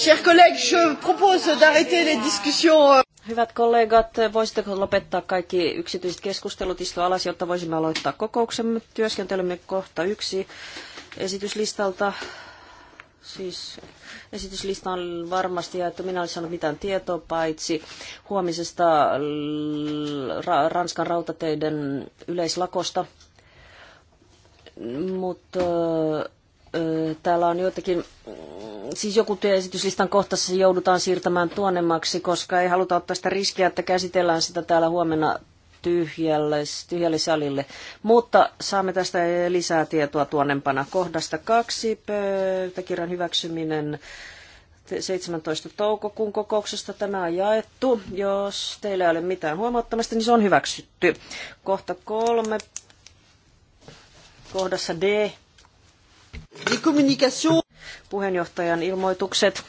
Chers collègues, je propose d'arrêter les discussions. Euh. Hyvät kollegat, voisitteko lopettaa kaikki yksityiset keskustelut istua alas, jotta voisimme aloittaa kokouksemme. Työskentelymme kohta yksi esityslistalta. Siis esityslista on varmasti jaettu. Minä olisin saanut mitään tietoa paitsi huomisesta Ranskan rautateiden yleislakosta. Mutta täällä on joitakin, mm, siis joku työesityslistan kohtassa se joudutaan siirtämään tuonemmaksi, koska ei haluta ottaa sitä riskiä, että käsitellään sitä täällä huomenna tyhjälle, tyhjälle salille. Mutta saamme tästä lisää tietoa tuonnempana. Kohdasta kaksi, pöytäkirjan hyväksyminen 17. toukokuun kokouksesta tämä on jaettu. Jos teillä ei ole mitään huomauttamista, niin se on hyväksytty. Kohta kolme, kohdassa D, Puheenjohtajan ilmoitukset.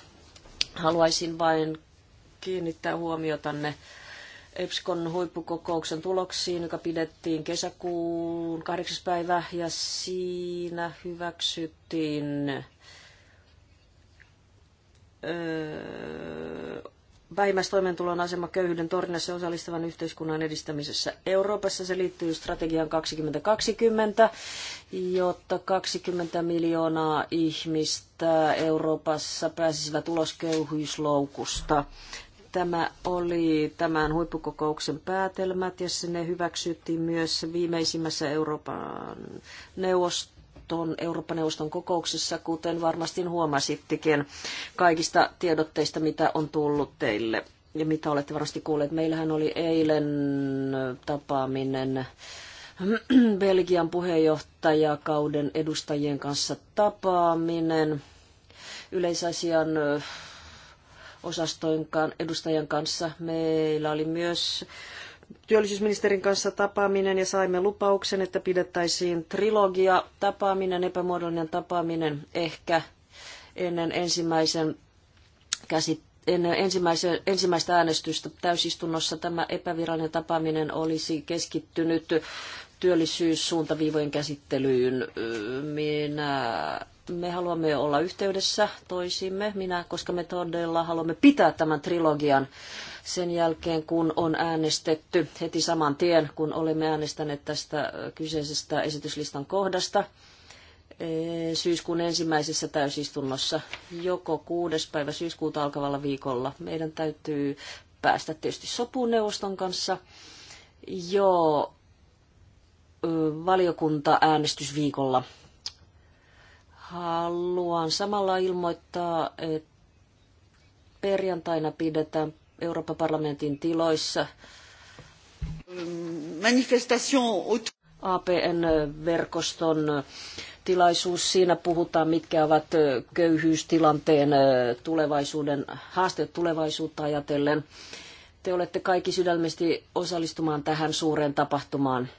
Haluaisin vain kiinnittää huomiotanne EPSCON huippukokouksen tuloksiin, joka pidettiin kesäkuun 8. päivä, ja siinä hyväksyttiin öö, vähimmäistoimeentulon asema köyhyyden torjunnassa ja osallistavan yhteiskunnan edistämisessä Euroopassa. Se liittyy strategiaan 2020, jotta 20 miljoonaa ihmistä Euroopassa pääsisivät ulos köyhyysloukusta. Tämä oli tämän huippukokouksen päätelmät ja ne hyväksyttiin myös viimeisimmässä Euroopan neuvostossa tuon Eurooppa-neuvoston kokouksessa, kuten varmasti huomasittekin kaikista tiedotteista, mitä on tullut teille ja mitä olette varmasti kuulleet. Meillähän oli eilen tapaaminen Belgian puheenjohtajakauden edustajien kanssa tapaaminen yleisasian osastojen edustajan kanssa. Meillä oli myös työllisyysministerin kanssa tapaaminen ja saimme lupauksen, että pidettäisiin trilogia tapaaminen, epämuodollinen tapaaminen ehkä ennen ensimmäisen ennen ensimmäistä äänestystä täysistunnossa tämä epävirallinen tapaaminen olisi keskittynyt työllisyyssuuntaviivojen käsittelyyn. Minä me haluamme olla yhteydessä toisimme, minä, koska me todella haluamme pitää tämän trilogian sen jälkeen, kun on äänestetty heti saman tien, kun olemme äänestäneet tästä kyseisestä esityslistan kohdasta e, syyskuun ensimmäisessä täysistunnossa, joko kuudes päivä syyskuuta alkavalla viikolla. Meidän täytyy päästä tietysti sopuneuvoston kanssa jo valiokunta äänestysviikolla Haluan samalla ilmoittaa, että perjantaina pidetään Euroopan parlamentin tiloissa manifestation APN-verkoston tilaisuus. Siinä puhutaan, mitkä ovat köyhyystilanteen tulevaisuuden, haasteet tulevaisuutta ajatellen. Te olette kaikki sydämesti osallistumaan tähän suureen tapahtumaan,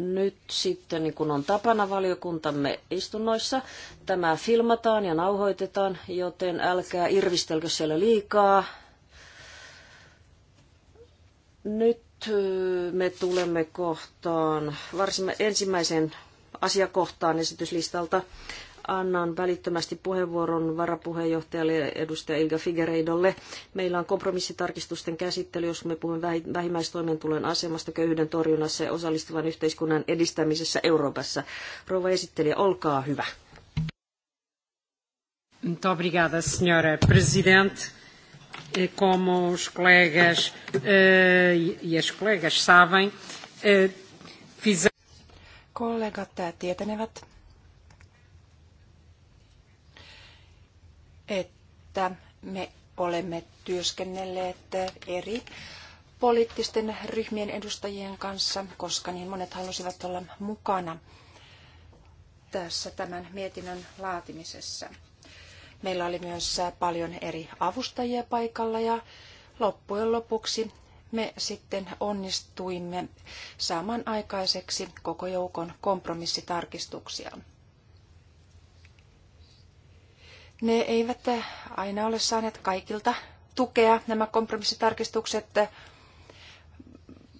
nyt sitten, niin kun on tapana valiokuntamme istunnoissa, tämä filmataan ja nauhoitetaan, joten älkää irvistelkö siellä liikaa. Nyt me tulemme kohtaan, varsin ensimmäisen asiakohtaan esityslistalta annan välittömästi puheenvuoron varapuheenjohtajalle edustaja Ilga Figereidolle. Meillä on kompromissitarkistusten käsittely, jos me puhumme vähimmäistoimeentulon asemasta köyhyyden torjunnassa ja osallistuvan yhteiskunnan edistämisessä Euroopassa. Rouva esittelijä, olkaa hyvä. obrigada, eh, Como os colegas eh, e as colegas sabem, eh, Kollegat tietänevät, että me olemme työskennelleet eri poliittisten ryhmien edustajien kanssa, koska niin monet halusivat olla mukana tässä tämän mietinnön laatimisessa. Meillä oli myös paljon eri avustajia paikalla ja loppujen lopuksi me sitten onnistuimme saamaan aikaiseksi koko joukon kompromissitarkistuksia. Ne eivät aina ole saaneet kaikilta tukea nämä kompromissitarkistukset.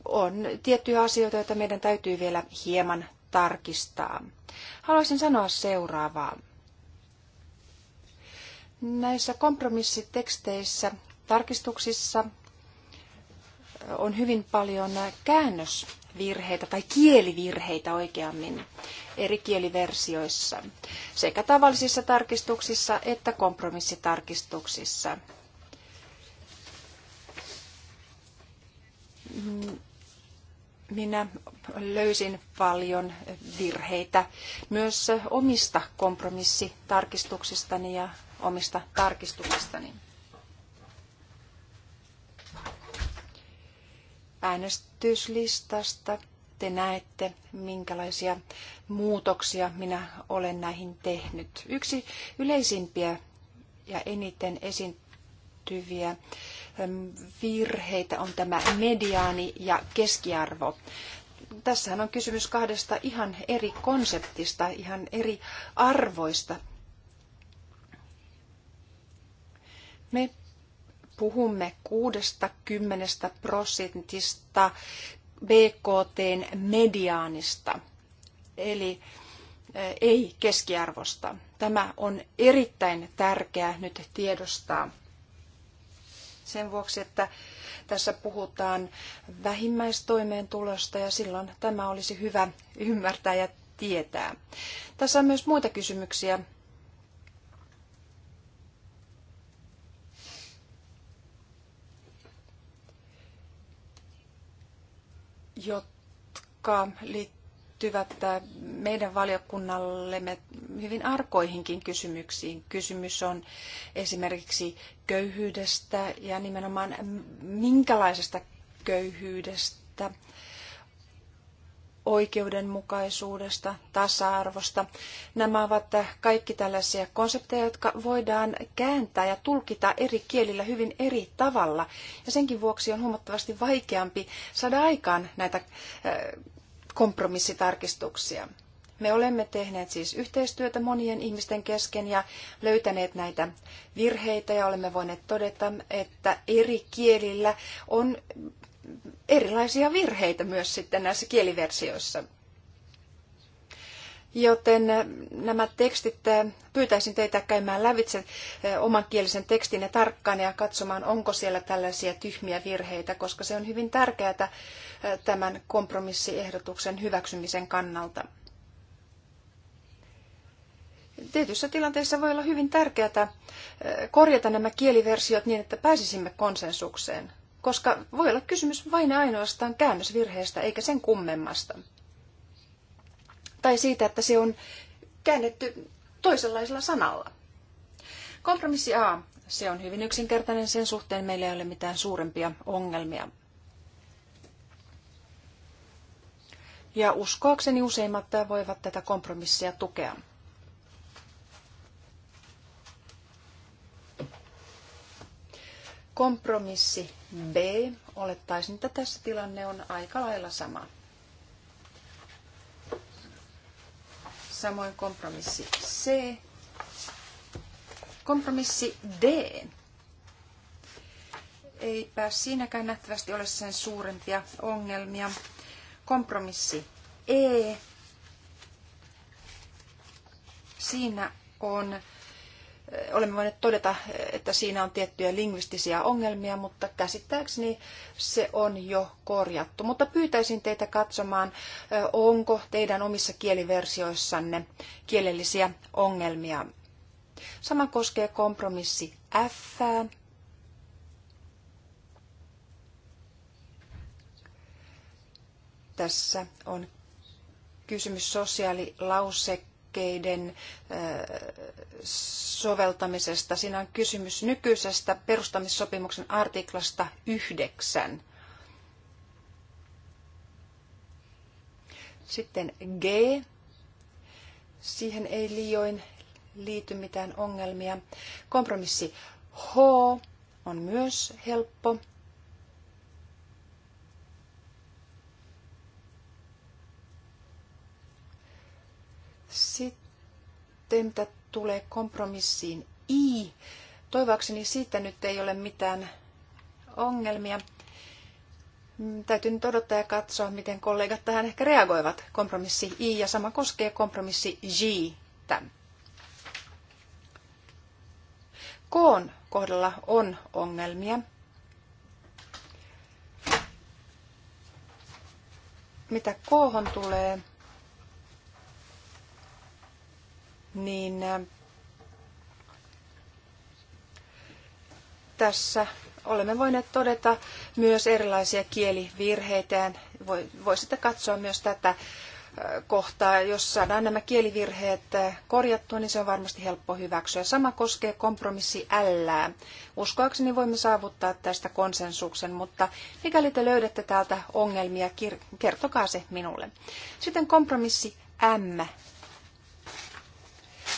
On tiettyjä asioita, joita meidän täytyy vielä hieman tarkistaa. Haluaisin sanoa seuraavaa. Näissä kompromissiteksteissä tarkistuksissa on hyvin paljon käännösvirheitä tai kielivirheitä oikeammin eri kieliversioissa, sekä tavallisissa tarkistuksissa että kompromissitarkistuksissa. Minä löysin paljon virheitä myös omista kompromissitarkistuksistani ja omista tarkistuksistani. äänestyslistasta te näette, minkälaisia muutoksia minä olen näihin tehnyt. Yksi yleisimpiä ja eniten esiintyviä ähm, virheitä on tämä mediaani ja keskiarvo. Tässähän on kysymys kahdesta ihan eri konseptista, ihan eri arvoista. Me puhumme 60 prosentista BKTn mediaanista, eli ei keskiarvosta. Tämä on erittäin tärkeää nyt tiedostaa sen vuoksi, että tässä puhutaan vähimmäistoimeentulosta ja silloin tämä olisi hyvä ymmärtää ja tietää. Tässä on myös muita kysymyksiä, jotka liittyvät äh, meidän valiokunnallemme hyvin arkoihinkin kysymyksiin. Kysymys on esimerkiksi köyhyydestä ja nimenomaan minkälaisesta köyhyydestä oikeudenmukaisuudesta, tasa-arvosta. Nämä ovat kaikki tällaisia konsepteja, jotka voidaan kääntää ja tulkita eri kielillä hyvin eri tavalla. Ja senkin vuoksi on huomattavasti vaikeampi saada aikaan näitä äh, kompromissitarkistuksia. Me olemme tehneet siis yhteistyötä monien ihmisten kesken ja löytäneet näitä virheitä ja olemme voineet todeta, että eri kielillä on erilaisia virheitä myös sitten näissä kieliversioissa. Joten äh, nämä tekstit, äh, pyytäisin teitä käymään lävitse äh, oman kielisen tekstin ja tarkkaan ja katsomaan, onko siellä tällaisia tyhmiä virheitä, koska se on hyvin tärkeää tämän kompromissiehdotuksen hyväksymisen kannalta. Tietyissä tilanteissa voi olla hyvin tärkeää korjata nämä kieliversiot niin, että pääsisimme konsensukseen koska voi olla kysymys vain ainoastaan käännösvirheestä eikä sen kummemmasta. Tai siitä, että se on käännetty toisenlaisella sanalla. Kompromissi A. Se on hyvin yksinkertainen, sen suhteen meillä ei ole mitään suurempia ongelmia. Ja uskoakseni useimmat voivat tätä kompromissia tukea. Kompromissi B. Olettaisin, että tässä tilanne on aika lailla sama. Samoin kompromissi C. Kompromissi D. ei Eipä siinäkään nähtävästi ole sen suurempia ongelmia. Kompromissi E. Siinä on olemme voineet todeta, että siinä on tiettyjä lingvistisiä ongelmia, mutta käsittääkseni se on jo korjattu. Mutta pyytäisin teitä katsomaan, onko teidän omissa kieliversioissanne kielellisiä ongelmia. Sama koskee kompromissi F. Tässä on kysymys sosiaalilausekkeesta hakkeiden soveltamisesta. Siinä on kysymys nykyisestä perustamissopimuksen artiklasta 9. Sitten G. Siihen ei liioin liity mitään ongelmia. Kompromissi H on myös helppo Sitten mitä tulee kompromissiin I, Toivakseni siitä nyt ei ole mitään ongelmia. Täytyy nyt odottaa ja katsoa, miten kollegat tähän ehkä reagoivat. Kompromissi I ja sama koskee kompromissi J. Tämän. Koon kohdalla on ongelmia. Mitä kohon tulee, niin tässä olemme voineet todeta myös erilaisia kielivirheitä. Voisitte katsoa myös tätä kohtaa. Jos saadaan nämä kielivirheet korjattua, niin se on varmasti helppo hyväksyä. Sama koskee kompromissi L. Uskoakseni voimme saavuttaa tästä konsensuksen, mutta mikäli te löydätte täältä ongelmia, kertokaa se minulle. Sitten kompromissi M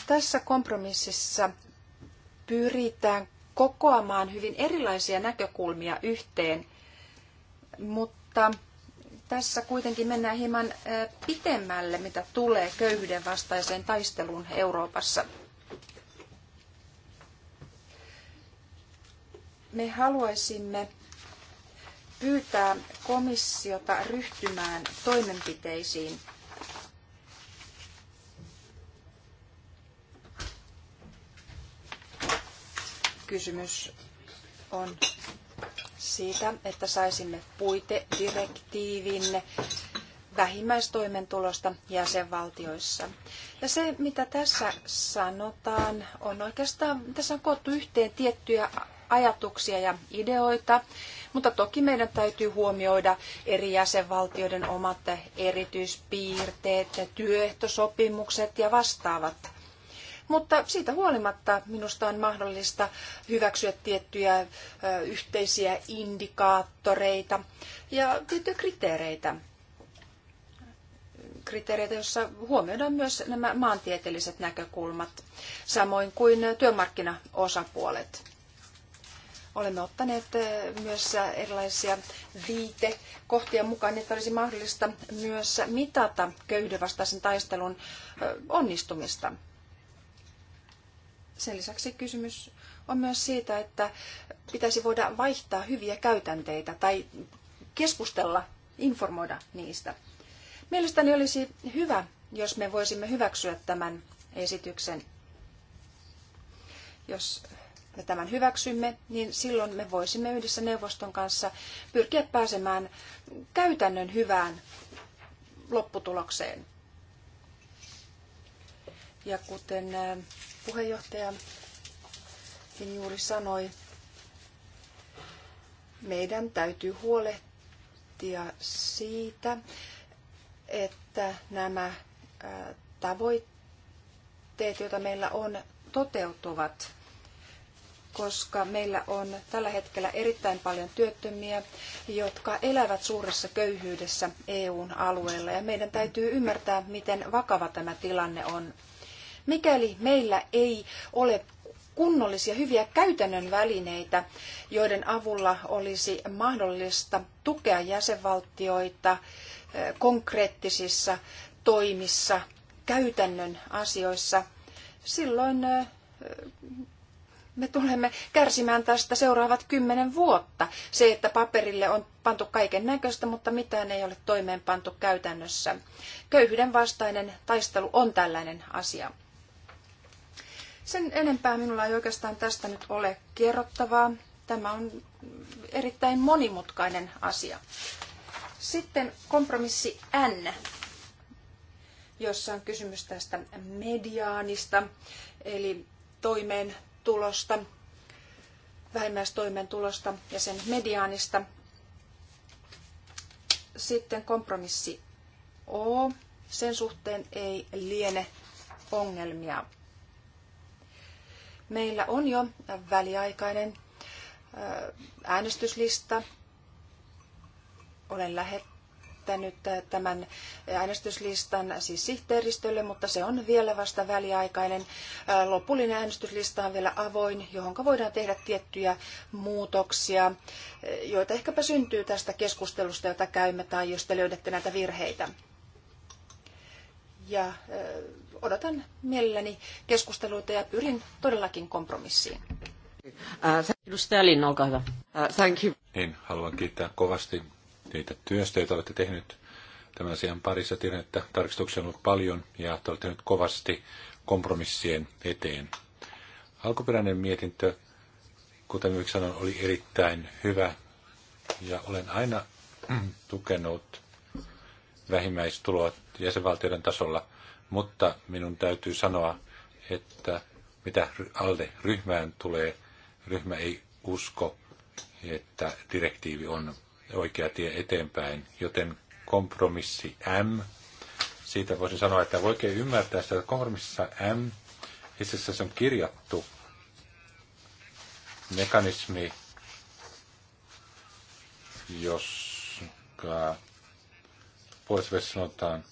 tässä kompromississa pyritään kokoamaan hyvin erilaisia näkökulmia yhteen, mutta tässä kuitenkin mennään hieman pitemmälle, mitä tulee köyhyyden vastaiseen taisteluun Euroopassa. Me haluaisimme pyytää komissiota ryhtymään toimenpiteisiin kysymys on siitä, että saisimme puitedirektiivin vähimmäistoimentulosta jäsenvaltioissa. Ja se, mitä tässä sanotaan, on oikeastaan, tässä on koottu yhteen tiettyjä ajatuksia ja ideoita, mutta toki meidän täytyy huomioida eri jäsenvaltioiden omat erityispiirteet, työehtosopimukset ja vastaavat. Mutta siitä huolimatta minusta on mahdollista hyväksyä tiettyjä yhteisiä indikaattoreita ja tiettyjä kriteereitä. Kriteereitä, joissa huomioidaan myös nämä maantieteelliset näkökulmat, samoin kuin työmarkkinaosapuolet. Olemme ottaneet myös erilaisia viitekohtia mukaan, että olisi mahdollista myös mitata köyhyydenvastaisen taistelun onnistumista. Sen lisäksi kysymys on myös siitä, että pitäisi voida vaihtaa hyviä käytänteitä tai keskustella, informoida niistä. Mielestäni olisi hyvä, jos me voisimme hyväksyä tämän esityksen. Jos me tämän hyväksymme, niin silloin me voisimme yhdessä neuvoston kanssa pyrkiä pääsemään käytännön hyvään lopputulokseen. Ja kuten äh, puheenjohtaja juuri sanoi, meidän täytyy huolehtia siitä, että nämä tavoitteet, joita meillä on, toteutuvat, koska meillä on tällä hetkellä erittäin paljon työttömiä, jotka elävät suuressa köyhyydessä EUn alueella. Ja meidän täytyy ymmärtää, miten vakava tämä tilanne on mikäli meillä ei ole kunnollisia hyviä käytännön välineitä, joiden avulla olisi mahdollista tukea jäsenvaltioita eh, konkreettisissa toimissa, käytännön asioissa, silloin eh, me tulemme kärsimään tästä seuraavat kymmenen vuotta. Se, että paperille on pantu kaiken näköistä, mutta mitään ei ole toimeenpantu käytännössä. Köyhyyden vastainen taistelu on tällainen asia. Sen enempää minulla ei oikeastaan tästä nyt ole kerrottavaa. Tämä on erittäin monimutkainen asia. Sitten kompromissi N, jossa on kysymys tästä mediaanista, eli toimeentulosta, vähimmäistoimeentulosta ja sen mediaanista. Sitten kompromissi O, sen suhteen ei liene ongelmia Meillä on jo väliaikainen äänestyslista. Olen lähettänyt tämän äänestyslistan siis sihteeristölle, mutta se on vielä vasta väliaikainen. Lopullinen äänestyslista on vielä avoin, johon voidaan tehdä tiettyjä muutoksia, joita ehkäpä syntyy tästä keskustelusta, jota käymme, tai jos te löydätte näitä virheitä. Ja odotan mielelläni keskusteluita ja pyrin todellakin kompromissiin. Edustaja Linna, olkaa hyvä. Uh, thank you. Niin, haluan kiittää kovasti teitä työstä, joita olette tehneet tämän asian parissa. Tiedän, että tarkistuksia on ollut paljon ja te olette nyt kovasti kompromissien eteen. Alkuperäinen mietintö, kuten myös sanon, oli erittäin hyvä ja olen aina tukenut vähimmäistuloa jäsenvaltioiden tasolla – mutta minun täytyy sanoa, että mitä alle ryhmään tulee, ryhmä ei usko, että direktiivi on oikea tie eteenpäin, joten kompromissi M, siitä voisin sanoa, että voi oikein ymmärtää sitä, että kompromississa M, itse asiassa se on kirjattu mekanismi, jos puolestavissa sanotaan,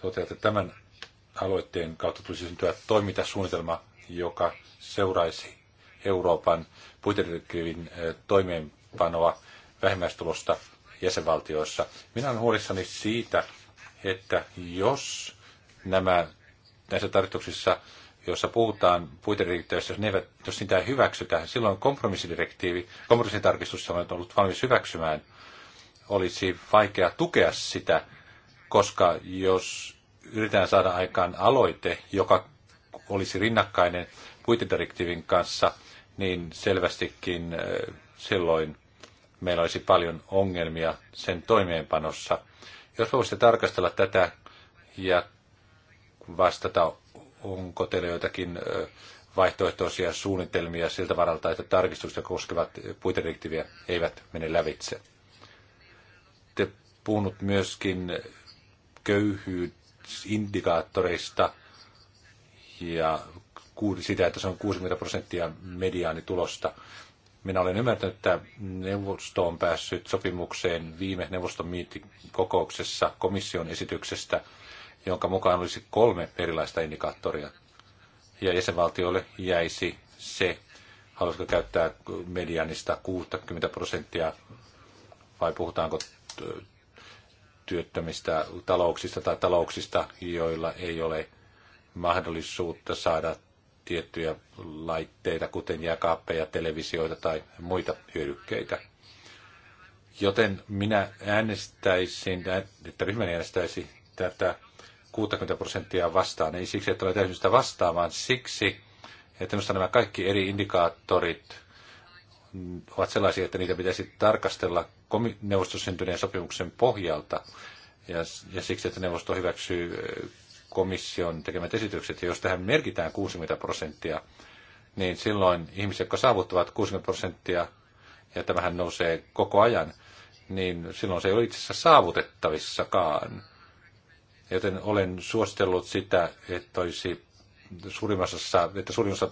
toteaa, että tämän aloitteen kautta tulisi syntyä toimintasuunnitelma, joka seuraisi Euroopan puitedirektiivin toimeenpanoa vähimmäistulosta jäsenvaltioissa. Minä olen huolissani siitä, että jos nämä näissä tarkoituksissa, joissa puhutaan puitedirektiivistä, jos, jos niitä ei hyväksytä, silloin kompromissidirektiivi, kompromissitarkistus, on ollut valmis hyväksymään, olisi vaikea tukea sitä, koska jos yritetään saada aikaan aloite, joka olisi rinnakkainen puitedirektiivin kanssa, niin selvästikin silloin meillä olisi paljon ongelmia sen toimeenpanossa. Jos voisitte tarkastella tätä ja vastata, onko teillä joitakin vaihtoehtoisia suunnitelmia siltä varalta, että tarkistukset koskevat puitedirektiiviä eivät mene lävitse. Te puhunut myöskin köyhyyttä indikaattoreista ja sitä, että se on 60 prosenttia mediaanitulosta. Minä olen ymmärtänyt, että neuvosto on päässyt sopimukseen viime neuvoston kokouksessa komission esityksestä, jonka mukaan olisi kolme erilaista indikaattoria. Ja jäsenvaltioille jäisi se, haluaisiko käyttää medianista 60 prosenttia vai puhutaanko työttömistä talouksista tai talouksista, joilla ei ole mahdollisuutta saada tiettyjä laitteita, kuten jääkaappeja, televisioita tai muita hyödykkeitä. Joten minä äänestäisin, että ryhmäni äänestäisi tätä 60 prosenttia vastaan. Ei siksi, että olen täysin sitä vastaan, vaan siksi, että minusta nämä kaikki eri indikaattorit ovat sellaisia, että niitä pitäisi tarkastella neuvoston syntyneen sopimuksen pohjalta ja, ja siksi, että neuvosto hyväksyy komission tekemät esitykset. Ja jos tähän merkitään 60 prosenttia, niin silloin ihmiset, jotka saavuttavat 60 prosenttia, ja tämähän nousee koko ajan, niin silloin se ei ole itse asiassa saavutettavissakaan. Joten olen suostellut sitä, että olisi suurimmassa, että suurimmassa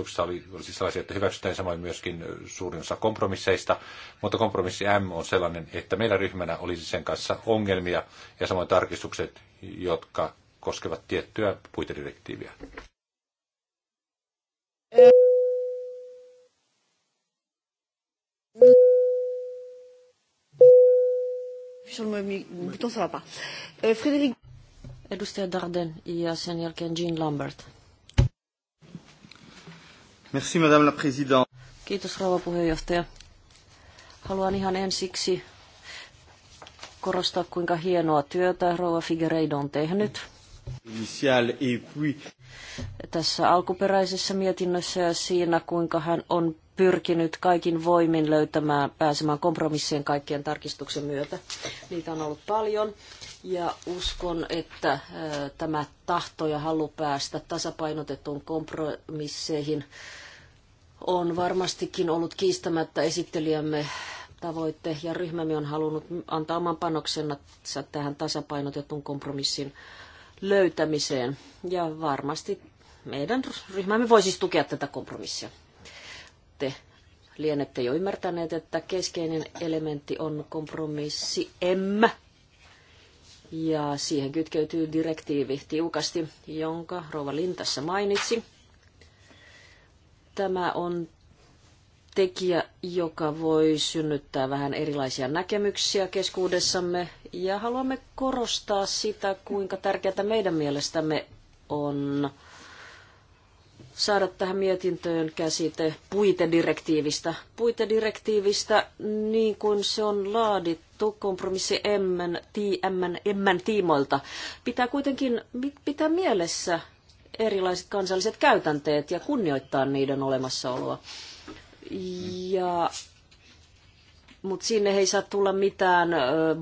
osa oli, oli siis sellaisia, että hyväksytään samoin myöskin suurin osa kompromisseista, mutta kompromissi M on sellainen, että meillä ryhmänä olisi sen kanssa ongelmia ja samoin tarkistukset, jotka koskevat tiettyä puitedirektiiviä. Euh, Edustaja Darden ja sen jälkeen Jean Lambert. Merci, Madame la Présidente. Kiitos, rouva puheenjohtaja. Haluan ihan ensiksi korostaa, kuinka hienoa työtä rouva Figueiredo on tehnyt. Tässä alkuperäisessä mietinnössä ja siinä, kuinka hän on pyrkinyt kaikin voimin löytämään, pääsemään kompromissien kaikkien tarkistuksen myötä. Niitä on ollut paljon ja uskon, että äh, tämä tahto ja halu päästä tasapainotettuun kompromisseihin on varmastikin ollut kiistämättä esittelijämme tavoitte ja ryhmämme on halunnut antaa oman panoksensa tähän tasapainotetun kompromissin löytämiseen. Ja varmasti meidän ryhmämme voi siis tukea tätä kompromissia te lienette jo ymmärtäneet, että keskeinen elementti on kompromissi M. Ja siihen kytkeytyy direktiivi tiukasti, jonka Rova Lintassa mainitsi. Tämä on tekijä, joka voi synnyttää vähän erilaisia näkemyksiä keskuudessamme. Ja haluamme korostaa sitä, kuinka tärkeää meidän mielestämme on saada tähän mietintöön käsite puitedirektiivistä. Puitedirektiivistä niin kuin se on laadittu kompromissi emmän, ti, tiimoilta. Pitää kuitenkin pitää mielessä erilaiset kansalliset käytänteet ja kunnioittaa niiden olemassaoloa. Ja mutta sinne ei saa tulla mitään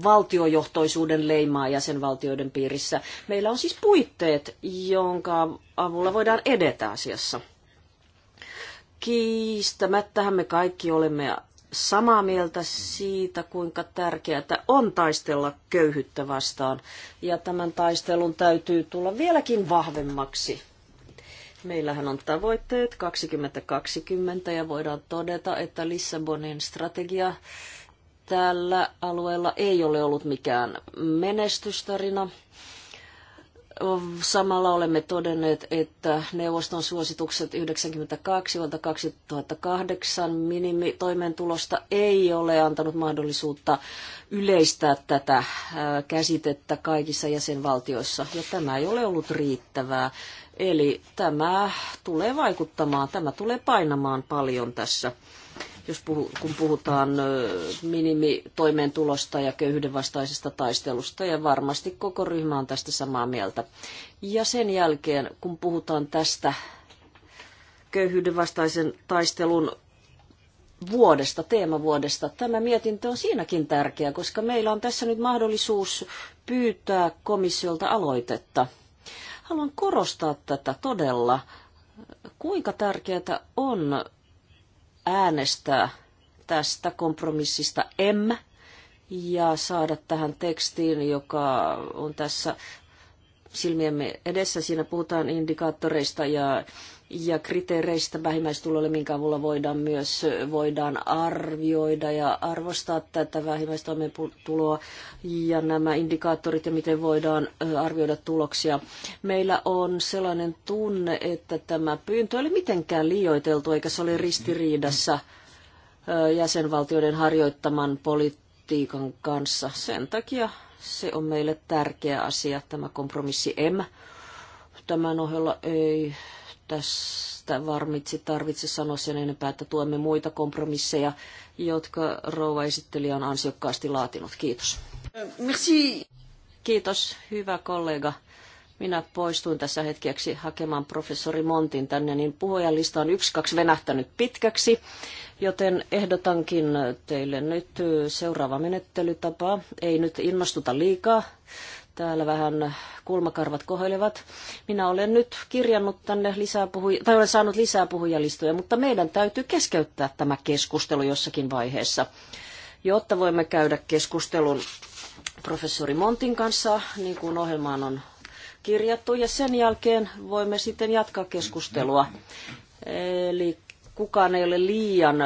valtiojohtoisuuden leimaa jäsenvaltioiden piirissä. Meillä on siis puitteet, jonka avulla voidaan edetä asiassa. Kiistämättähän me kaikki olemme samaa mieltä siitä, kuinka tärkeää on taistella köyhyyttä vastaan. Ja tämän taistelun täytyy tulla vieläkin vahvemmaksi Meillähän on tavoitteet 2020 ja voidaan todeta, että Lissabonin strategia tällä alueella ei ole ollut mikään menestystarina. Samalla olemme todenneet, että neuvoston suositukset 92 vuotta 2008 minimitoimeentulosta ei ole antanut mahdollisuutta yleistää tätä käsitettä kaikissa jäsenvaltioissa, ja tämä ei ole ollut riittävää. Eli tämä tulee vaikuttamaan, tämä tulee painamaan paljon tässä, jos puhu, kun puhutaan minimitoimeentulosta ja köyhyyden vastaisesta taistelusta, ja varmasti koko ryhmä on tästä samaa mieltä. Ja sen jälkeen, kun puhutaan tästä köyhyyden vastaisen taistelun vuodesta, teemavuodesta. Tämä mietintö on siinäkin tärkeä, koska meillä on tässä nyt mahdollisuus pyytää komissiolta aloitetta Haluan korostaa tätä todella, kuinka tärkeää on äänestää tästä kompromissista M ja saada tähän tekstiin, joka on tässä silmiemme edessä. Siinä puhutaan indikaattoreista ja ja kriteereistä vähimmäistulolle, minkä avulla voidaan myös voidaan arvioida ja arvostaa tätä vähimmäistoimeentuloa ja nämä indikaattorit ja miten voidaan arvioida tuloksia. Meillä on sellainen tunne, että tämä pyyntö ole mitenkään liioiteltu eikä se ole ristiriidassa jäsenvaltioiden harjoittaman politiikan kanssa. Sen takia se on meille tärkeä asia, tämä kompromissi M. Tämän ohella ei tästä varmitsi tarvitse sanoa sen enempää, että tuemme muita kompromisseja, jotka rouva esittelijä on ansiokkaasti laatinut. Kiitos. Merci. Kiitos, hyvä kollega. Minä poistuin tässä hetkeksi hakemaan professori Montin tänne, niin puhujalista on yksi kaksi venähtänyt pitkäksi, joten ehdotankin teille nyt seuraava menettelytapa. Ei nyt innostuta liikaa. Täällä vähän kulmakarvat kohelevat. Minä olen nyt kirjannut tänne lisää puhuja, tai olen saanut lisää puhujalistoja, mutta meidän täytyy keskeyttää tämä keskustelu jossakin vaiheessa, jotta voimme käydä keskustelun professori Montin kanssa, niin kuin ohjelmaan on kirjattu, ja sen jälkeen voimme sitten jatkaa keskustelua. Eli kukaan ei ole liian,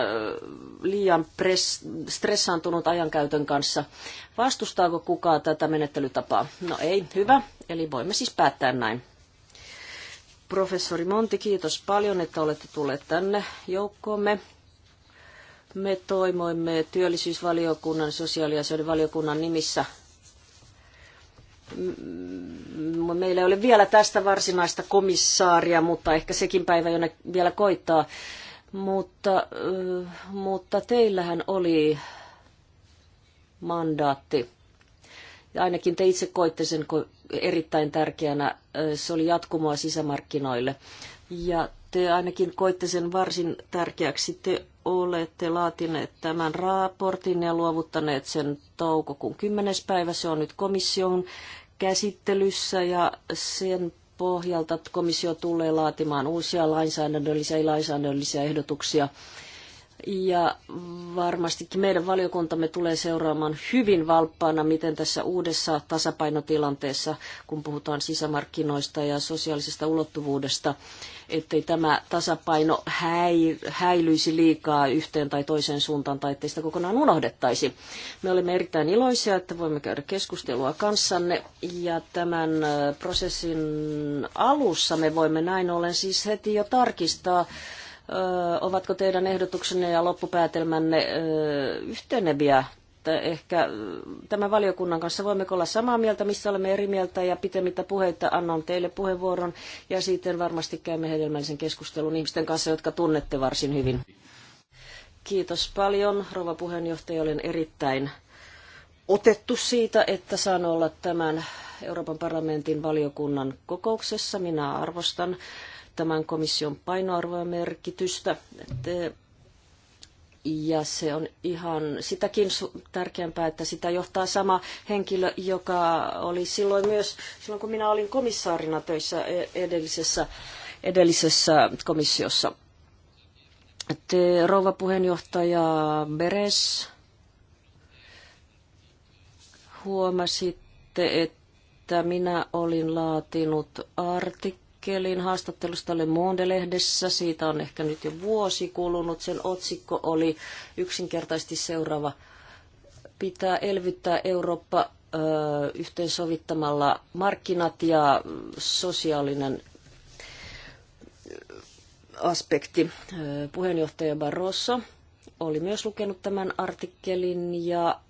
liian press, stressaantunut ajankäytön kanssa. Vastustaako kukaan tätä menettelytapaa? No ei, hyvä. Eli voimme siis päättää näin. Professori Monti, kiitos paljon, että olette tulleet tänne joukkoomme. Me toimoimme työllisyysvaliokunnan, sosiaali- ja valiokunnan nimissä meillä ei ole vielä tästä varsinaista komissaaria, mutta ehkä sekin päivä, jonne vielä koittaa. Mutta, mutta teillähän oli mandaatti. Ja ainakin te itse koitte sen erittäin tärkeänä. Se oli jatkumoa sisämarkkinoille. Ja te ainakin koitte sen varsin tärkeäksi. Te olette laatineet tämän raportin ja luovuttaneet sen toukokuun 10. päivä. Se on nyt komission käsittelyssä ja sen pohjalta komissio tulee laatimaan uusia lainsäädännöllisiä ja lainsäädännöllisiä ehdotuksia ja varmastikin meidän valiokuntamme tulee seuraamaan hyvin valppaana, miten tässä uudessa tasapainotilanteessa, kun puhutaan sisämarkkinoista ja sosiaalisesta ulottuvuudesta, ettei tämä tasapaino häi, häilyisi liikaa yhteen tai toiseen suuntaan tai ettei sitä kokonaan unohdettaisi. Me olemme erittäin iloisia, että voimme käydä keskustelua kanssanne ja tämän prosessin alussa me voimme näin ollen siis heti jo tarkistaa, ovatko teidän ehdotuksenne ja loppupäätelmänne yhteneviä? Ehkä tämän valiokunnan kanssa voimme olla samaa mieltä, missä olemme eri mieltä ja pitemmittä puheita annan teille puheenvuoron ja sitten varmasti käymme hedelmällisen keskustelun ihmisten kanssa, jotka tunnette varsin hyvin. Kiitos paljon, rova puheenjohtaja. Olen erittäin otettu siitä, että saan olla tämän Euroopan parlamentin valiokunnan kokouksessa. Minä arvostan tämän komission painoarvoa merkitystä. Eh, ja se on ihan sitäkin tärkeämpää, että sitä johtaa sama henkilö, joka oli silloin myös, silloin kun minä olin komissaarina töissä e- edellisessä, edellisessä komissiossa. Te, eh, rouva puheenjohtaja Beres, huomasitte, että että minä olin laatinut artikkelin haastattelusta Le Monde-lehdessä. Siitä on ehkä nyt jo vuosi kulunut. Sen otsikko oli yksinkertaisesti seuraava. Pitää elvyttää Eurooppa yhteensovittamalla markkinat ja sosiaalinen aspekti. Puheenjohtaja Barroso oli myös lukenut tämän artikkelin ja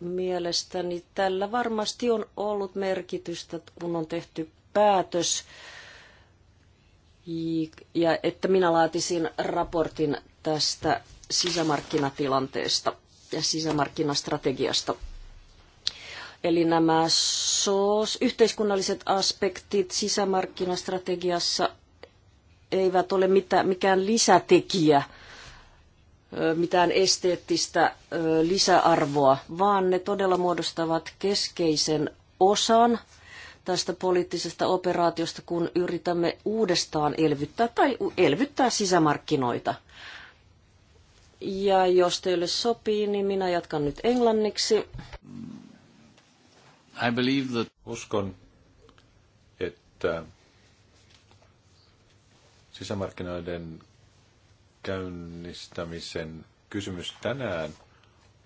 Mielestäni tällä varmasti on ollut merkitystä, kun on tehty päätös, ja että minä laatisin raportin tästä sisämarkkinatilanteesta ja sisämarkkinastrategiasta. Eli nämä SOS, yhteiskunnalliset aspektit sisämarkkinastrategiassa eivät ole mitään, mikään lisätekijä – mitään esteettistä lisäarvoa, vaan ne todella muodostavat keskeisen osan tästä poliittisesta operaatiosta, kun yritämme uudestaan elvyttää tai elvyttää sisämarkkinoita. Ja jos teille sopii, niin minä jatkan nyt englanniksi. I believe that... Uskon, että sisämarkkinoiden käynnistämisen kysymys tänään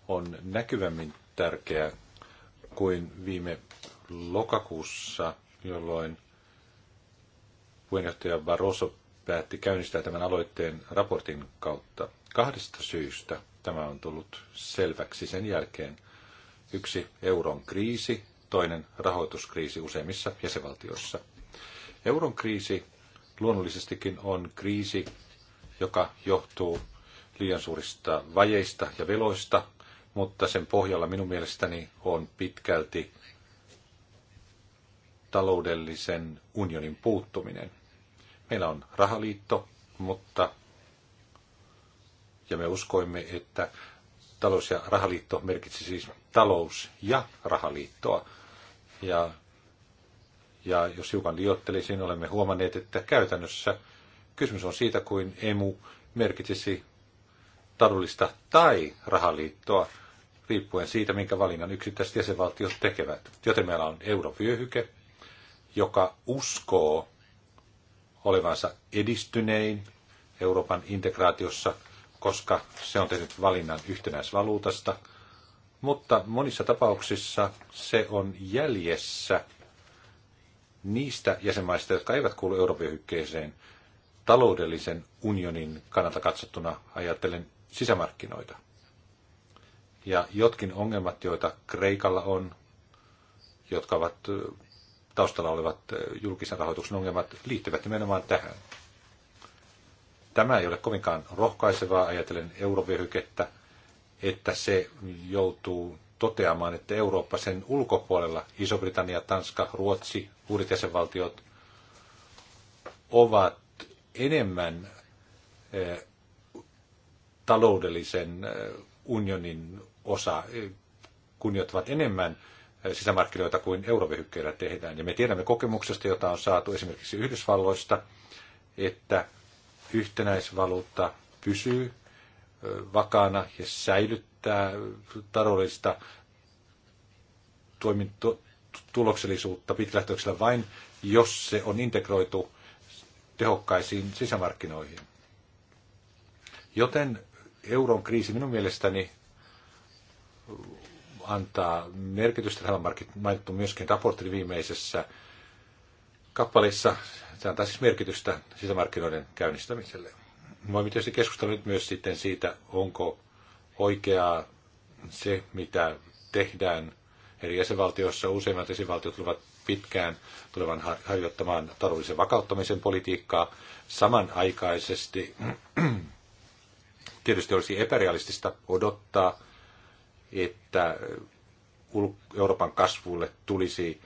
on näkyvämmin tärkeä kuin viime lokakuussa, jolloin puheenjohtaja Barroso päätti käynnistää tämän aloitteen raportin kautta. Kahdesta syystä tämä on tullut selväksi sen jälkeen. Yksi euron kriisi, toinen rahoituskriisi useimmissa jäsenvaltioissa. Euron kriisi luonnollisestikin on kriisi, joka johtuu liian suurista vajeista ja veloista, mutta sen pohjalla minun mielestäni on pitkälti taloudellisen unionin puuttuminen. Meillä on rahaliitto, mutta ja me uskoimme, että talous- ja rahaliitto merkitsi siis talous- ja rahaliittoa. Ja, ja jos hiukan liottelisin, olemme huomanneet, että käytännössä – Kysymys on siitä, kuin emu merkitsisi taloudellista tai rahaliittoa, riippuen siitä, minkä valinnan yksittäiset jäsenvaltiot tekevät. Joten meillä on eurovyöhyke, joka uskoo olevansa edistynein Euroopan integraatiossa, koska se on tehnyt valinnan yhtenäisvaluutasta, mutta monissa tapauksissa se on jäljessä niistä jäsenmaista, jotka eivät kuulu eurovyöhykkeeseen, taloudellisen unionin kannalta katsottuna ajatellen sisämarkkinoita. Ja jotkin ongelmat, joita Kreikalla on, jotka ovat taustalla olevat julkisen rahoituksen ongelmat, liittyvät nimenomaan tähän. Tämä ei ole kovinkaan rohkaisevaa ajatellen eurovyöhykettä, että se joutuu toteamaan, että Eurooppa sen ulkopuolella, Iso-Britannia, Tanska, Ruotsi, uudet jäsenvaltiot, ovat enemmän taloudellisen unionin osa, kunnioittavat enemmän sisämarkkinoita kuin eurovyöhykkeellä tehdään. Ja me tiedämme kokemuksesta, jota on saatu esimerkiksi Yhdysvalloista, että yhtenäisvaluutta pysyy vakaana ja säilyttää taloudellista toiminto- tuloksellisuutta pitkällä vain, jos se on integroitu tehokkaisiin sisämarkkinoihin. Joten euron kriisi minun mielestäni antaa merkitystä. Tämä on mainittu myöskin raportin viimeisessä kappaleissa. Se antaa siis merkitystä sisämarkkinoiden käynnistämiselle. Voimme tietysti keskustella nyt myös sitten siitä, onko oikeaa se, mitä tehdään eri jäsenvaltioissa. Useimmat jäsenvaltiot ovat pitkään tulevan harjoittamaan taloudellisen vakauttamisen politiikkaa. Samanaikaisesti tietysti olisi epärealistista odottaa, että Euroopan kasvulle tulisi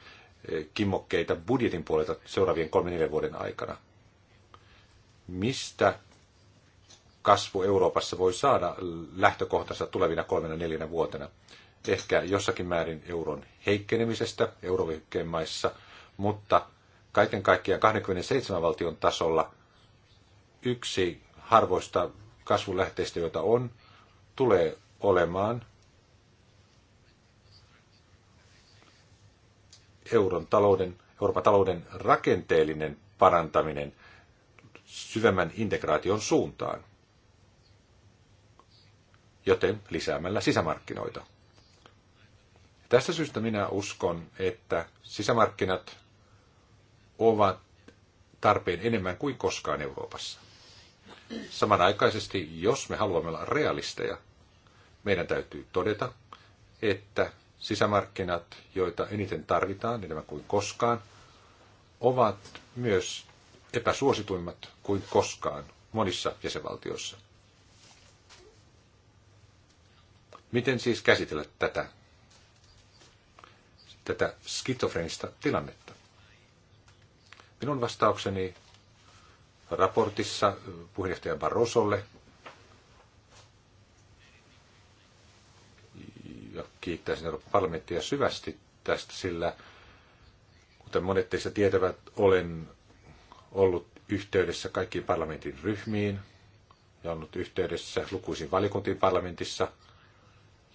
eh, kimmokkeita budjetin puolelta seuraavien kolmen neljän vuoden aikana. Mistä kasvu Euroopassa voi saada lähtökohtansa tulevina kolmen neljänä vuotena? ehkä jossakin määrin euron heikkenemisestä eurovyhykkeen maissa, mutta kaiken kaikkiaan 27 valtion tasolla yksi harvoista kasvulähteistä, joita on, tulee olemaan euron talouden, Euroopan talouden rakenteellinen parantaminen syvemmän integraation suuntaan, joten lisäämällä sisämarkkinoita. Tästä syystä minä uskon, että sisämarkkinat ovat tarpeen enemmän kuin koskaan Euroopassa. Samanaikaisesti, jos me haluamme olla realisteja, meidän täytyy todeta, että sisämarkkinat, joita eniten tarvitaan, enemmän kuin koskaan, ovat myös epäsuosituimmat kuin koskaan monissa jäsenvaltioissa. Miten siis käsitellä tätä tätä skitofrenista tilannetta. Minun vastaukseni raportissa puheenjohtaja Barrosolle, ja kiittäisin Euroopan parlamenttia syvästi tästä, sillä kuten monet teistä tietävät, olen ollut yhteydessä kaikkiin parlamentin ryhmiin ja ollut yhteydessä lukuisiin valikuntiin parlamentissa.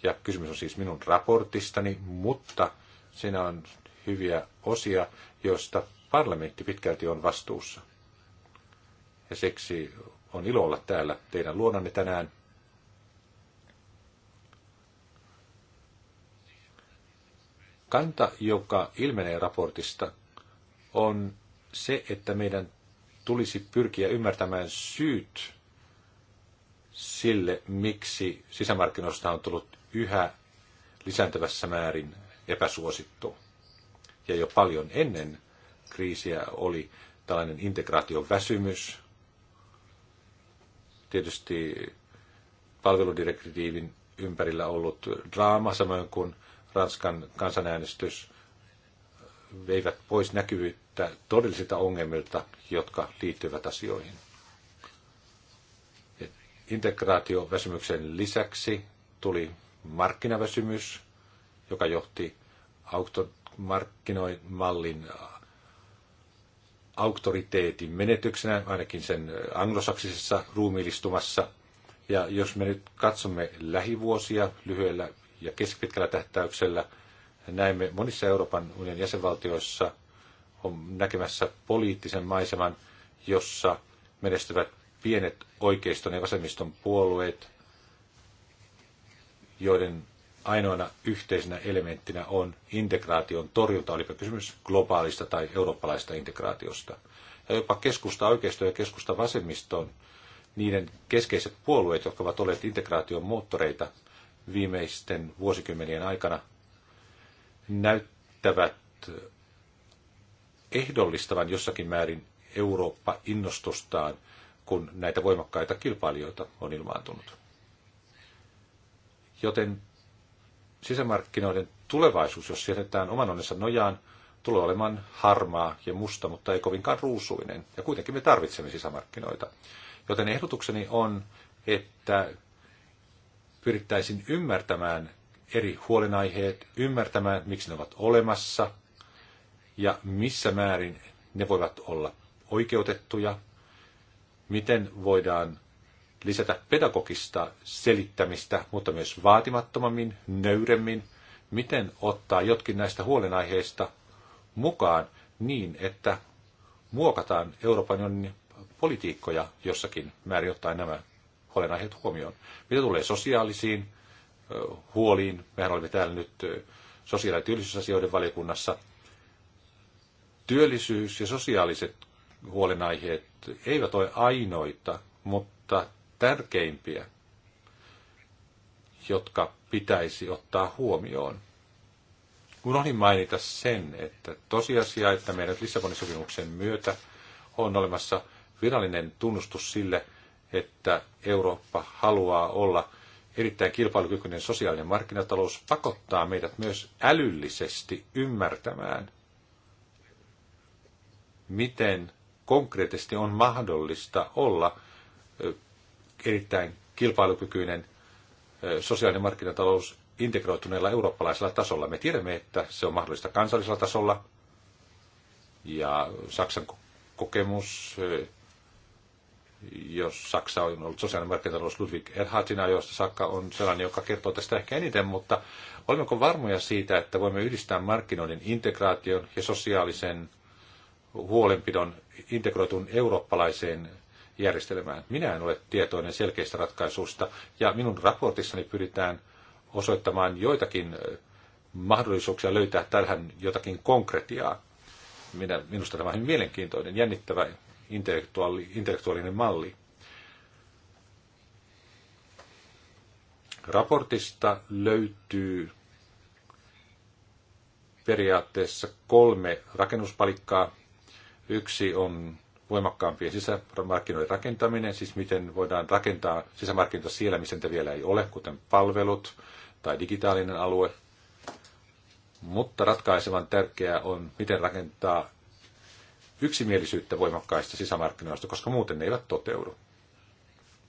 Ja kysymys on siis minun raportistani, mutta Siinä on hyviä osia, joista parlamentti pitkälti on vastuussa. Ja siksi on ilo olla täällä teidän luonanne tänään. Kanta, joka ilmenee raportista, on se, että meidän tulisi pyrkiä ymmärtämään syyt sille, miksi sisämarkkinoista on tullut yhä lisääntyvässä määrin epäsuosittu. Ja jo paljon ennen kriisiä oli tällainen integraation väsymys. Tietysti palveludirektiivin ympärillä ollut draama, samoin kuin Ranskan kansanäänestys, veivät pois näkyvyyttä todellisilta ongelmilta, jotka liittyvät asioihin. Integraatioväsymyksen lisäksi tuli markkinaväsymys, joka johti auktomarkkinoimallin äh, auktoriteetin menetyksenä, ainakin sen äh, anglosaksisessa ruumiillistumassa. Ja jos me nyt katsomme lähivuosia lyhyellä ja keskipitkällä tähtäyksellä, näemme monissa Euroopan unionin jäsenvaltioissa on näkemässä poliittisen maiseman, jossa menestyvät pienet oikeiston ja vasemmiston puolueet, joiden ainoana yhteisenä elementtinä on integraation torjunta, olipa kysymys globaalista tai eurooppalaista integraatiosta. Ja jopa keskusta oikeisto ja keskusta vasemmiston, niiden keskeiset puolueet, jotka ovat olleet integraation moottoreita viimeisten vuosikymmenien aikana, näyttävät ehdollistavan jossakin määrin Eurooppa-innostustaan, kun näitä voimakkaita kilpailijoita on ilmaantunut. Joten sisämarkkinoiden tulevaisuus, jos jätetään oman onnensa nojaan, tulee olemaan harmaa ja musta, mutta ei kovinkaan ruusuinen. Ja kuitenkin me tarvitsemme sisämarkkinoita. Joten ehdotukseni on, että pyrittäisiin ymmärtämään eri huolenaiheet, ymmärtämään, miksi ne ovat olemassa ja missä määrin ne voivat olla oikeutettuja, miten voidaan lisätä pedagogista selittämistä, mutta myös vaatimattomammin, nöyremmin, miten ottaa jotkin näistä huolenaiheista mukaan niin, että muokataan Euroopan unionin politiikkoja jossakin määrin ottaen nämä huolenaiheet huomioon. Mitä tulee sosiaalisiin huoliin, mehän olemme täällä nyt sosiaali- ja työllisyysasioiden valiokunnassa, työllisyys ja sosiaaliset huolenaiheet eivät ole ainoita, mutta tärkeimpiä, jotka pitäisi ottaa huomioon. Unohdin mainita sen, että tosiasia, että meidän Lissabonin sopimuksen myötä on olemassa virallinen tunnustus sille, että Eurooppa haluaa olla erittäin kilpailukykyinen sosiaalinen markkinatalous, pakottaa meidät myös älyllisesti ymmärtämään, miten konkreettisesti on mahdollista olla erittäin kilpailukykyinen sosiaalinen markkinatalous integroituneella eurooppalaisella tasolla. Me tiedämme, että se on mahdollista kansallisella tasolla. Ja Saksan kokemus, jos Saksa on ollut sosiaalinen markkinatalous Ludwig Erhardin ajoista Saksa on sellainen, joka kertoo tästä ehkä eniten, mutta olemmeko varmoja siitä, että voimme yhdistää markkinoiden integraation ja sosiaalisen huolenpidon integroitun eurooppalaiseen järjestelmään. Minä en ole tietoinen selkeistä ratkaisusta ja minun raportissani pyritään osoittamaan joitakin mahdollisuuksia löytää tähän jotakin konkretiaa. Minä, minusta tämä on hyvin mielenkiintoinen, jännittävä intellektuaali, intellektuaalinen malli. Raportista löytyy periaatteessa kolme rakennuspalikkaa. Yksi on voimakkaampia sisämarkkinoiden rakentaminen, siis miten voidaan rakentaa sisämarkkinoita siellä, missä niitä vielä ei ole, kuten palvelut tai digitaalinen alue. Mutta ratkaisevan tärkeää on, miten rakentaa yksimielisyyttä voimakkaista sisämarkkinoista, koska muuten ne eivät toteudu.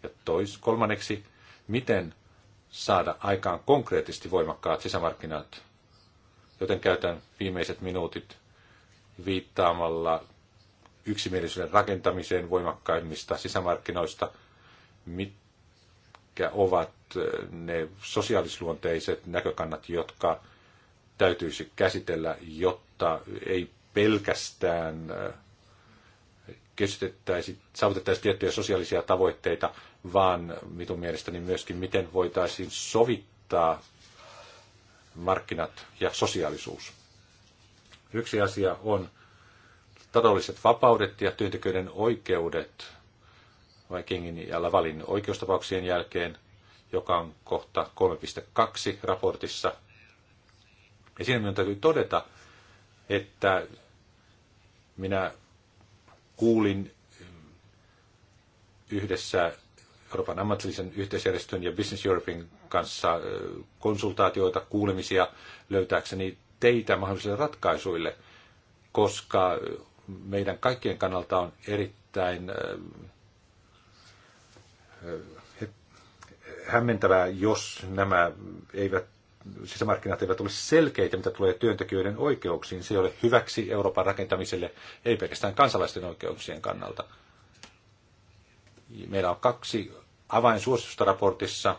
Ja tois, kolmanneksi, miten saada aikaan konkreettisesti voimakkaat sisämarkkinat, joten käytän viimeiset minuutit viittaamalla yksimielisyyden rakentamiseen voimakkaimmista sisämarkkinoista, mitkä ovat ne sosiaalisluonteiset näkökannat, jotka täytyisi käsitellä, jotta ei pelkästään saavutettaisiin tiettyjä sosiaalisia tavoitteita, vaan mitun mielestäni myöskin, miten voitaisiin sovittaa markkinat ja sosiaalisuus. Yksi asia on taloudelliset vapaudet ja työntekijöiden oikeudet Vikingin ja Lavalin oikeustapauksien jälkeen, joka on kohta 3.2 raportissa. Ja siinä minun täytyy todeta, että minä kuulin yhdessä Euroopan ammatillisen yhteisjärjestön ja Business Europein kanssa konsultaatioita, kuulemisia löytääkseni teitä mahdollisille ratkaisuille, koska meidän kaikkien kannalta on erittäin äh, äh, hämmentävää, jos nämä eivät, sisämarkkinat eivät ole selkeitä, mitä tulee työntekijöiden oikeuksiin. Se ei ole hyväksi Euroopan rakentamiselle, ei pelkästään kansalaisten oikeuksien kannalta. Meillä on kaksi avainsuositusta raportissa.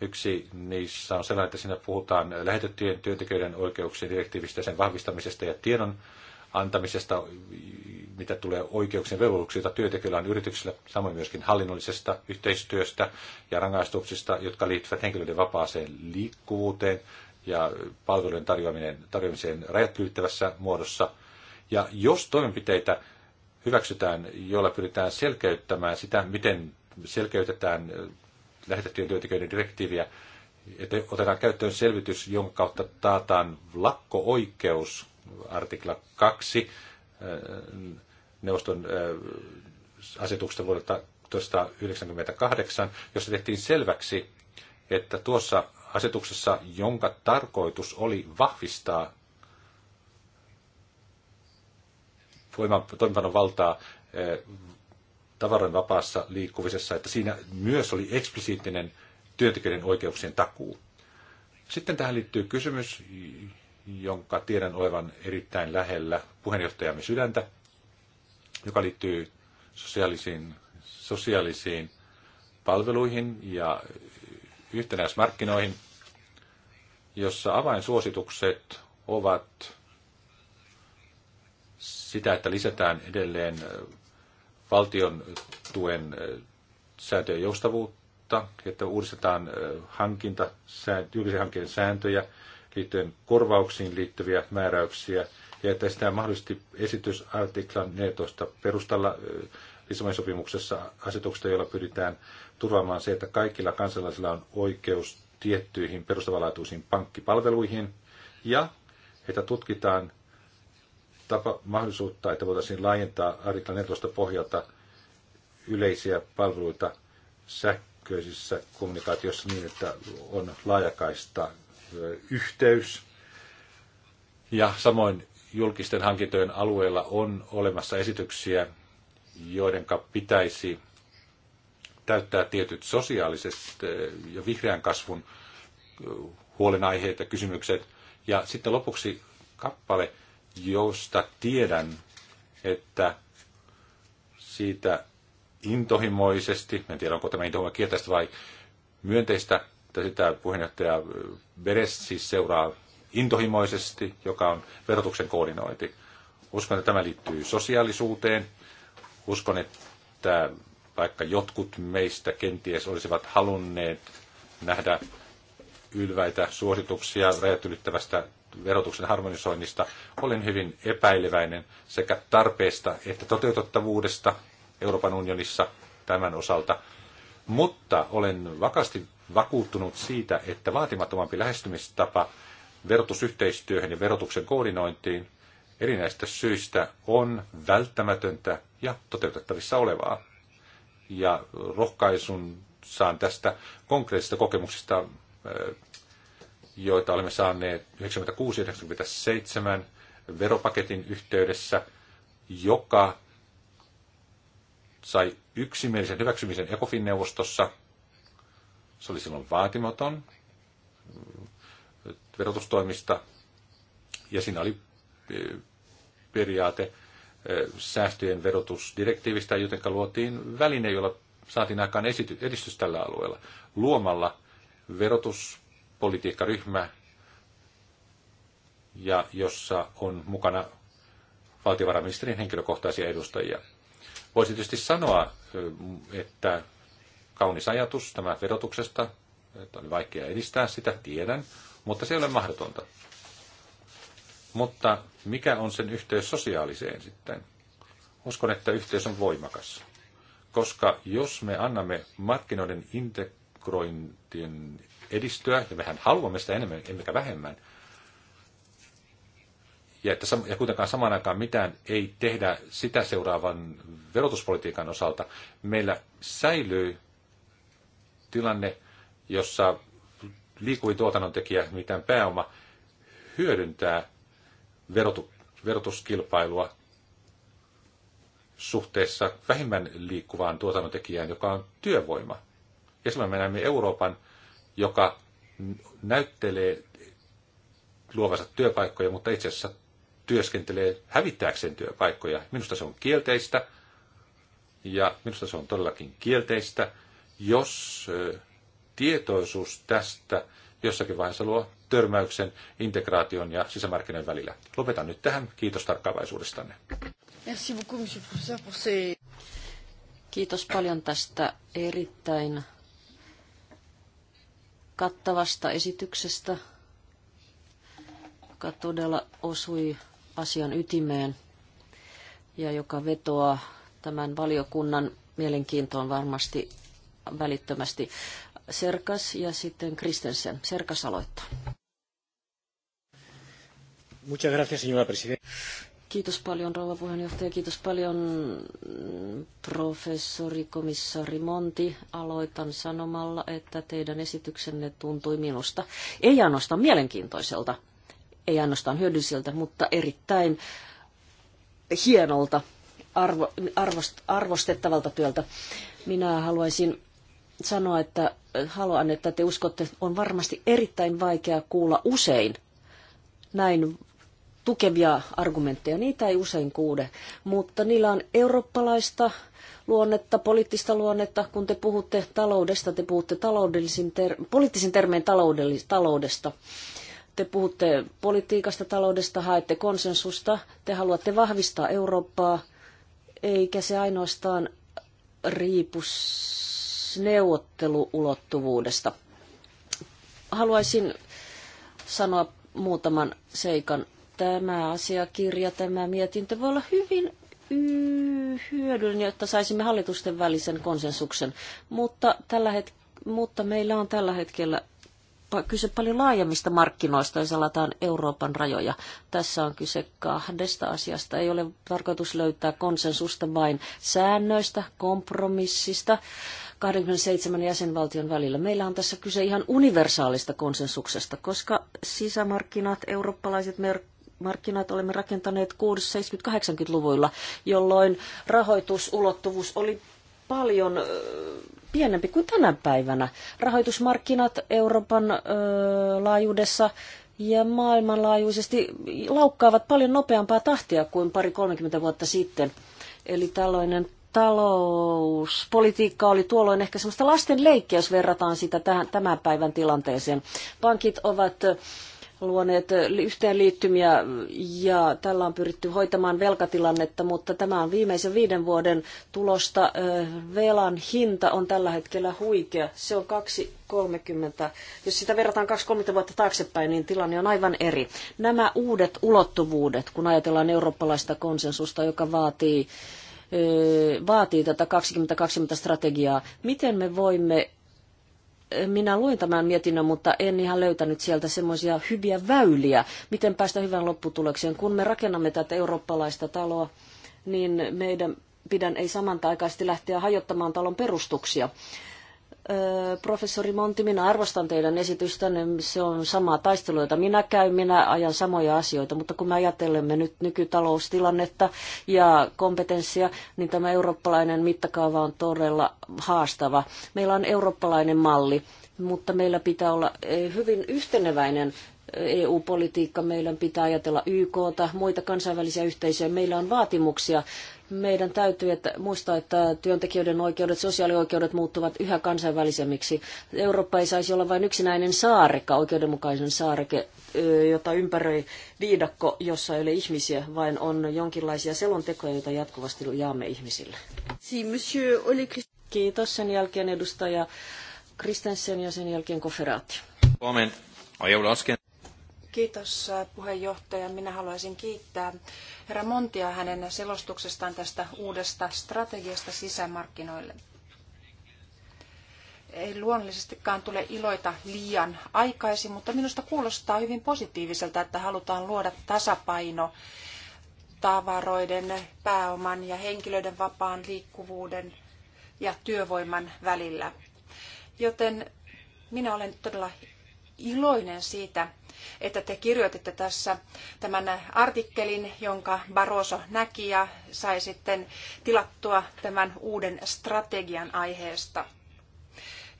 Yksi niissä on sellainen, että siinä puhutaan lähetettyjen työntekijöiden oikeuksien direktiivistä ja sen vahvistamisesta ja tiedon antamisesta, mitä tulee oikeuksien velvollisuuksilta työntekijöillä on yrityksillä, samoin myöskin hallinnollisesta yhteistyöstä ja rangaistuksista, jotka liittyvät henkilöiden vapaaseen liikkuvuuteen ja palvelujen tarjoaminen, tarjoamiseen rajat ylittävässä muodossa. Ja jos toimenpiteitä hyväksytään, joilla pyritään selkeyttämään sitä, miten selkeytetään lähetettyjen työntekijöiden direktiiviä, että otetaan käyttöön selvitys, jonka kautta taataan lakko-oikeus artikla 2 äh, neuvoston äh, asetuksesta vuodelta 1998, jossa tehtiin selväksi, että tuossa asetuksessa, jonka tarkoitus oli vahvistaa toimivan valtaa äh, tavaran vapaassa liikkuvisessa, että siinä myös oli eksplisiittinen työntekijöiden oikeuksien takuu. Sitten tähän liittyy kysymys, jonka tiedän olevan erittäin lähellä puheenjohtajamme sydäntä, joka liittyy sosiaalisiin, sosiaalisiin palveluihin ja yhtenäismarkkinoihin, jossa avainsuositukset ovat sitä, että lisätään edelleen valtion tuen sääntöjen joustavuutta, että uudistetaan hankinta, julkisen hankkeen sääntöjä – liittyen korvauksiin liittyviä määräyksiä, ja että sitä mahdollisesti esitys artiklan 14 perustalla Lissabonin sopimuksessa asetuksesta, jolla pyritään turvaamaan se, että kaikilla kansalaisilla on oikeus tiettyihin perustavanlaatuisiin pankkipalveluihin, ja että tutkitaan tapa, mahdollisuutta, että voitaisiin laajentaa artiklan 14 pohjalta yleisiä palveluita sähköisissä kommunikaatiossa niin, että on laajakaista yhteys. Ja samoin julkisten hankintojen alueella on olemassa esityksiä, joiden pitäisi täyttää tietyt sosiaaliset ja vihreän kasvun huolenaiheet ja kysymykset. Ja sitten lopuksi kappale, josta tiedän, että siitä intohimoisesti, en tiedä onko tämä intohimo kielteistä vai myönteistä, sitä puheenjohtaja Beres siis seuraa intohimoisesti, joka on verotuksen koordinointi. Uskon, että tämä liittyy sosiaalisuuteen. Uskon, että vaikka jotkut meistä kenties olisivat halunneet nähdä ylväitä suosituksia rajat ylittävästä verotuksen harmonisoinnista, olen hyvin epäileväinen sekä tarpeesta että toteutettavuudesta Euroopan unionissa tämän osalta. Mutta olen vakasti vakuuttunut siitä, että vaatimattomampi lähestymistapa verotusyhteistyöhön ja verotuksen koordinointiin erinäistä syistä on välttämätöntä ja toteutettavissa olevaa. Ja rohkaisun saan tästä konkreettisista kokemuksista, joita olemme saaneet 96-97 veropaketin yhteydessä, joka sai yksimielisen hyväksymisen ECOFIN-neuvostossa – se oli silloin vaatimaton verotustoimista ja siinä oli e, periaate e, säästöjen verotusdirektiivistä, joten luotiin väline, jolla saatiin aikaan edistys tällä alueella luomalla verotuspolitiikkaryhmä, ja jossa on mukana valtiovarainministerin henkilökohtaisia edustajia. Voisi tietysti sanoa, e, että kaunis ajatus tämä verotuksesta, että on vaikea edistää sitä, tiedän, mutta se ei ole mahdotonta. Mutta mikä on sen yhteys sosiaaliseen sitten? Uskon, että yhteys on voimakas. Koska jos me annamme markkinoiden integrointien edistyä, ja mehän haluamme sitä enemmän, emmekä vähemmän, ja, että, ja kuitenkaan samaan aikaan mitään ei tehdä sitä seuraavan verotuspolitiikan osalta, meillä säilyy tilanne, jossa liikkuvin tekijä, mitään pääoma, hyödyntää verotu, verotuskilpailua suhteessa vähemmän liikkuvaan tekijään, joka on työvoima. Ja silloin me näemme Euroopan, joka näyttelee luovansa työpaikkoja, mutta itse asiassa työskentelee hävittääkseen työpaikkoja. Minusta se on kielteistä, ja minusta se on todellakin kielteistä, jos tietoisuus tästä jossakin vaiheessa luo törmäyksen integraation ja sisämarkkinoiden välillä. Lopetan nyt tähän. Kiitos tarkkaavaisuudestanne. Merci beaucoup, monsieur professeur, pour ces... Kiitos paljon tästä erittäin kattavasta esityksestä, joka todella osui asian ytimeen ja joka vetoaa tämän valiokunnan mielenkiintoon varmasti välittömästi. Serkas ja sitten Kristensen. Serkas aloittaa. Muchas gracias, señora presidenta. Kiitos paljon rouva puheenjohtaja, kiitos paljon professori komissaari Monti. Aloitan sanomalla, että teidän esityksenne tuntui minusta ei ainoastaan mielenkiintoiselta, ei ainoastaan hyödylliseltä, mutta erittäin hienolta, arvo, arvost, arvostettavalta työltä. Minä haluaisin sanoa, että haluan, että te uskotte, on varmasti erittäin vaikea kuulla usein näin tukevia argumentteja. Niitä ei usein kuule, mutta niillä on eurooppalaista luonnetta, poliittista luonnetta. Kun te puhutte taloudesta, te puhutte taloudellisin ter- poliittisin termein taloudesta. Te puhutte politiikasta, taloudesta, haette konsensusta, te haluatte vahvistaa Eurooppaa, eikä se ainoastaan riipu neuvotteluulottuvuudesta. Haluaisin sanoa muutaman seikan. Tämä asiakirja, tämä mietintö voi olla hyvin hyödyllinen, jotta saisimme hallitusten välisen konsensuksen, mutta, tällä het- mutta meillä on tällä hetkellä kyse paljon laajemmista markkinoista, jos alataan Euroopan rajoja. Tässä on kyse kahdesta asiasta. Ei ole tarkoitus löytää konsensusta vain säännöistä, kompromissista, 27 jäsenvaltion välillä. Meillä on tässä kyse ihan universaalista konsensuksesta, koska sisämarkkinat, eurooppalaiset markkinat olemme rakentaneet 60-70-80-luvuilla, jolloin rahoitusulottuvuus oli paljon pienempi kuin tänä päivänä. Rahoitusmarkkinat Euroopan laajuudessa ja maailmanlaajuisesti laukkaavat paljon nopeampaa tahtia kuin pari 30 vuotta sitten. Eli tällainen talouspolitiikka oli tuolloin ehkä semmoista lasten leikkiä, jos verrataan sitä tähän, tämän päivän tilanteeseen. Pankit ovat luoneet yhteenliittymiä ja tällä on pyritty hoitamaan velkatilannetta, mutta tämä on viimeisen viiden vuoden tulosta. Velan hinta on tällä hetkellä huikea. Se on 2,30. Jos sitä verrataan 2,30 vuotta taaksepäin, niin tilanne on aivan eri. Nämä uudet ulottuvuudet, kun ajatellaan eurooppalaista konsensusta, joka vaatii vaatii tätä 2020-strategiaa. Miten me voimme minä luin tämän mietinnön, mutta en ihan löytänyt sieltä semmoisia hyviä väyliä, miten päästä hyvään lopputulokseen. Kun me rakennamme tätä eurooppalaista taloa, niin meidän pidän ei samantaikaisesti lähteä hajottamaan talon perustuksia professori Monti, minä arvostan teidän esitystänne. Se on samaa taistelua, jota minä käyn. Minä ajan samoja asioita, mutta kun me ajattelemme nyt nykytaloustilannetta ja kompetenssia, niin tämä eurooppalainen mittakaava on todella haastava. Meillä on eurooppalainen malli, mutta meillä pitää olla e, hyvin yhteneväinen EU-politiikka, e meidän pitää ajatella YKta, muita kansainvälisiä yhteisöjä, meillä on vaatimuksia meidän täytyy että, muistaa, että työntekijöiden oikeudet, sosiaalioikeudet muuttuvat yhä kansainvälisemmiksi. Eurooppa ei saisi olla vain yksinäinen saareka, oikeudenmukaisen saareke, jota ympäröi viidakko, jossa ei ole ihmisiä, vaan on jonkinlaisia selontekoja, joita jatkuvasti jaamme ihmisille. Kiitos. Sen jälkeen edustaja Kristensen ja sen jälkeen Koferaatti. Huomenna. Kiitos puheenjohtaja. Minä haluaisin kiittää herra Montia hänen selostuksestaan tästä uudesta strategiasta sisämarkkinoille. Ei luonnollisestikaan tule iloita liian aikaisin, mutta minusta kuulostaa hyvin positiiviselta, että halutaan luoda tasapaino tavaroiden, pääoman ja henkilöiden vapaan liikkuvuuden ja työvoiman välillä. Joten minä olen todella iloinen siitä, että te kirjoititte tässä tämän artikkelin, jonka Barroso näki ja sai sitten tilattua tämän uuden strategian aiheesta.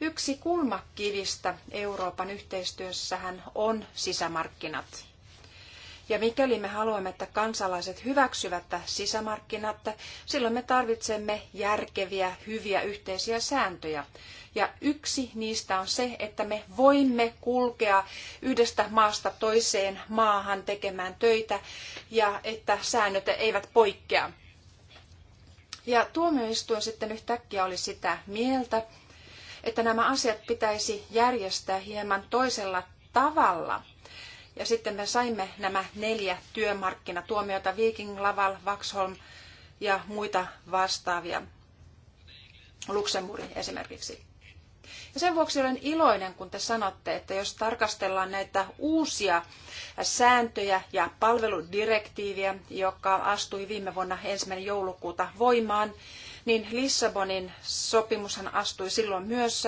Yksi kulmakivistä Euroopan yhteistyössähän on sisämarkkinat. Ja mikäli me haluamme, että kansalaiset hyväksyvät sisämarkkinat, silloin me tarvitsemme järkeviä, hyviä yhteisiä sääntöjä. Ja yksi niistä on se, että me voimme kulkea yhdestä maasta toiseen maahan tekemään töitä ja että säännöt eivät poikkea. Ja tuomioistuin sitten yhtäkkiä oli sitä mieltä, että nämä asiat pitäisi järjestää hieman toisella tavalla. Ja sitten me saimme nämä neljä työmarkkinatuomiota, Viking, Laval, Vaxholm ja muita vastaavia, Luxemburg esimerkiksi. Ja sen vuoksi olen iloinen, kun te sanotte, että jos tarkastellaan näitä uusia sääntöjä ja palveludirektiiviä, joka astui viime vuonna ensimmäinen joulukuuta voimaan, niin Lissabonin sopimushan astui silloin myös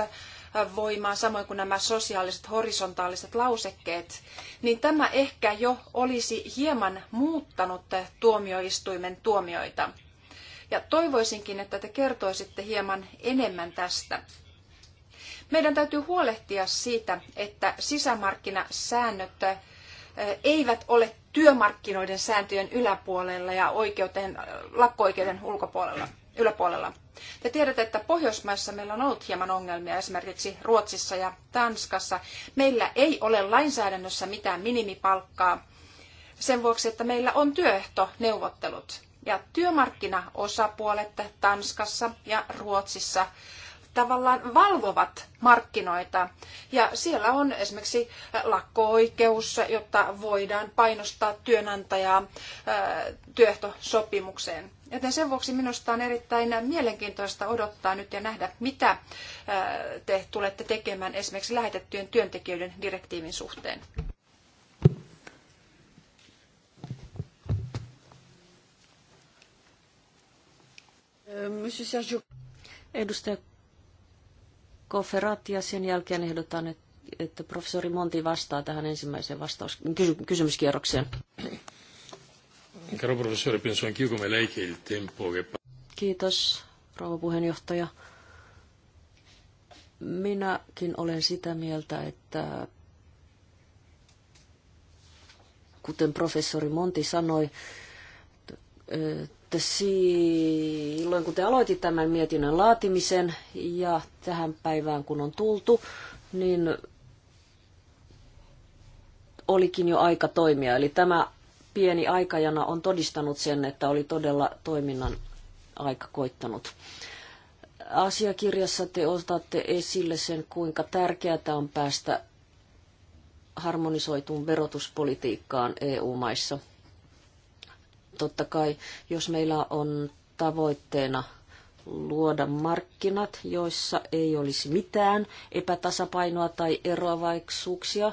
voimaan, samoin kuin nämä sosiaaliset horisontaaliset lausekkeet, niin tämä ehkä jo olisi hieman muuttanut tuomioistuimen tuomioita. Ja toivoisinkin, että te kertoisitte hieman enemmän tästä. Meidän täytyy huolehtia siitä, että sisämarkkinasäännöt eivät ole työmarkkinoiden sääntöjen yläpuolella ja oikeuteen, lakko-oikeuden ulkopuolella, yläpuolella. Te tiedätte, että Pohjoismaissa meillä on ollut hieman ongelmia, esimerkiksi Ruotsissa ja Tanskassa. Meillä ei ole lainsäädännössä mitään minimipalkkaa sen vuoksi, että meillä on työehtoneuvottelut. Ja työmarkkinaosapuolet Tanskassa ja Ruotsissa tavallaan valvovat markkinoita. Ja siellä on esimerkiksi lakko-oikeus, jotta voidaan painostaa työnantajaa työehtosopimukseen. Joten sen vuoksi minusta on erittäin mielenkiintoista odottaa nyt ja nähdä, mitä te tulette tekemään esimerkiksi lähetettyjen työntekijöiden direktiivin suhteen. Monsieur Sergio. Edustaja Koferat ja sen jälkeen ehdotan, että professori Monti vastaa tähän ensimmäiseen vastaus- kysymyskierrokseen. Caro penso anch'io come lei che il tempo che... Kiitos, rouva puheenjohtaja. Minäkin olen sitä mieltä, että kuten professori Monti sanoi, olette silloin, kun te aloitit tämän mietinnön laatimisen ja tähän päivään kun on tultu, niin olikin jo aika toimia. Eli tämä pieni aikajana on todistanut sen, että oli todella toiminnan aika koittanut. Asiakirjassa te otatte esille sen, kuinka tärkeää on päästä harmonisoituun verotuspolitiikkaan EU-maissa – Totta kai, jos meillä on tavoitteena luoda markkinat, joissa ei olisi mitään epätasapainoa tai eroavaisuuksia,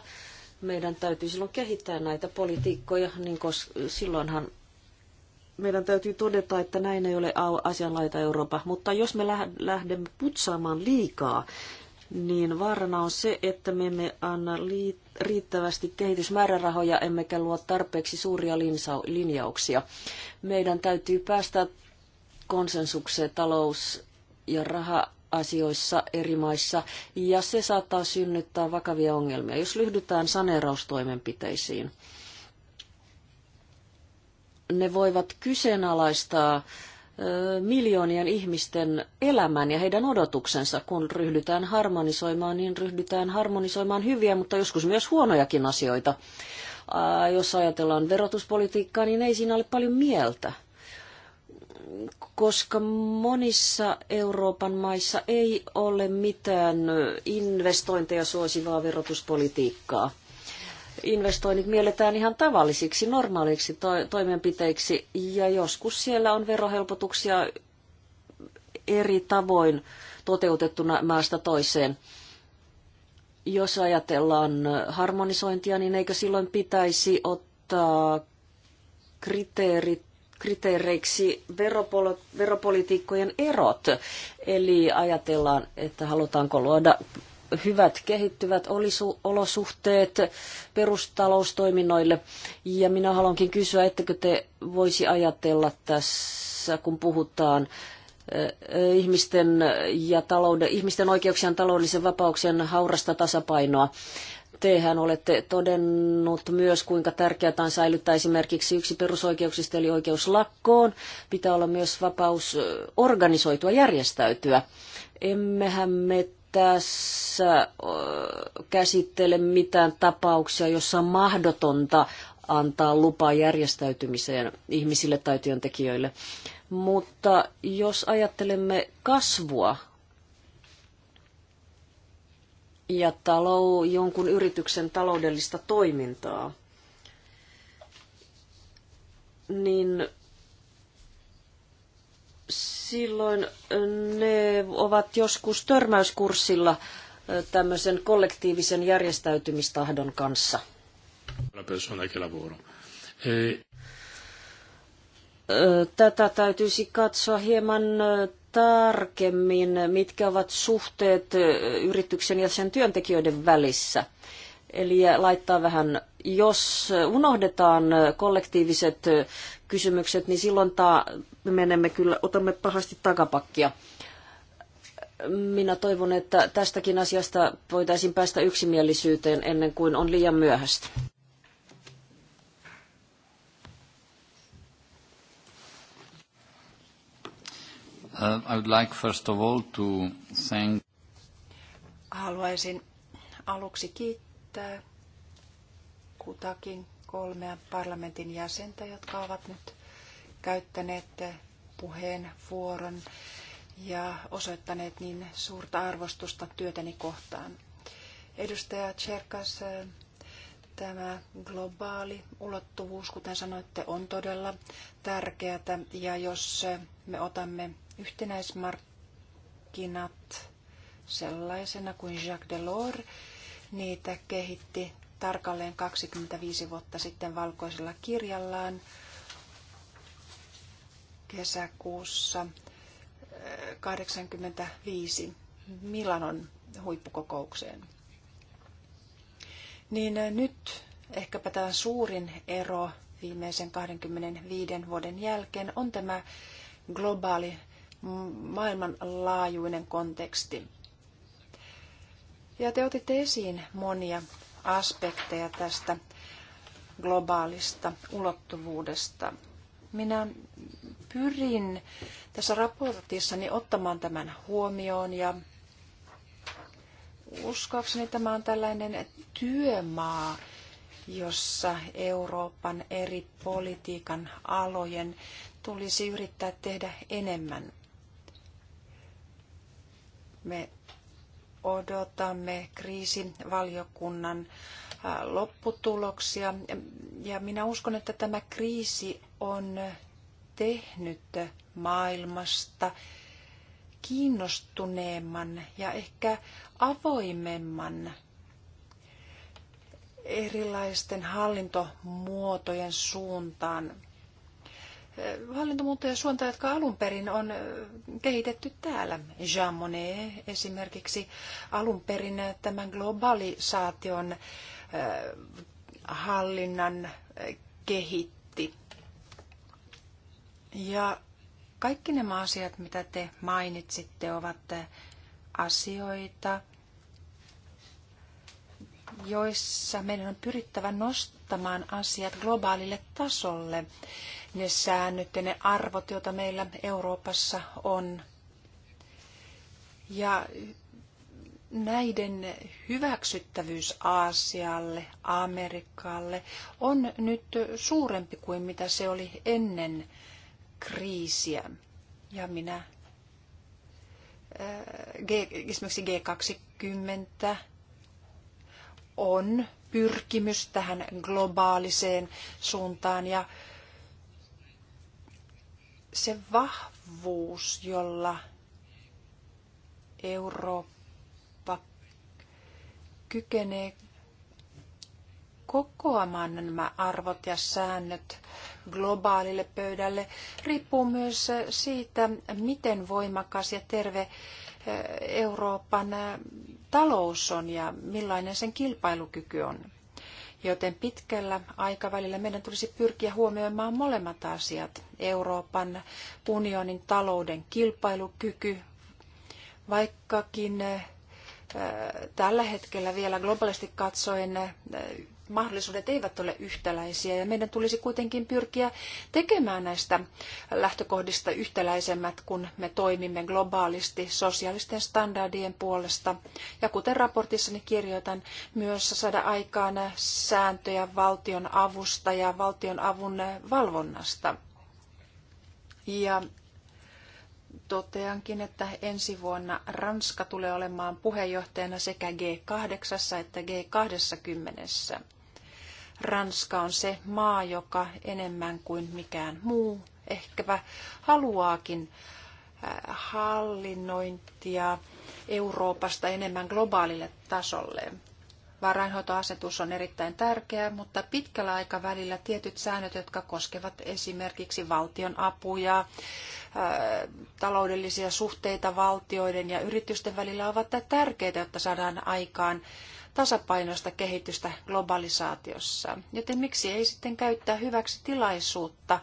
meidän täytyy silloin kehittää näitä politiikkoja, niin koska silloinhan meidän täytyy todeta, että näin ei ole asianlaita Eurooppa. Mutta jos me lähdemme putsaamaan liikaa niin vaarana on se, että me emme anna riittävästi kehitysmäärärahoja emmekä luo tarpeeksi suuria linjauksia. Meidän täytyy päästä konsensukseen talous- ja raha-asioissa eri maissa, ja se saattaa synnyttää vakavia ongelmia, jos lyhdytään saneeraustoimenpiteisiin. Ne voivat kyseenalaistaa äh, miljoonien ihmisten elämän ja heidän odotuksensa. Kun ryhdytään harmonisoimaan, niin ryhdytään harmonisoimaan hyviä, mutta joskus myös huonojakin asioita. Jos ajatellaan verotuspolitiikkaa, niin ei siinä ole paljon mieltä koska monissa Euroopan maissa ei ole mitään investointeja suosivaa verotuspolitiikkaa investoinnit mielletään ihan tavallisiksi, normaaleiksi to- toimenpiteiksi, ja joskus siellä on verohelpotuksia eri tavoin toteutettuna maasta toiseen. Jos ajatellaan harmonisointia, niin eikö silloin pitäisi ottaa kriteerit kriteereiksi veropolo, veropolitiikkojen erot. Eli ajatellaan, että halutaanko luoda hyvät kehittyvät olosuhteet perustaloustoiminnoille. Ja minä haluankin kysyä, ettekö te voisi ajatella tässä, kun puhutaan eh, ihmisten ja talouden, ihmisten oikeuksien taloudellisen vapauksien haurasta tasapainoa. Tehän olette todennut myös, kuinka tärkeää on säilyttää esimerkiksi yksi perusoikeuksista, eli oikeus lakkoon. Pitää olla myös vapaus eh, organisoitua, järjestäytyä. Emmehän me tässä käsittele mitään tapauksia, jossa on mahdotonta antaa lupa järjestäytymiseen ihmisille tai työntekijöille. Mutta jos ajattelemme kasvua ja talou, jonkun yrityksen taloudellista toimintaa, niin silloin ne ovat joskus törmäyskurssilla tämmöisen kollektiivisen järjestäytymistahdon kanssa. E- tätä täytyisi katsoa hieman tarkemmin, mitkä ovat suhteet yrityksen ja sen työntekijöiden välissä. Eli laittaa vähän, jos unohdetaan kollektiiviset kysymykset, niin silloin ta, me menemme kyllä, otamme pahasti takapakkia. Minä toivon, että tästäkin asiasta voitaisiin päästä yksimielisyyteen ennen kuin on liian myöhäistä. Uh, I would like first of all to thank... Haluaisin aluksi kiittää kiittää kutakin kolmea parlamentin jäsentä, jotka ovat nyt käyttäneet puheenvuoron ja osoittaneet niin suurta arvostusta työtäni kohtaan. Edustaja Tserkas, tämä globaali ulottuvuus, kuten sanoitte, on todella tärkeää. Ja jos me otamme yhtenäismarkkinat sellaisena kuin Jacques Delors niitä kehitti tarkalleen 25 vuotta sitten valkoisella kirjallaan kesäkuussa 85 eh, Milanon huippukokoukseen. Niin eh, nyt ehkäpä tämä suurin ero viimeisen 25 vuoden jälkeen on tämä globaali maailmanlaajuinen konteksti. Ja te otitte esiin monia aspekteja tästä globaalista ulottuvuudesta. Minä pyrin tässä raportissani ottamaan tämän huomioon ja uskoakseni tämä on tällainen työmaa, jossa Euroopan eri politiikan alojen tulisi yrittää tehdä enemmän. Me odotamme kriisivaliokunnan lopputuloksia. Ja minä uskon, että tämä kriisi on tehnyt maailmasta kiinnostuneemman ja ehkä avoimemman erilaisten hallintomuotojen suuntaan hallintomuotoja suuntaan, jotka alun perin on kehitetty täällä. Jean Monnet esimerkiksi alun perin tämän globalisaation hallinnan kehitti. Ja kaikki nämä asiat, mitä te mainitsitte, ovat asioita, joissa meidän on pyrittävä nostamaan asiat globaalille tasolle ne säännöt ja ne arvot, joita meillä Euroopassa on. Ja näiden hyväksyttävyys Aasialle, Amerikalle on nyt suurempi kuin mitä se oli ennen kriisiä. Ja minä äh, G, esimerkiksi G20 on pyrkimys tähän globaaliseen suuntaan ja se vahvuus, jolla Eurooppa kykenee kokoamaan nämä arvot ja säännöt globaalille pöydälle, riippuu myös siitä, miten voimakas ja terve eh, Euroopan eh, talous on ja millainen sen kilpailukyky on. Joten pitkällä aikavälillä meidän tulisi pyrkiä huomioimaan molemmat asiat. Euroopan unionin talouden kilpailukyky, vaikkakin äh, tällä hetkellä vielä globaalisti katsoen äh, mahdollisuudet eivät ole yhtäläisiä ja meidän tulisi kuitenkin pyrkiä tekemään näistä lähtökohdista yhtäläisemmät, kun me toimimme globaalisti sosiaalisten standardien puolesta. Ja kuten raportissani kirjoitan, myös saada aikaan sääntöjä valtion avusta ja valtion avun valvonnasta. Ja toteankin, että ensi vuonna Ranska tulee olemaan puheenjohtajana sekä G8 että G20. Ranska on se maa, joka enemmän kuin mikään muu ehkäpä haluaakin äh, hallinnointia Euroopasta enemmän globaalille tasolle. Varainhoitoasetus on erittäin tärkeä, mutta pitkällä aikavälillä tietyt säännöt, jotka koskevat esimerkiksi valtion apuja, äh, taloudellisia suhteita valtioiden ja yritysten välillä, ovat tärkeitä, jotta saadaan aikaan tasapainoista kehitystä globalisaatiossa. Joten miksi ei sitten käyttää hyväksi tilaisuutta,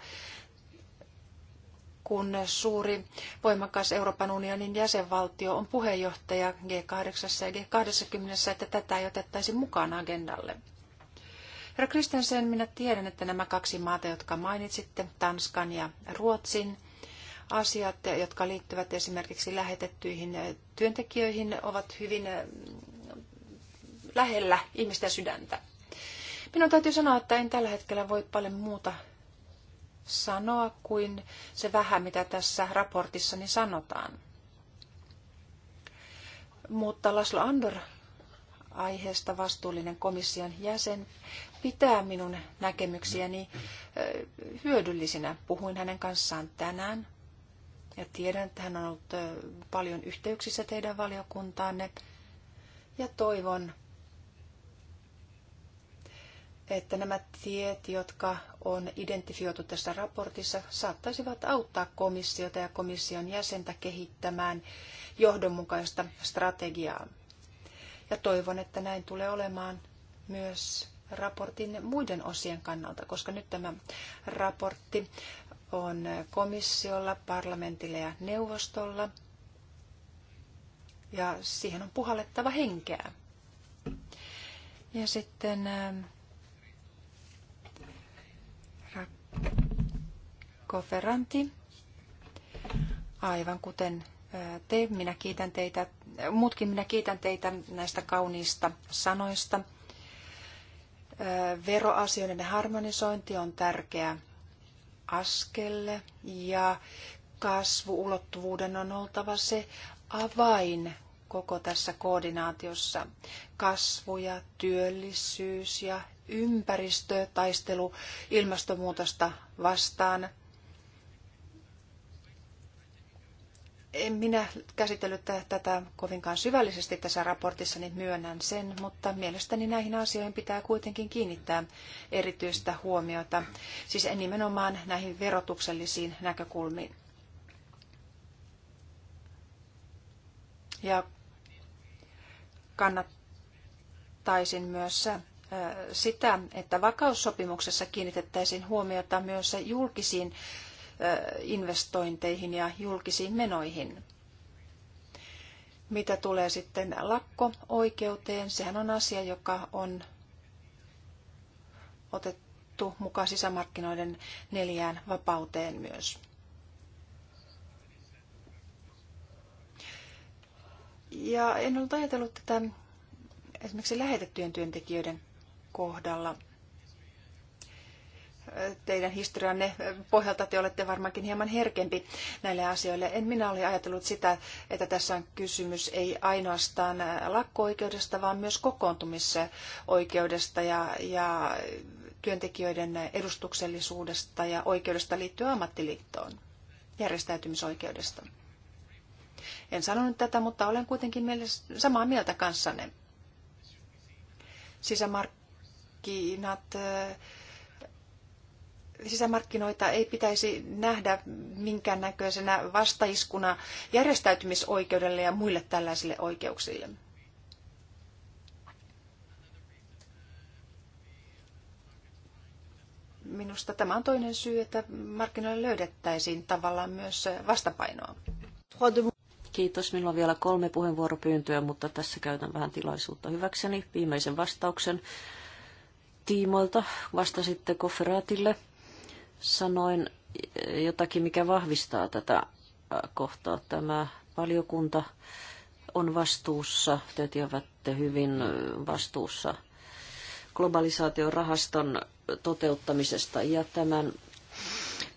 kun suuri voimakas Euroopan unionin jäsenvaltio on puheenjohtaja G8 ja G20, että tätä ei otettaisi mukaan agendalle. Herra Kristensen, minä tiedän, että nämä kaksi maata, jotka mainitsitte, Tanskan ja Ruotsin, asiat, jotka liittyvät esimerkiksi lähetettyihin työntekijöihin, ovat hyvin lähellä ihmisten sydäntä. Minun täytyy sanoa, että en tällä hetkellä voi paljon muuta sanoa kuin se vähän, mitä tässä raportissani sanotaan. Mutta Laslo Andor, aiheesta vastuullinen komission jäsen, pitää minun näkemyksiäni hyödyllisinä. Puhuin hänen kanssaan tänään ja tiedän, että hän on ollut paljon yhteyksissä teidän valiokuntaanne ja toivon, että nämä tiet, jotka on identifioitu tässä raportissa, saattaisivat auttaa komissiota ja komission jäsentä kehittämään johdonmukaista strategiaa. Ja toivon, että näin tulee olemaan myös raportin muiden osien kannalta, koska nyt tämä raportti on komissiolla, parlamentilla ja neuvostolla, ja siihen on puhallettava henkeä. Ja sitten ähm, Koferanti. Aivan kuten te, minä kiitän teitä, muutkin minä kiitän teitä näistä kauniista sanoista. Veroasioiden harmonisointi on tärkeä askel ja kasvuulottuvuuden on oltava se avain koko tässä koordinaatiossa. Kasvu ja työllisyys ja ympäristötaistelu ilmastonmuutosta vastaan en minä käsitellyt tätä kovinkaan syvällisesti tässä raportissa, niin myönnän sen, mutta mielestäni näihin asioihin pitää kuitenkin kiinnittää erityistä huomiota, siis nimenomaan näihin verotuksellisiin näkökulmiin. Ja kannattaisin myös äh, sitä, että vakaussopimuksessa kiinnitettäisiin huomiota myös julkisiin investointeihin ja julkisiin menoihin. Mitä tulee sitten lakko-oikeuteen, sehän on asia, joka on otettu mukaan sisämarkkinoiden neljään vapauteen myös. Ja en ollut ajatellut tätä esimerkiksi lähetettyjen työntekijöiden kohdalla – teidän historianne pohjalta te olette varmaankin hieman herkempi näille asioille. En minä ole ajatellut sitä, että tässä on kysymys ei ainoastaan lakko-oikeudesta, vaan myös kokoontumisoikeudesta ja, ja työntekijöiden edustuksellisuudesta ja oikeudesta liittyä ammattiliittoon, järjestäytymisoikeudesta. En sanonut tätä, mutta olen kuitenkin samaa mieltä kanssanne. Sisämarkkinat äh, sisämarkkinoita ei pitäisi nähdä minkäännäköisenä vastaiskuna järjestäytymisoikeudelle ja muille tällaisille oikeuksille. Minusta tämä on toinen syy, että markkinoille löydettäisiin tavallaan myös vastapainoa. Kiitos. Minulla on vielä kolme puheenvuoropyyntöä, mutta tässä käytän vähän tilaisuutta hyväkseni. Viimeisen vastauksen tiimoilta vastasitte Kofferaatille sanoin jotakin, mikä vahvistaa tätä äh, kohtaa. Tämä valiokunta on vastuussa, te tiedätte hyvin äh, vastuussa globalisaatiorahaston toteuttamisesta. Ja tämän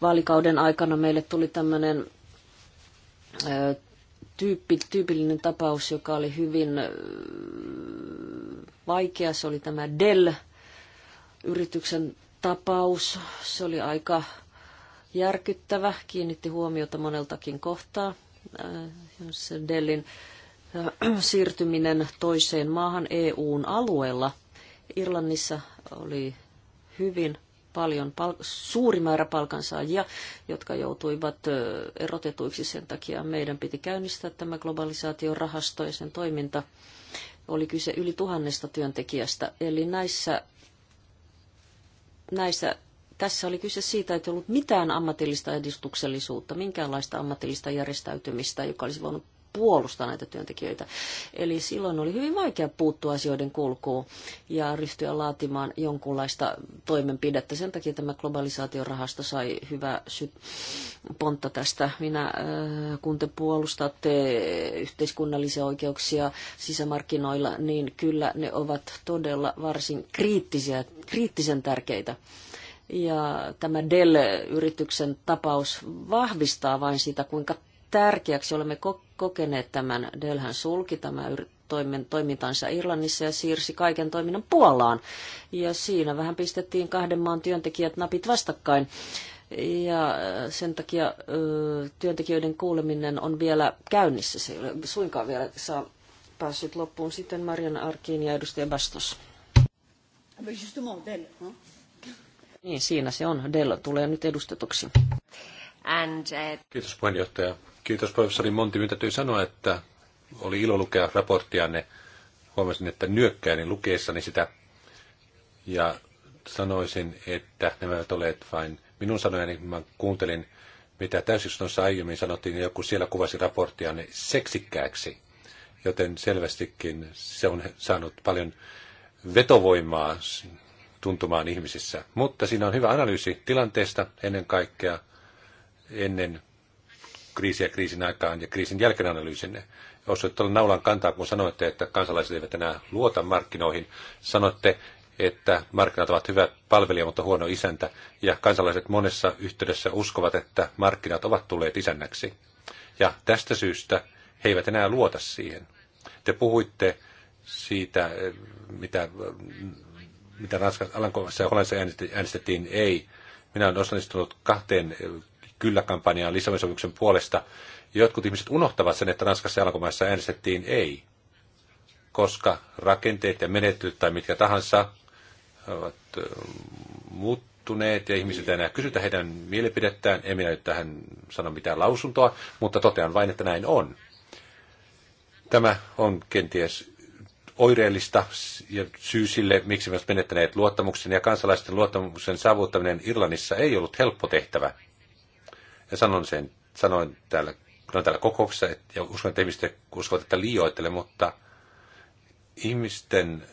vaalikauden aikana meille tuli tämmöinen äh, tyyppi, tyypillinen tapaus, joka oli hyvin vaikea. Se oli tämä Dell-yrityksen tapaus. Se oli aika järkyttävä, kiinnitti huomiota moneltakin kohtaa. Äh, Dellin äh, siirtyminen toiseen maahan EUn alueella. Irlannissa oli hyvin paljon, suuri määrä palkansaajia, jotka joutuivat äh, erotetuiksi sen takia. Meidän piti käynnistää tämä globalisaatiorahasto ja sen toiminta. Oli kyse yli tuhannesta työntekijästä. Eli näissä näissä, tässä oli kyse siitä, että ei ollut mitään ammatillista edustuksellisuutta, minkäänlaista ammatillista järjestäytymistä, joka olisi voinut puolustaa näitä työntekijöitä. Eli silloin oli hyvin vaikea puuttua asioiden kulkuun ja ryhtyä laatimaan jonkunlaista toimenpidettä. Sen takia tämä globalisaatiorahasto sai hyvä sy- pontta tästä. Minä, äh, kun te puolustatte yhteiskunnallisia oikeuksia sisämarkkinoilla, niin kyllä ne ovat todella varsin kriittisiä, kriittisen tärkeitä. Ja tämä Dell-yrityksen tapaus vahvistaa vain sitä, kuinka tärkeäksi olemme kokeneet tämän. Delhän sulki tämä toimintansa Irlannissa ja siirsi kaiken toiminnan Puolaan. Ja siinä vähän pistettiin kahden maan työntekijät napit vastakkain. Ja äh, sen takia äh, työntekijöiden kuuleminen on vielä käynnissä. Se ei ole suinkaan vielä saa päässyt loppuun. Sitten Marian Arkiin ja edustaja Bastos. Niin, siinä se on. Della tulee nyt edustetuksi. And, uh... Kiitos puheenjohtaja. Kiitos professori Monti. Minun täytyy sanoa, että oli ilo lukea raporttianne. Huomasin, että nyökkäilin lukeessani sitä. Ja sanoisin, että nämä eivät olleet vain minun sanojani. Mä kuuntelin, mitä täysistunnossa aiemmin sanottiin, ja joku siellä kuvasi raporttianne seksikkääksi. Joten selvästikin se on saanut paljon vetovoimaa tuntumaan ihmisissä. Mutta siinä on hyvä analyysi tilanteesta ennen kaikkea ennen kriisiä kriisin aikaan ja kriisin jälkeen analyysinne. Jos olette naulan kantaa, kun sanoitte, että kansalaiset eivät enää luota markkinoihin, sanotte, että markkinat ovat hyvä palvelija, mutta huono isäntä, ja kansalaiset monessa yhteydessä uskovat, että markkinat ovat tulleet isännäksi. Ja tästä syystä he eivät enää luota siihen. Te puhuitte siitä, mitä, mitä Ranskassa, Alankomaissa ja Hollannissa äänestettiin ei. Minä olen osallistunut kahteen kyllä-kampanjaan Lissabonin sopimuksen puolesta, jotkut ihmiset unohtavat sen, että Ranskassa ja Alankomaissa äänestettiin ei, koska rakenteet ja menettelyt tai mitkä tahansa ovat muuttuneet ja ihmiset enää kysytä heidän mielipidettään. En minä nyt tähän sano mitään lausuntoa, mutta totean vain, että näin on. Tämä on kenties oireellista ja syy sille, miksi me menettäneet luottamuksen ja kansalaisten luottamuksen saavuttaminen Irlannissa ei ollut helppo tehtävä. Ja sanon sen, sanoin täällä, no täällä kokouksessa, et, ja uskon, että ihmiset uskovat, että liioittele, mutta ihmisten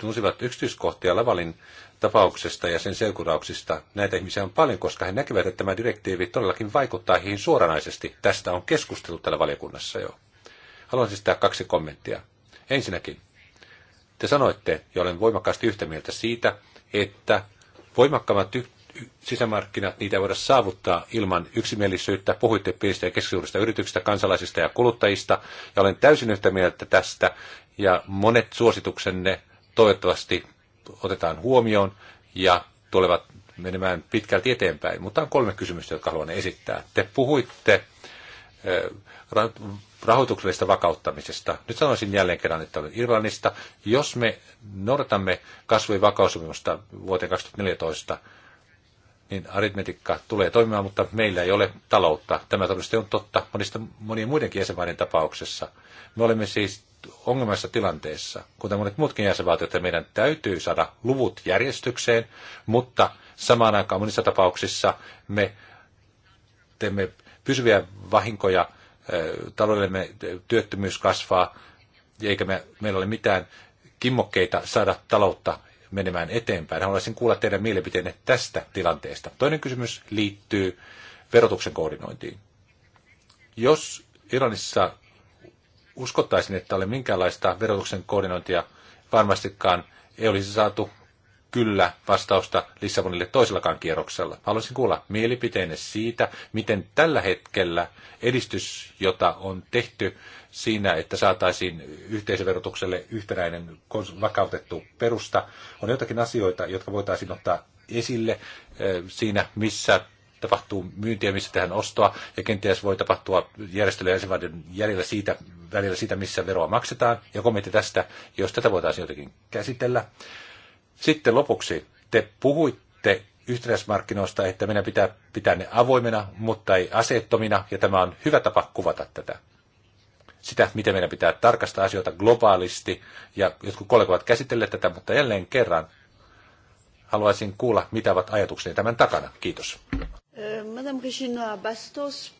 tunsivat yksityiskohtia Lavalin tapauksesta ja sen seurauksista. Näitä ihmisiä on paljon, koska he näkevät, että tämä direktiivi todellakin vaikuttaa heihin suoranaisesti. Tästä on keskusteltu täällä valiokunnassa jo. Haluan siis tehdä kaksi kommenttia. Ensinnäkin, te sanoitte, ja olen voimakkaasti yhtä mieltä siitä, että voimakkaammat sisämarkkinat, niitä ei voida saavuttaa ilman yksimielisyyttä. Puhuitte pienistä ja keskisuurista yrityksistä, kansalaisista ja kuluttajista, ja olen täysin yhtä mieltä tästä, ja monet suosituksenne toivottavasti otetaan huomioon ja tulevat menemään pitkälti eteenpäin. Mutta on kolme kysymystä, jotka haluan esittää. Te puhuitte eh, rahoituksellisesta vakauttamisesta. Nyt sanoisin jälleen kerran, että olen Irlannista. Jos me noudatamme kasvu- ja vuoteen 2014, niin aritmetikka tulee toimimaan, mutta meillä ei ole taloutta. Tämä todennäköisesti on totta monista, monien muidenkin jäsenmaiden tapauksessa. Me olemme siis ongelmassa tilanteessa, kuten monet muutkin jäsenvaltiot, että meidän täytyy saada luvut järjestykseen, mutta samaan aikaan monissa tapauksissa me teemme pysyviä vahinkoja, taloudellemme työttömyys kasvaa, eikä me, meillä ole mitään kimmokkeita saada taloutta menemään eteenpäin. Haluaisin kuulla teidän mielipiteenne tästä tilanteesta. Toinen kysymys liittyy verotuksen koordinointiin. Jos Iranissa uskottaisiin, että ole minkäänlaista verotuksen koordinointia, varmastikaan ei olisi saatu kyllä vastausta Lissabonille toisellakaan kierroksella. Haluaisin kuulla mielipiteenne siitä, miten tällä hetkellä edistys, jota on tehty siinä, että saataisiin yhteisöverotukselle yhtenäinen vakautettu perusta, on jotakin asioita, jotka voitaisiin ottaa esille eh, siinä, missä tapahtuu myyntiä, missä tehdään ostoa, ja kenties voi tapahtua järjestelyjen jäsenvaltion jäljellä siitä, välillä siitä, missä veroa maksetaan, ja kommentti tästä, jos tätä voitaisiin jotenkin käsitellä. Sitten lopuksi te puhuitte yhtenäismarkkinoista, että meidän pitää pitää ne avoimena, mutta ei aseettomina, ja tämä on hyvä tapa kuvata tätä. Sitä, miten meidän pitää tarkastaa asioita globaalisti, ja jotkut kollegat käsitelleet tätä, mutta jälleen kerran haluaisin kuulla, mitä ovat ajatukseni tämän takana. Kiitos. Äh, Madame Regina Bastos.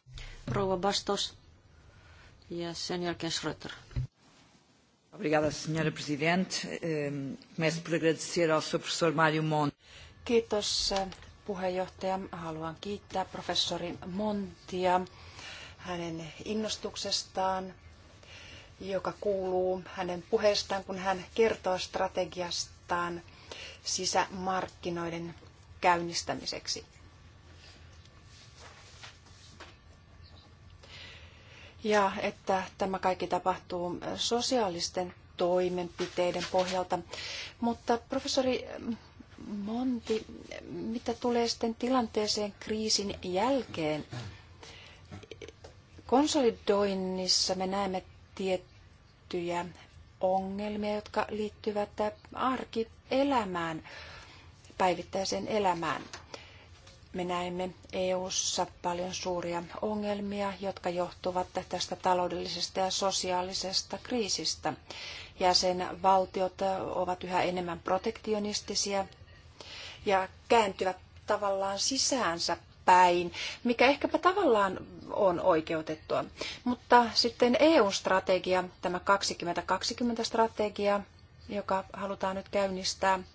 Rouva Bastos. Ja sen jälkeen Schröter. Obrigada, Sra. Presidente. Ehm, começo por agradecer ao Sr. professor Mário Monti. Kiitos eh, puheenjohtaja. Haluan kiittää professori Montia hänen innostuksestaan, joka kuuluu hänen puheestaan, kun hän kertoo strategiastaan sisämarkkinoiden käynnistämiseksi. ja että tämä kaikki tapahtuu sosiaalisten toimenpiteiden pohjalta. Mutta professori Monti, mitä tulee sitten tilanteeseen kriisin jälkeen? Konsolidoinnissa me näemme tiettyjä ongelmia, jotka liittyvät arkielämään, päivittäiseen elämään me näemme EU:ssa paljon suuria ongelmia, jotka johtuvat tästä taloudellisesta ja sosiaalisesta kriisistä. Jäsenvaltiot ovat yhä enemmän protektionistisia ja kääntyvät tavallaan sisäänsä päin, mikä ehkäpä tavallaan on oikeutettua. Mutta sitten EU-strategia, tämä 2020-strategia, joka halutaan nyt käynnistää –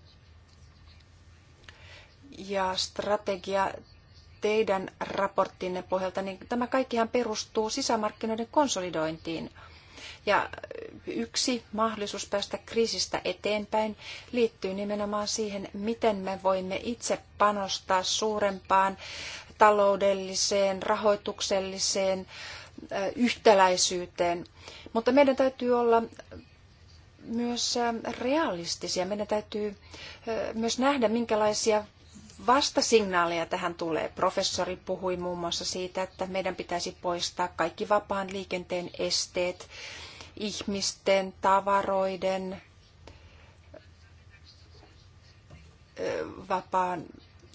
ja strategia teidän raporttinne pohjalta, niin tämä kaikkihan perustuu sisämarkkinoiden konsolidointiin. Ja yksi mahdollisuus päästä kriisistä eteenpäin liittyy nimenomaan siihen, miten me voimme itse panostaa suurempaan taloudelliseen, rahoitukselliseen yhtäläisyyteen. Mutta meidän täytyy olla myös realistisia. Meidän täytyy myös nähdä, minkälaisia vastasignaaleja tähän tulee. Professori puhui muun muassa siitä, että meidän pitäisi poistaa kaikki vapaan liikenteen esteet ihmisten, tavaroiden, vapaan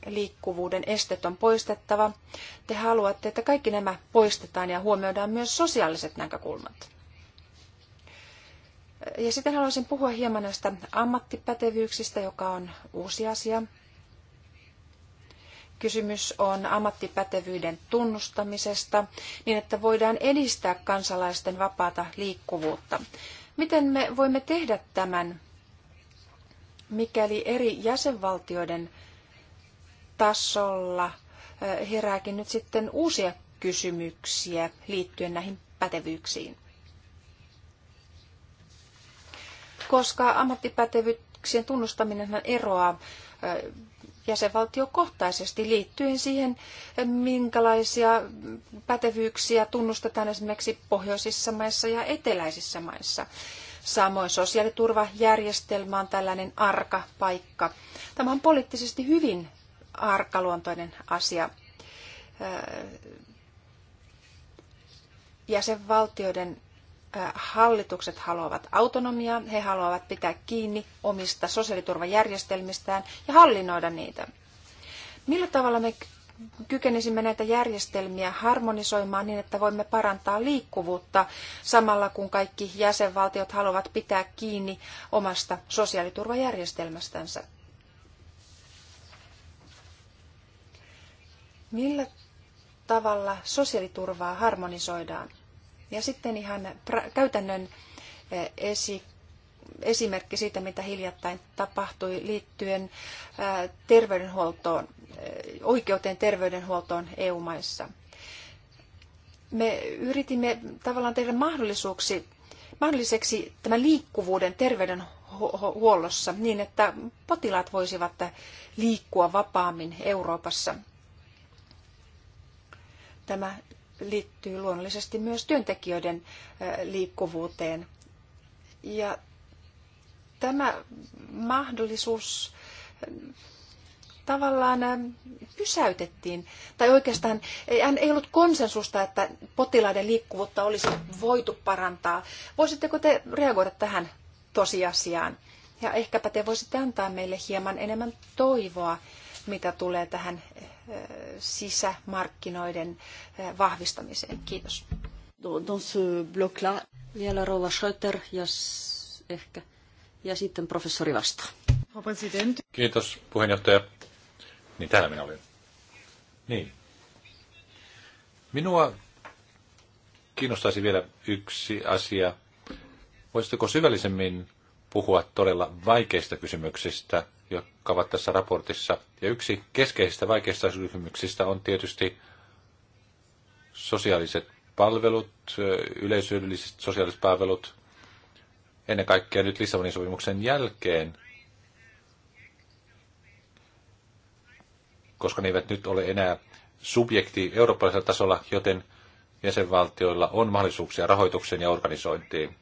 liikkuvuuden estet on poistettava. Te haluatte, että kaikki nämä poistetaan ja huomioidaan myös sosiaaliset näkökulmat. Ja sitten haluaisin puhua hieman näistä ammattipätevyyksistä, joka on uusi asia. Kysymys on ammattipätevyyden tunnustamisesta niin, että voidaan edistää kansalaisten vapaata liikkuvuutta. Miten me voimme tehdä tämän, mikäli eri jäsenvaltioiden tasolla herääkin nyt sitten uusia kysymyksiä liittyen näihin pätevyyksiin? Koska ammattipätevyyksien tunnustaminen eroaa jäsenvaltiokohtaisesti liittyen siihen, minkälaisia pätevyyksiä tunnustetaan esimerkiksi pohjoisissa maissa ja eteläisissä maissa. Samoin sosiaaliturvajärjestelmä on tällainen arka paikka. Tämä on poliittisesti hyvin arkaluontoinen asia. Jäsenvaltioiden hallitukset haluavat autonomiaa, he haluavat pitää kiinni omista sosiaaliturvajärjestelmistään ja hallinnoida niitä. Millä tavalla me kykenisimme näitä järjestelmiä harmonisoimaan niin, että voimme parantaa liikkuvuutta samalla kun kaikki jäsenvaltiot haluavat pitää kiinni omasta sosiaaliturvajärjestelmästänsä? Millä tavalla sosiaaliturvaa harmonisoidaan? Ja sitten ihan käytännön eh, esi- esimerkki siitä, mitä hiljattain tapahtui liittyen eh, terveydenhuoltoon, eh, oikeuteen terveydenhuoltoon EU-maissa. Me yritimme tavallaan tehdä mahdollisuuksi, mahdolliseksi tämän liikkuvuuden terveydenhuollossa niin, että potilaat voisivat liikkua vapaammin Euroopassa. Tämä liittyy luonnollisesti myös työntekijöiden liikkuvuuteen. Ja tämä mahdollisuus tavallaan pysäytettiin, tai oikeastaan ei ollut konsensusta, että potilaiden liikkuvuutta olisi voitu parantaa. Voisitteko te reagoida tähän tosiasiaan? Ja ehkäpä te voisitte antaa meille hieman enemmän toivoa, mitä tulee tähän sisämarkkinoiden eh, vahvistamiseen. Kiitos. Dans bloc-là. Vielä Rova Schröter ja ehkä. Ja sitten professori vastaa. Kiitos puheenjohtaja. Niin täällä minä olin. Niin. Minua kiinnostaisi vielä yksi asia. Voisitteko syvällisemmin puhua todella vaikeista kysymyksistä – jotka ovat tässä raportissa. Ja yksi keskeisistä vaikeista kysymyksistä on tietysti sosiaaliset palvelut, yleishyödylliset sosiaaliset palvelut, ennen kaikkea nyt Lissabonin sopimuksen jälkeen, koska ne eivät nyt ole enää subjekti eurooppalaisella tasolla, joten jäsenvaltioilla on mahdollisuuksia rahoitukseen ja organisointiin.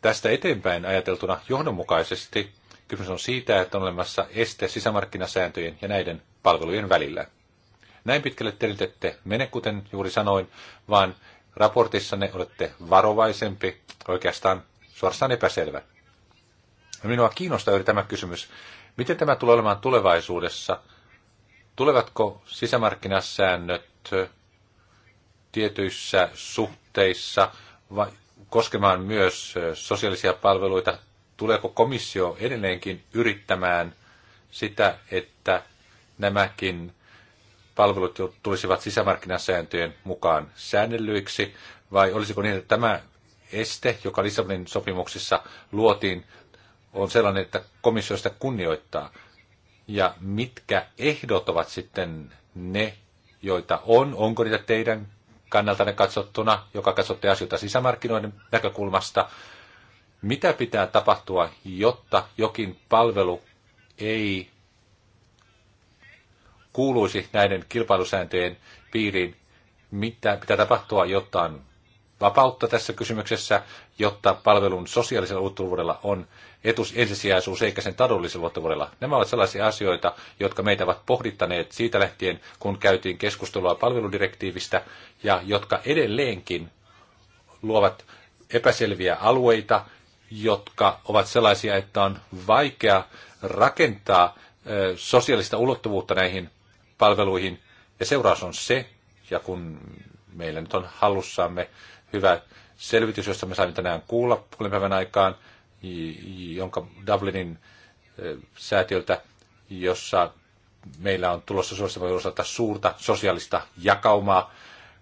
Tästä eteenpäin ajateltuna johdonmukaisesti Kysymys on siitä, että on olemassa este sisämarkkinasääntöjen ja näiden palvelujen välillä. Näin pitkälle te ette mene, kuten juuri sanoin, vaan raportissanne olette varovaisempi, oikeastaan suorastaan epäselvä. Minua kiinnostaa juuri tämä kysymys. Miten tämä tulee olemaan tulevaisuudessa? Tulevatko sisämarkkinasäännöt tietyissä suhteissa vai koskemaan myös sosiaalisia palveluita, tuleeko komissio edelleenkin yrittämään sitä, että nämäkin palvelut tulisivat sisämarkkinasääntöjen mukaan säännellyiksi, vai olisiko niin, että tämä este, joka Lissabonin sopimuksissa luotiin, on sellainen, että komissio sitä kunnioittaa. Ja mitkä ehdot ovat sitten ne, joita on? Onko niitä teidän kannaltanne katsottuna, joka katsotte asioita sisämarkkinoiden näkökulmasta, mitä pitää tapahtua, jotta jokin palvelu ei kuuluisi näiden kilpailusääntöjen piiriin? Mitä pitää tapahtua, jotta on vapautta tässä kysymyksessä, jotta palvelun sosiaalisella ulottuvuudella on etus ensisijaisuus eikä sen taloudellisella ulottuvuudella. Nämä ovat sellaisia asioita, jotka meitä ovat pohdittaneet siitä lähtien, kun käytiin keskustelua palveludirektiivistä ja jotka edelleenkin luovat epäselviä alueita jotka ovat sellaisia, että on vaikea rakentaa sosiaalista ulottuvuutta näihin palveluihin. Ja seuraus on se, ja kun meillä nyt on hallussamme hyvä selvitys, josta me saimme tänään kuulla puolen päivän aikaan, jonka Dublinin säätiöltä, jossa meillä on tulossa suosittavien osalta suurta sosiaalista jakaumaa.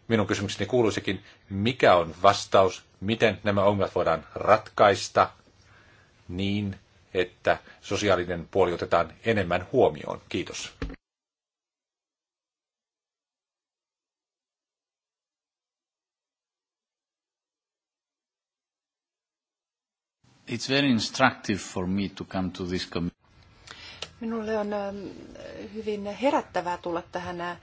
Minun kysymykseni kuuluisikin, mikä on vastaus miten nämä ongelmat voidaan ratkaista niin, että sosiaalinen puoli otetaan enemmän huomioon. Kiitos. It's very instructive for me to come to this Minulle on ähm, hyvin herättävää tulla tähän äh,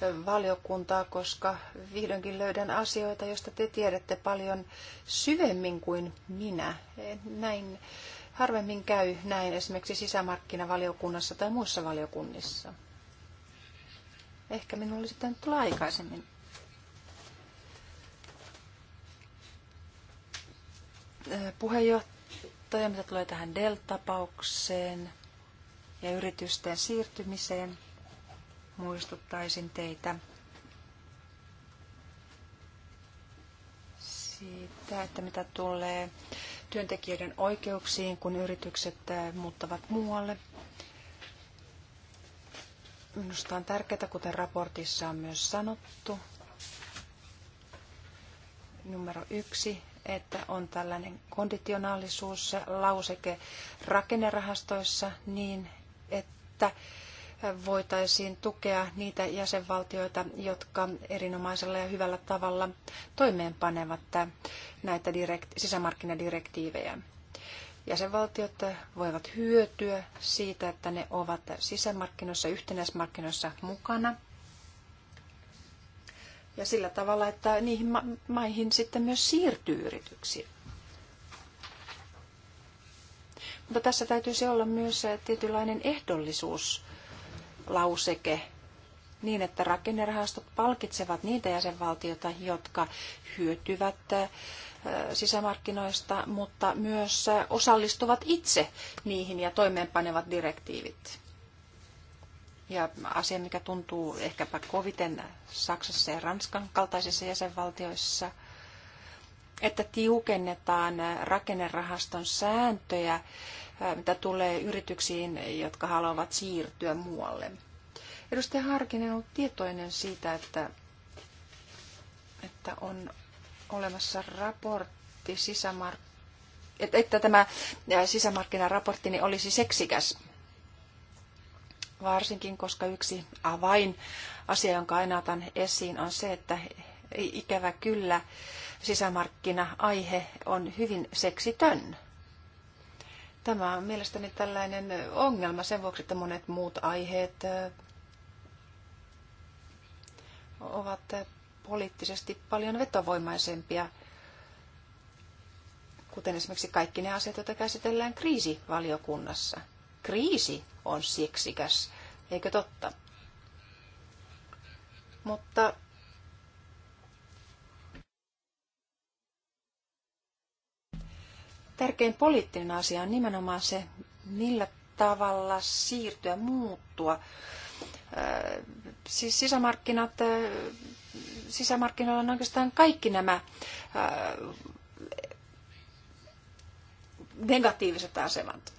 valiokuntaa, koska vihdoinkin löydän asioita, joista te tiedätte paljon syvemmin kuin minä. Näin harvemmin käy näin esimerkiksi sisämarkkinavaliokunnassa tai muissa valiokunnissa. Ehkä minulla olisi tänne tulla aikaisemmin. Puheenjohtaja, mitä tulee tähän Dell-tapaukseen ja yritysten siirtymiseen – muistuttaisin teitä siitä, että mitä tulee työntekijöiden oikeuksiin, kun yritykset äh, muuttavat muualle. Minusta on tärkeää, kuten raportissa on myös sanottu, numero yksi, että on tällainen konditionaalisuus, lauseke rakennerahastoissa niin, että voitaisiin tukea niitä jäsenvaltioita, jotka erinomaisella ja hyvällä tavalla toimeenpanevat näitä direkt- sisämarkkinadirektiivejä. Jäsenvaltiot voivat hyötyä siitä, että ne ovat sisämarkkinoissa, yhtenäismarkkinoissa mukana. Ja sillä tavalla, että niihin ma- maihin sitten myös siirtyy yrityksiä. Mutta tässä täytyisi olla myös tietynlainen ehdollisuus lauseke niin, että rakennerahastot palkitsevat niitä jäsenvaltioita, jotka hyötyvät äh, sisämarkkinoista, mutta myös äh, osallistuvat itse niihin ja toimeenpanevat direktiivit. Ja asia, mikä tuntuu ehkäpä koviten Saksassa ja Ranskan kaltaisissa jäsenvaltioissa, että tiukennetaan äh, rakennerahaston sääntöjä mitä tulee yrityksiin, jotka haluavat siirtyä muualle. Edustaja Harkinen on ollut tietoinen siitä, että, että on olemassa raportti sisämark- että, että tämä sisämarkkinaraportti niin olisi seksikäs. Varsinkin, koska yksi avain asia, jonka aina otan esiin, on se, että ikävä kyllä sisämarkkina-aihe on hyvin seksitön. Tämä on mielestäni tällainen ongelma sen vuoksi, että monet muut aiheet ovat poliittisesti paljon vetovoimaisempia, kuten esimerkiksi kaikki ne asiat, joita käsitellään kriisivaliokunnassa. Kriisi on siksikäs, eikö totta? Mutta tärkein poliittinen asia on nimenomaan se, millä tavalla siirtyä, muuttua. Siis sisämarkkinat, äh, sisämarkkinoilla on oikeastaan kaikki nämä äh, negatiiviset asemat.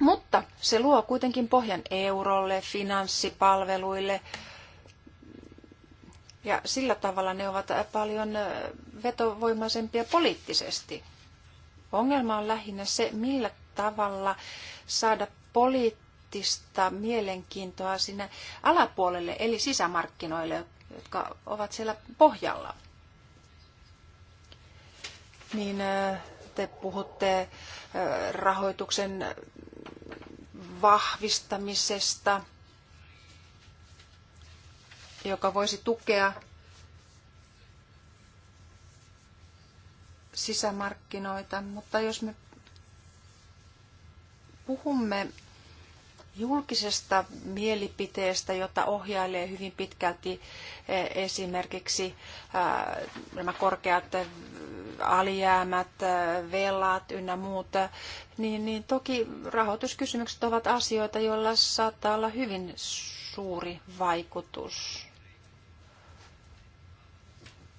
Mutta se luo kuitenkin pohjan eurolle, finanssipalveluille, ja sillä tavalla ne ovat paljon vetovoimaisempia poliittisesti. Ongelma on lähinnä se, millä tavalla saada poliittista mielenkiintoa sinne alapuolelle, eli sisämarkkinoille, jotka ovat siellä pohjalla. Niin te puhutte rahoituksen vahvistamisesta, joka voisi tukea sisämarkkinoita, mutta jos me puhumme julkisesta mielipiteestä, jota ohjailee hyvin pitkälti e, esimerkiksi nämä korkeat e, alijäämät, e, velat ynnä muuta, niin, niin toki rahoituskysymykset ovat asioita, joilla saattaa olla hyvin suuri vaikutus.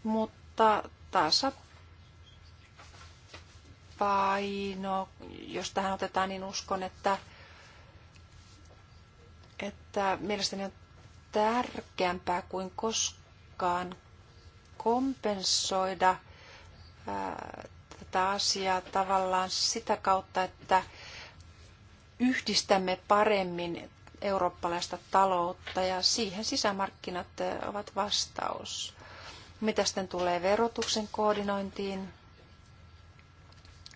Mutta tasapaino paino, jos tähän otetaan, niin uskon, että, että mielestäni on tärkeämpää kuin koskaan kompensoida ää, tätä asiaa tavallaan sitä kautta, että yhdistämme paremmin eurooppalaista taloutta ja siihen sisämarkkinat ovat vastaus. Mitä sitten tulee verotuksen koordinointiin,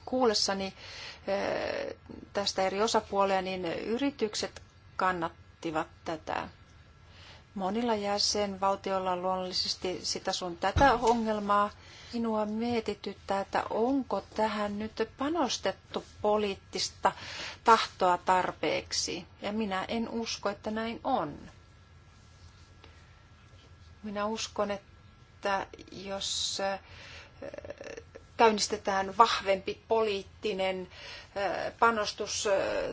kuullessani eh, tästä eri osapuolia, niin yritykset kannattivat tätä. Monilla jäsenvaltioilla on luonnollisesti sitä sun tätä ongelmaa. Minua mietityttää, että onko tähän nyt panostettu poliittista tahtoa tarpeeksi. Ja minä en usko, että näin on. Minä uskon, että jos eh, käynnistetään vahvempi poliittinen panostus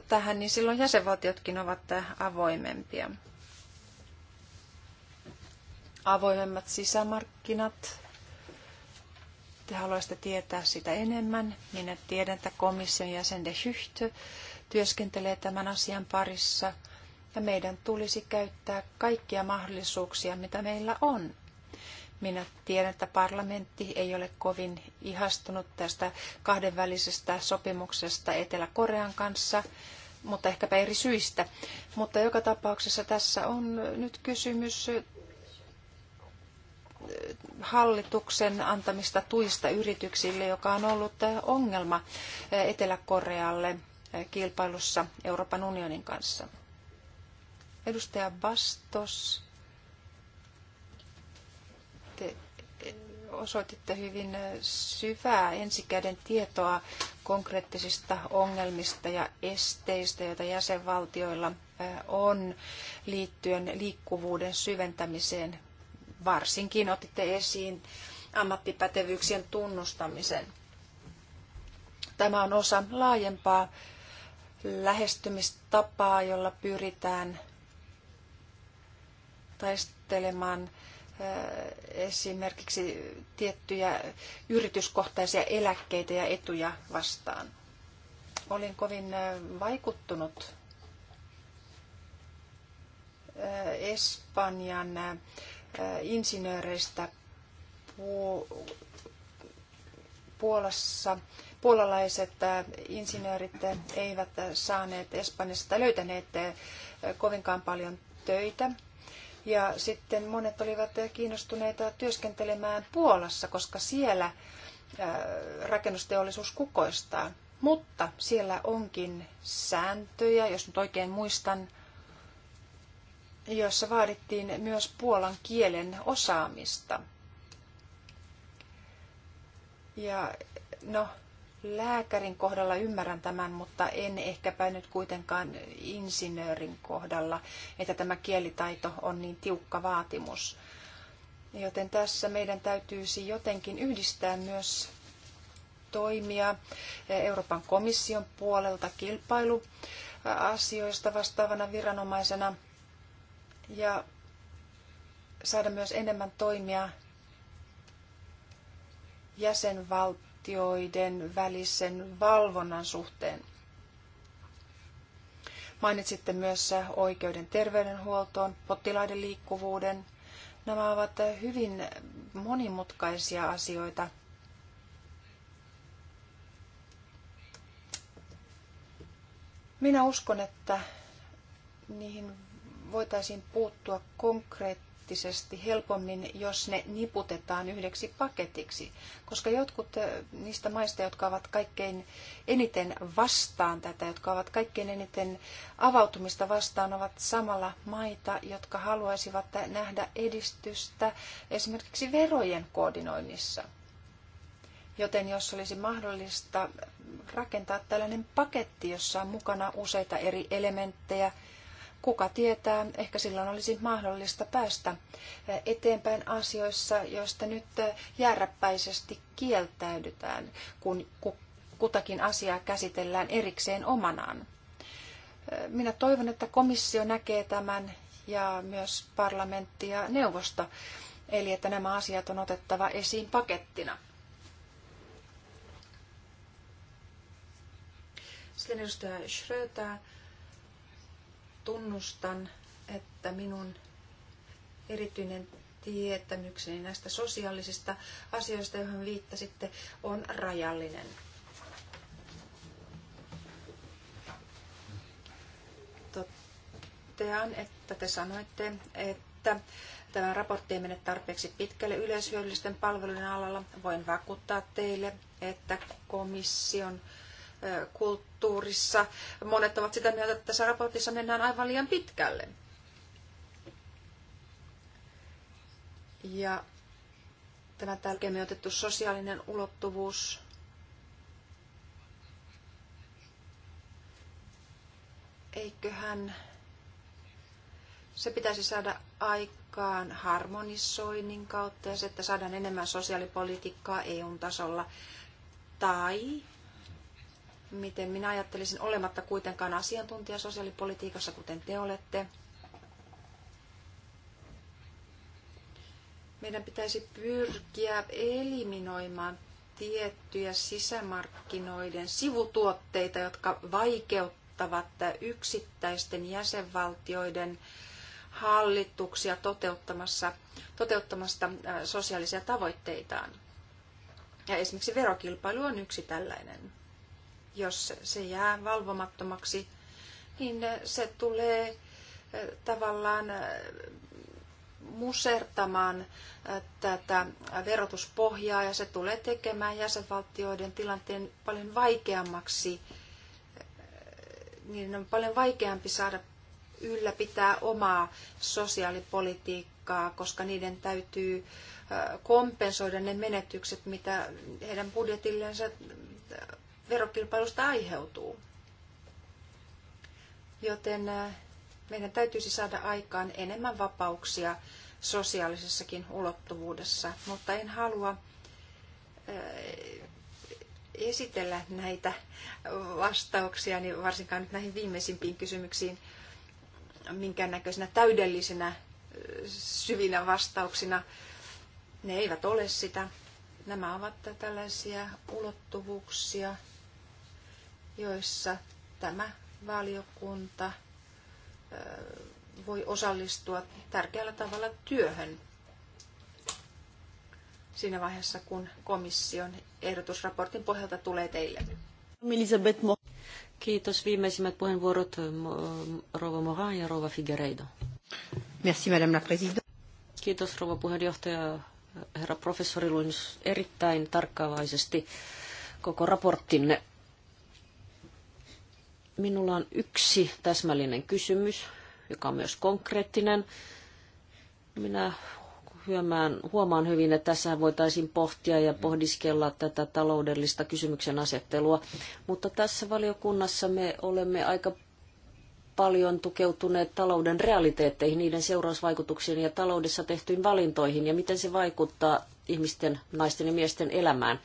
tähän, niin silloin jäsenvaltiotkin ovat avoimempia. Avoimemmat sisämarkkinat. Te haluaisitte tietää sitä enemmän. Minä tiedän, että komission jäsen de Hycht työskentelee tämän asian parissa. Ja meidän tulisi käyttää kaikkia mahdollisuuksia, mitä meillä on minä tiedän, että parlamentti ei ole kovin ihastunut tästä kahdenvälisestä sopimuksesta Etelä-Korean kanssa, mutta ehkäpä eri syistä. Mutta joka tapauksessa tässä on nyt kysymys eh, hallituksen antamista tuista yrityksille, joka on ollut eh, ongelma eh, Etelä-Korealle kilpailussa Euroopan unionin kanssa. Edustaja Bastos osoititte hyvin syvää ensikäden tietoa konkreettisista ongelmista ja esteistä, joita jäsenvaltioilla on liittyen liikkuvuuden syventämiseen. Varsinkin otitte esiin ammattipätevyyksien tunnustamisen. Tämä on osa laajempaa lähestymistapaa, jolla pyritään taistelemaan – esimerkiksi tiettyjä yrityskohtaisia eläkkeitä ja etuja vastaan. Olin kovin vaikuttunut Espanjan insinööreistä Puolassa. Puolalaiset insinöörit eivät saaneet Espanjasta löytäneet kovinkaan paljon töitä ja sitten monet olivat kiinnostuneita työskentelemään Puolassa, koska siellä äh, rakennusteollisuus kukoistaa. Mutta siellä onkin sääntöjä, jos nyt oikein muistan, joissa vaadittiin myös puolan kielen osaamista. Ja no, lääkärin kohdalla ymmärrän tämän, mutta en ehkäpä nyt kuitenkaan insinöörin kohdalla, että tämä kielitaito on niin tiukka vaatimus. Joten tässä meidän täytyisi jotenkin yhdistää myös toimia Euroopan komission puolelta kilpailuasioista vastaavana viranomaisena ja saada myös enemmän toimia jäsenvaltioon valtioiden välisen valvonnan suhteen. Mainitsitte myös oikeuden terveydenhuoltoon, potilaiden liikkuvuuden. Nämä ovat hyvin monimutkaisia asioita. Minä uskon, että niihin voitaisiin puuttua konkreettisesti poliittisesti helpommin, jos ne niputetaan yhdeksi paketiksi, koska jotkut eh, niistä maista, jotka ovat kaikkein eniten vastaan tätä, jotka ovat kaikkein eniten avautumista vastaan, ovat samalla maita, jotka haluaisivat nähdä edistystä esimerkiksi verojen koordinoinnissa. Joten jos olisi mahdollista rakentaa tällainen paketti, jossa on mukana useita eri elementtejä – kuka tietää, ehkä silloin olisi mahdollista päästä eteenpäin asioissa, joista nyt järräpäisesti kieltäydytään, kun kutakin asiaa käsitellään erikseen omanaan. Minä toivon, että komissio näkee tämän ja myös parlamentti ja neuvosto, eli että nämä asiat on otettava esiin pakettina. Sitten edustaja Schröter tunnustan, että minun erityinen tietämykseni näistä sosiaalisista asioista, joihin viittasitte, on rajallinen. Totean, että te sanoitte, että tämä raportti ei mene tarpeeksi pitkälle yleishyödyllisten palveluiden alalla. Voin vakuuttaa teille, että komission kulttuurissa. Monet ovat sitä mieltä, että tässä raportissa mennään aivan liian pitkälle. Ja tämä tärkeämmin otettu sosiaalinen ulottuvuus. Eiköhän se pitäisi saada aikaan harmonisoinnin kautta ja se, että saadaan enemmän sosiaalipolitiikkaa eu tasolla. Tai miten minä ajattelisin, olematta kuitenkaan asiantuntija sosiaalipolitiikassa, kuten te olette. Meidän pitäisi pyrkiä eliminoimaan tiettyjä sisämarkkinoiden sivutuotteita, jotka vaikeuttavat yksittäisten jäsenvaltioiden hallituksia toteuttamassa, toteuttamasta sosiaalisia tavoitteitaan. Ja esimerkiksi verokilpailu on yksi tällainen jos se jää valvomattomaksi, niin se tulee eh, tavallaan eh, musertamaan eh, tätä verotuspohjaa ja se tulee tekemään jäsenvaltioiden tilanteen paljon vaikeammaksi. Niin on paljon vaikeampi saada ylläpitää omaa sosiaalipolitiikkaa, koska niiden täytyy kompensoida ne menetykset, mitä heidän budjetillensa verokilpailusta aiheutuu. Joten äh, meidän täytyisi saada aikaan enemmän vapauksia sosiaalisessakin ulottuvuudessa, mutta en halua äh, esitellä näitä vastauksia, niin varsinkaan nyt näihin viimeisimpiin kysymyksiin minkäännäköisenä täydellisenä äh, syvinä vastauksina. Ne eivät ole sitä. Nämä ovat tällaisia ulottuvuuksia, joissa tämä valiokunta voi osallistua tärkeällä tavalla työhön siinä vaiheessa, kun komission ehdotusraportin pohjalta tulee teille. Elisabeth Kiitos. Viimeisimmät puheenvuorot Rova Moran ja Rova Figueiredo. Merci, Madame la Présidente. Kiitos rouva puheenjohtaja, herra professori Luins, erittäin tarkkaavaisesti koko raporttinne Minulla on yksi täsmällinen kysymys, joka on myös konkreettinen. Minä hyömään, huomaan hyvin, että tässä voitaisiin pohtia ja pohdiskella tätä taloudellista kysymyksen asettelua. Mutta tässä valiokunnassa me olemme aika paljon tukeutuneet talouden realiteetteihin, niiden seurausvaikutuksiin ja taloudessa tehtyihin valintoihin ja miten se vaikuttaa ihmisten, naisten ja miesten elämään.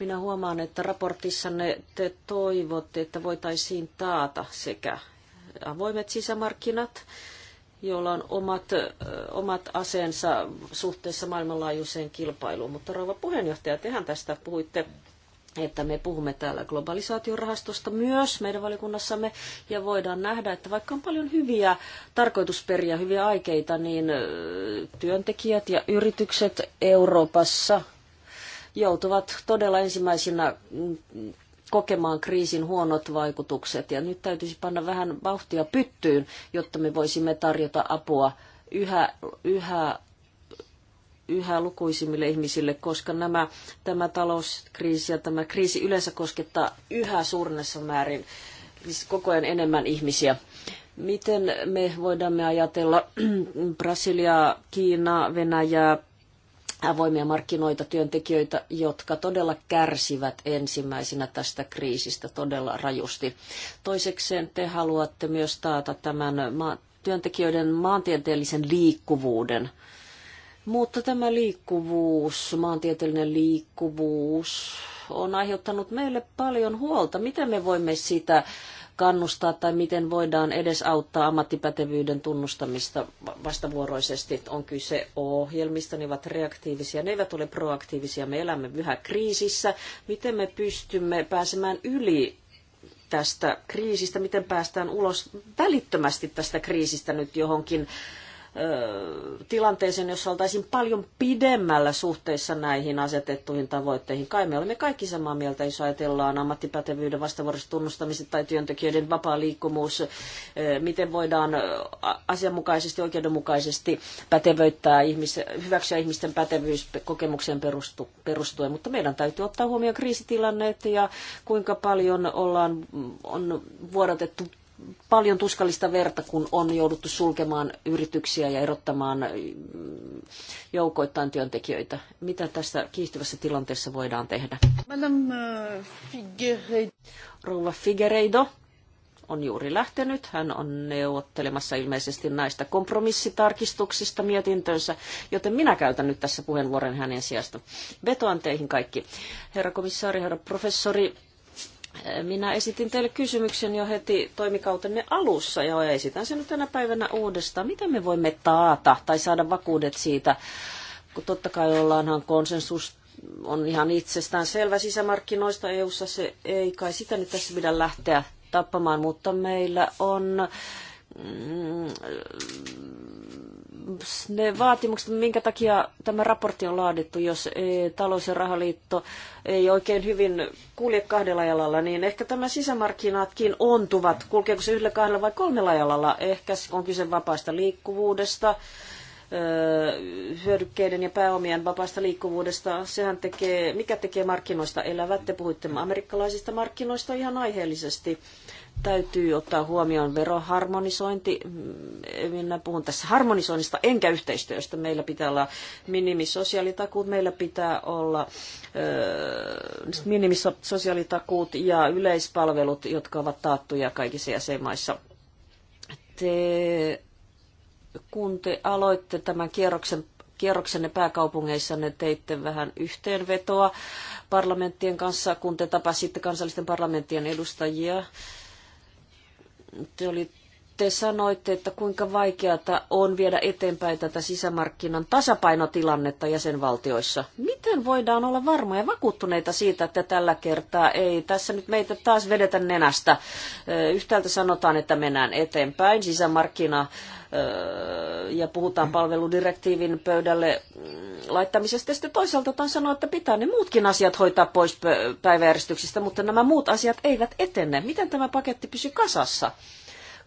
Minä huomaan, että raportissanne te toivotte, että voitaisiin taata sekä avoimet sisämarkkinat, joilla on omat, omat aseensa suhteessa maailmanlaajuiseen kilpailuun. Mutta rouva puheenjohtaja, tehän tästä puhuitte että me puhumme täällä globalisaatiorahastosta myös meidän valikunnassamme ja voidaan nähdä, että vaikka on paljon hyviä tarkoitusperiä, hyviä aikeita, niin työntekijät ja yritykset Euroopassa joutuvat todella ensimmäisenä kokemaan kriisin huonot vaikutukset. Ja nyt täytyisi panna vähän vauhtia pyttyyn, jotta me voisimme tarjota apua yhä, yhä yhä lukuisimmille ihmisille, koska nämä, tämä talouskriisi ja tämä kriisi yleensä koskettaa yhä suuremmassa määrin siis koko ajan enemmän ihmisiä. Miten me voidaan ajatella Brasiliaa, Kiinaa, Venäjää, avoimia markkinoita, työntekijöitä, jotka todella kärsivät ensimmäisenä tästä kriisistä todella rajusti. Toisekseen te haluatte myös taata tämän ma- työntekijöiden maantieteellisen liikkuvuuden. Mutta tämä liikkuvuus, maantieteellinen liikkuvuus, on aiheuttanut meille paljon huolta. Miten me voimme sitä kannustaa tai miten voidaan edesauttaa ammattipätevyyden tunnustamista vastavuoroisesti. On kyse ohjelmista, ne ovat reaktiivisia, ne eivät ole proaktiivisia. Me elämme yhä kriisissä. Miten me pystymme pääsemään yli tästä kriisistä, miten päästään ulos välittömästi tästä kriisistä nyt johonkin äh, tilanteeseen, jossa oltaisiin paljon pidemmällä suhteessa näihin asetettuihin tavoitteihin. Kai me olemme kaikki samaa mieltä, jos ajatellaan ammattipätevyyden vastavuorostunnustamista tai työntekijöiden vapaa liikkumus, miten voidaan asianmukaisesti, oikeudenmukaisesti pätevöittää ihmis, hyväksyä ihmisten pätevyys kokemukseen perustuen. Mutta meidän täytyy ottaa huomioon kriisitilanneet ja kuinka paljon ollaan, on vuodatettu paljon tuskallista verta, kun on jouduttu sulkemaan yrityksiä ja erottamaan mm, joukoittain työntekijöitä. Mitä tässä kiihtyvässä tilanteessa voidaan tehdä? Madame euh, Figueiredo. Rouva Figueiredo on juuri lähtenyt. Hän on neuvottelemassa ilmeisesti näistä kompromissitarkistuksista mietintönsä, joten minä käytän nyt tässä puheenvuoron hänen sijasta. Vetoan teihin kaikki. Herra komissaari, herra professori, minä esitin teille kysymyksen jo heti toimikautenne alussa ja esitän sen nyt tänä päivänä uudestaan. Miten me voimme taata tai saada vakuudet siitä, kun totta kai ollaanhan konsensus on ihan itsestään selvä sisämarkkinoista EU-ssa, se ei kai sitä nyt tässä pidä lähteä tappamaan, mutta meillä on mm, ne vaatimukset, minkä takia tämä raportti on laadittu, jos ei, talous- ja rahaliitto ei oikein hyvin kulje kahdella jalalla, niin ehkä tämä sisämarkkinaatkin ontuvat. Kulkeeko se yhdellä, kahdella vai kolmella jalalla? Ehkä on kyse vapaasta liikkuvuudesta, hyödykkeiden ja pääomien vapaasta liikkuvuudesta. Sehän tekee, mikä tekee markkinoista elävät? Te puhuitte amerikkalaisista markkinoista ihan aiheellisesti. Täytyy ottaa huomioon veroharmonisointi. Mm, minä puhun tässä harmonisoinnista enkä yhteistyöstä. Meillä pitää olla minimisosiaalitakuut, meillä pitää olla äh, minimisosiaalitakuut ja yleispalvelut, jotka ovat taattuja kaikissa jäsenmaissa. Te kun te aloitte tämän kierroksen kierroksenne pääkaupungeissa ne teitte vähän yhteenvetoa parlamenttien kanssa, kun te tapasitte kansallisten parlamenttien edustajia. Te oli, te sanoitte, että kuinka vaikeata on viedä eteenpäin tätä sisämarkkinan tasapainotilannetta jäsenvaltioissa. Miten voidaan olla varma ja vakuuttuneita siitä, että tällä kertaa ei tässä nyt meitä taas vedetä nenästä? Yhtäältä sanotaan, että mennään eteenpäin sisämarkkina ja puhutaan palveludirektiivin pöydälle mm, laittamisesta. sitten toisaalta taas sanoa, että pitää ne muutkin asiat hoitaa pois päiväjärjestyksestä, mutta nämä muut asiat eivät etene. Miten tämä paketti pysyy kasassa?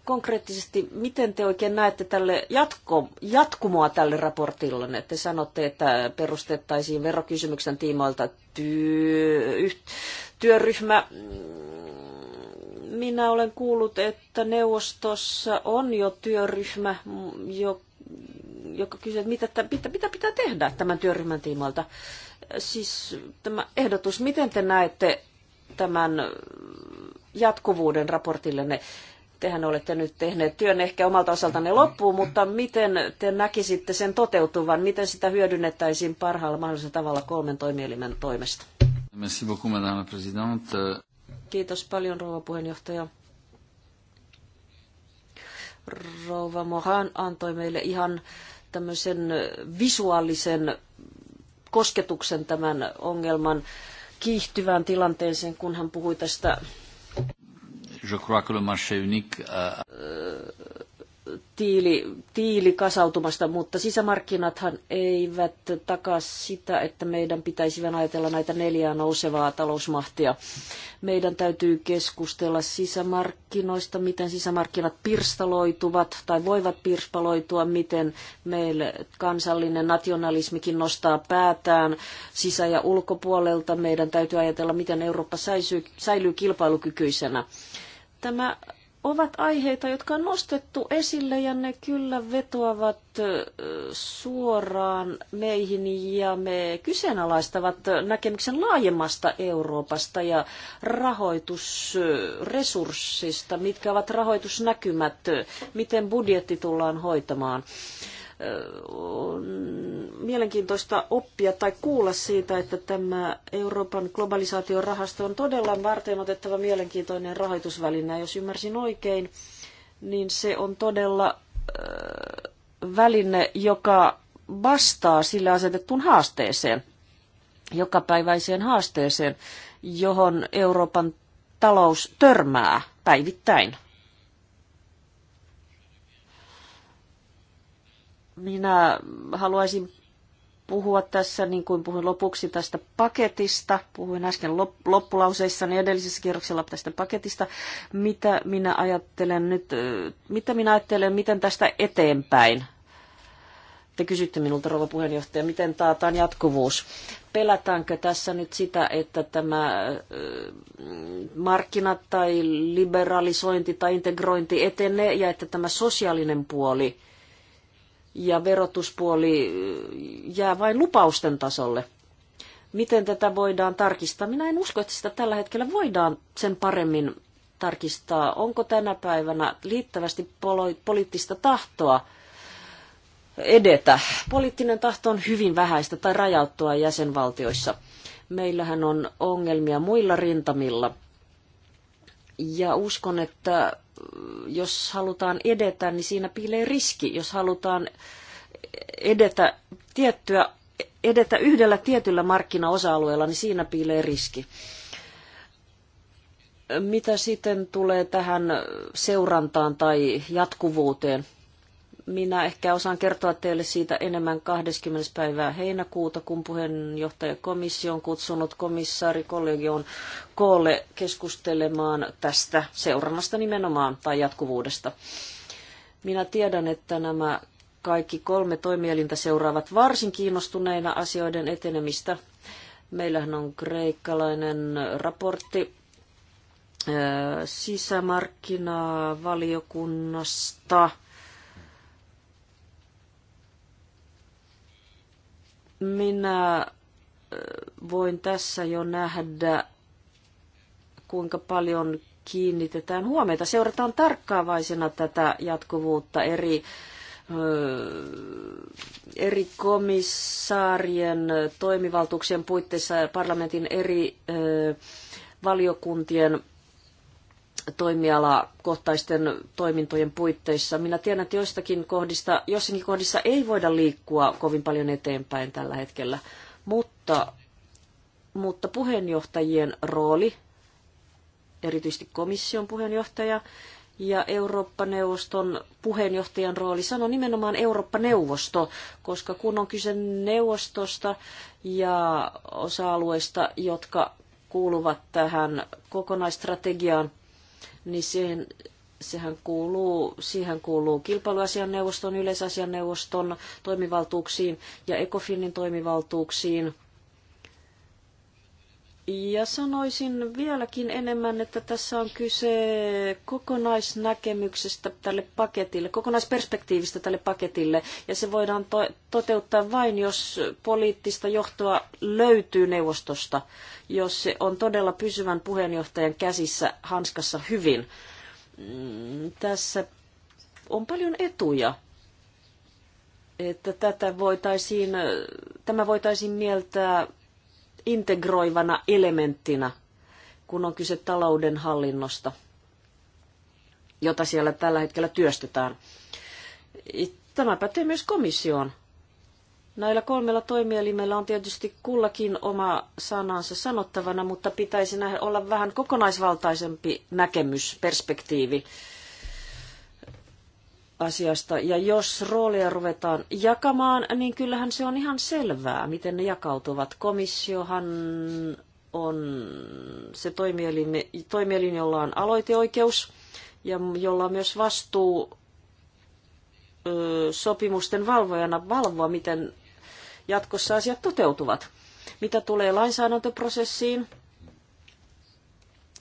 konkreettisesti, miten te oikein näette tälle jatko, jatkumoa tälle raportille? Te sanotte, että perustettaisiin verokysymyksen tiimoilta työ, työryhmä. Minä olen kuullut, että neuvostossa on jo työryhmä, joka kysyy, että mitä, mitä, mitä pitää tehdä tämän työryhmän tiimoilta. Siis tämä ehdotus, miten te näette tämän jatkuvuuden raportillenne? Tehän olette nyt tehneet työn ehkä omalta osaltanne loppuun, mutta miten te näkisitte sen toteutuvan? Miten sitä hyödynnettäisiin parhaalla mahdollisella tavalla kolmen toimielimen toimesta? Merci beaucoup, madame présidente. Kiitos paljon, rouva puheenjohtaja. Rouva Mohan antoi meille ihan tämmöisen visuaalisen kosketuksen tämän ongelman kiihtyvään tilanteeseen, kun hän puhui tästä Je crois que le marché unique a... Euh, tiili, tiili kasautumasta, mutta sisämarkkinathan eivät takaa sitä, että meidän pitäisi ajatella näitä neljää nousevaa talousmahtia. Meidän täytyy keskustella sisämarkkinoista, miten sisämarkkinat pirstaloituvat tai voivat pirstaloitua, miten meille kansallinen nationalismikin nostaa päätään sisä- ja ulkopuolelta. Meidän täytyy ajatella, miten Eurooppa säilyy, säilyy kilpailukykyisenä Tämä ovat aiheita, jotka on nostettu esille ja ne kyllä vetoavat suoraan meihin ja me kyseenalaistavat näkemyksen laajemmasta Euroopasta ja rahoitusresurssista, mitkä ovat rahoitusnäkymät, miten budjetti tullaan hoitamaan on mielenkiintoista oppia tai kuulla siitä, että tämä Euroopan globalisaatiorahasto on todella varten otettava mielenkiintoinen rahoitusväline. Jos ymmärsin oikein, niin se on todella väline, joka vastaa sille asetettuun haasteeseen, jokapäiväiseen haasteeseen, johon Euroopan talous törmää päivittäin Minä haluaisin puhua tässä, niin kuin puhuin lopuksi tästä paketista, puhuin äsken loppulauseissani edellisessä kierroksella tästä paketista, mitä minä ajattelen nyt, mitä minä ajattelen, miten tästä eteenpäin. Te kysytte minulta, rouva puheenjohtaja, miten taataan jatkuvuus. Pelätäänkö tässä nyt sitä, että tämä markkinat tai liberalisointi tai integrointi etenee ja että tämä sosiaalinen puoli – ja verotuspuoli jää vain lupausten tasolle. Miten tätä voidaan tarkistaa? Minä en usko, että sitä tällä hetkellä voidaan sen paremmin tarkistaa. Onko tänä päivänä liittävästi poliittista tahtoa edetä? Poliittinen tahto on hyvin vähäistä tai rajauttua jäsenvaltioissa. Meillähän on ongelmia muilla rintamilla. Ja uskon, että jos halutaan edetä, niin siinä piilee riski. Jos halutaan edetä tiettyä edetä yhdellä tietyllä markkinaosa-alueella, niin siinä piilee riski. Mitä sitten tulee tähän seurantaan tai jatkuvuuteen? Minä ehkä osaan kertoa teille siitä enemmän 20. päivää heinäkuuta, kun puheenjohtajakomissio on kutsunut komissaarikollegioon koolle keskustelemaan tästä seurannasta nimenomaan tai jatkuvuudesta. Minä tiedän, että nämä kaikki kolme toimielintä seuraavat varsin kiinnostuneina asioiden etenemistä. Meillähän on kreikkalainen raportti sisämarkkinavaliokunnasta – Minä voin tässä jo nähdä, kuinka paljon kiinnitetään huomiota. Seurataan tarkkaavaisena tätä jatkuvuutta eri eri komissaarien toimivaltuuksien puitteissa parlamentin eri valiokuntien toimialakohtaisten toimintojen puitteissa. Minä tiedän, että joistakin kohdista, jossakin kohdissa ei voida liikkua kovin paljon eteenpäin tällä hetkellä, mutta, mutta puheenjohtajien rooli, erityisesti komission puheenjohtaja ja Eurooppa-neuvoston puheenjohtajan rooli, sano nimenomaan Eurooppa-neuvosto, koska kun on kyse neuvostosta ja osa-alueista, jotka kuuluvat tähän kokonaistrategiaan, niin siihen, sehän kuuluu, siihen kuuluu kilpailuasianneuvoston, yleisasianneuvoston toimivaltuuksiin ja ECOFINin toimivaltuuksiin ja sanoisin vieläkin enemmän, että tässä on kyse kokonaisnäkemyksestä tälle paketille, kokonaisperspektiivistä tälle paketille. Ja se voidaan to- toteuttaa vain, jos poliittista johtoa löytyy neuvostosta, jos se on todella pysyvän puheenjohtajan käsissä hanskassa hyvin. Mm, tässä on paljon etuja että tätä voitaisiin, tämä voitaisiin mieltää integroivana elementtinä, kun on kyse talouden hallinnosta, jota siellä tällä hetkellä työstetään. Tämä pätee myös komissioon. Näillä kolmella toimielimellä on tietysti kullakin oma sanansa sanottavana, mutta pitäisi olla vähän kokonaisvaltaisempi näkemys, perspektiivi asiasta. Ja jos rooleja ruvetaan jakamaan, niin kyllähän se on ihan selvää, miten ne jakautuvat. Komissiohan on se toimielin, toimielin jolla on aloiteoikeus ja jolla on myös vastuu sopimusten valvojana valvoa, miten jatkossa asiat toteutuvat. Mitä tulee lainsäädäntöprosessiin,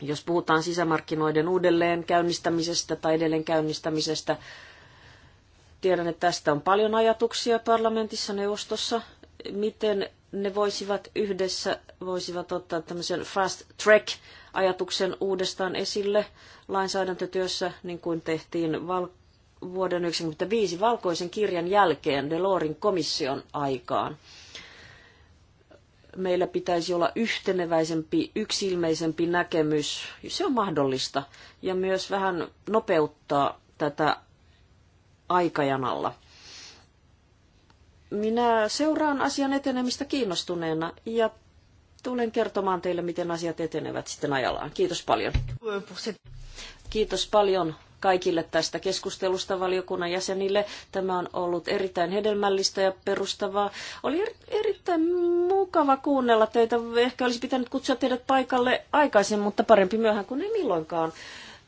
jos puhutaan sisämarkkinoiden uudelleen käynnistämisestä tai edelleen käynnistämisestä, Tiedän, että tästä on paljon ajatuksia parlamentissa, neuvostossa. Miten ne voisivat yhdessä, voisivat ottaa tämmöisen fast track ajatuksen uudestaan esille lainsäädäntötyössä, niin kuin tehtiin val- vuoden 1995 valkoisen kirjan jälkeen Delorin komission aikaan. Meillä pitäisi olla yhteneväisempi, yksilmeisempi näkemys. Se on mahdollista. Ja myös vähän nopeuttaa tätä aikajanalla. Minä seuraan asian etenemistä kiinnostuneena ja tulen kertomaan teille, miten asiat etenevät sitten ajallaan. Kiitos paljon. Kiitos paljon kaikille tästä keskustelusta valiokunnan jäsenille. Tämä on ollut erittäin hedelmällistä ja perustavaa. Oli er, erittäin mukava kuunnella teitä. Ehkä olisi pitänyt kutsua teidät paikalle aikaisemmin, mutta parempi myöhään kuin ei milloinkaan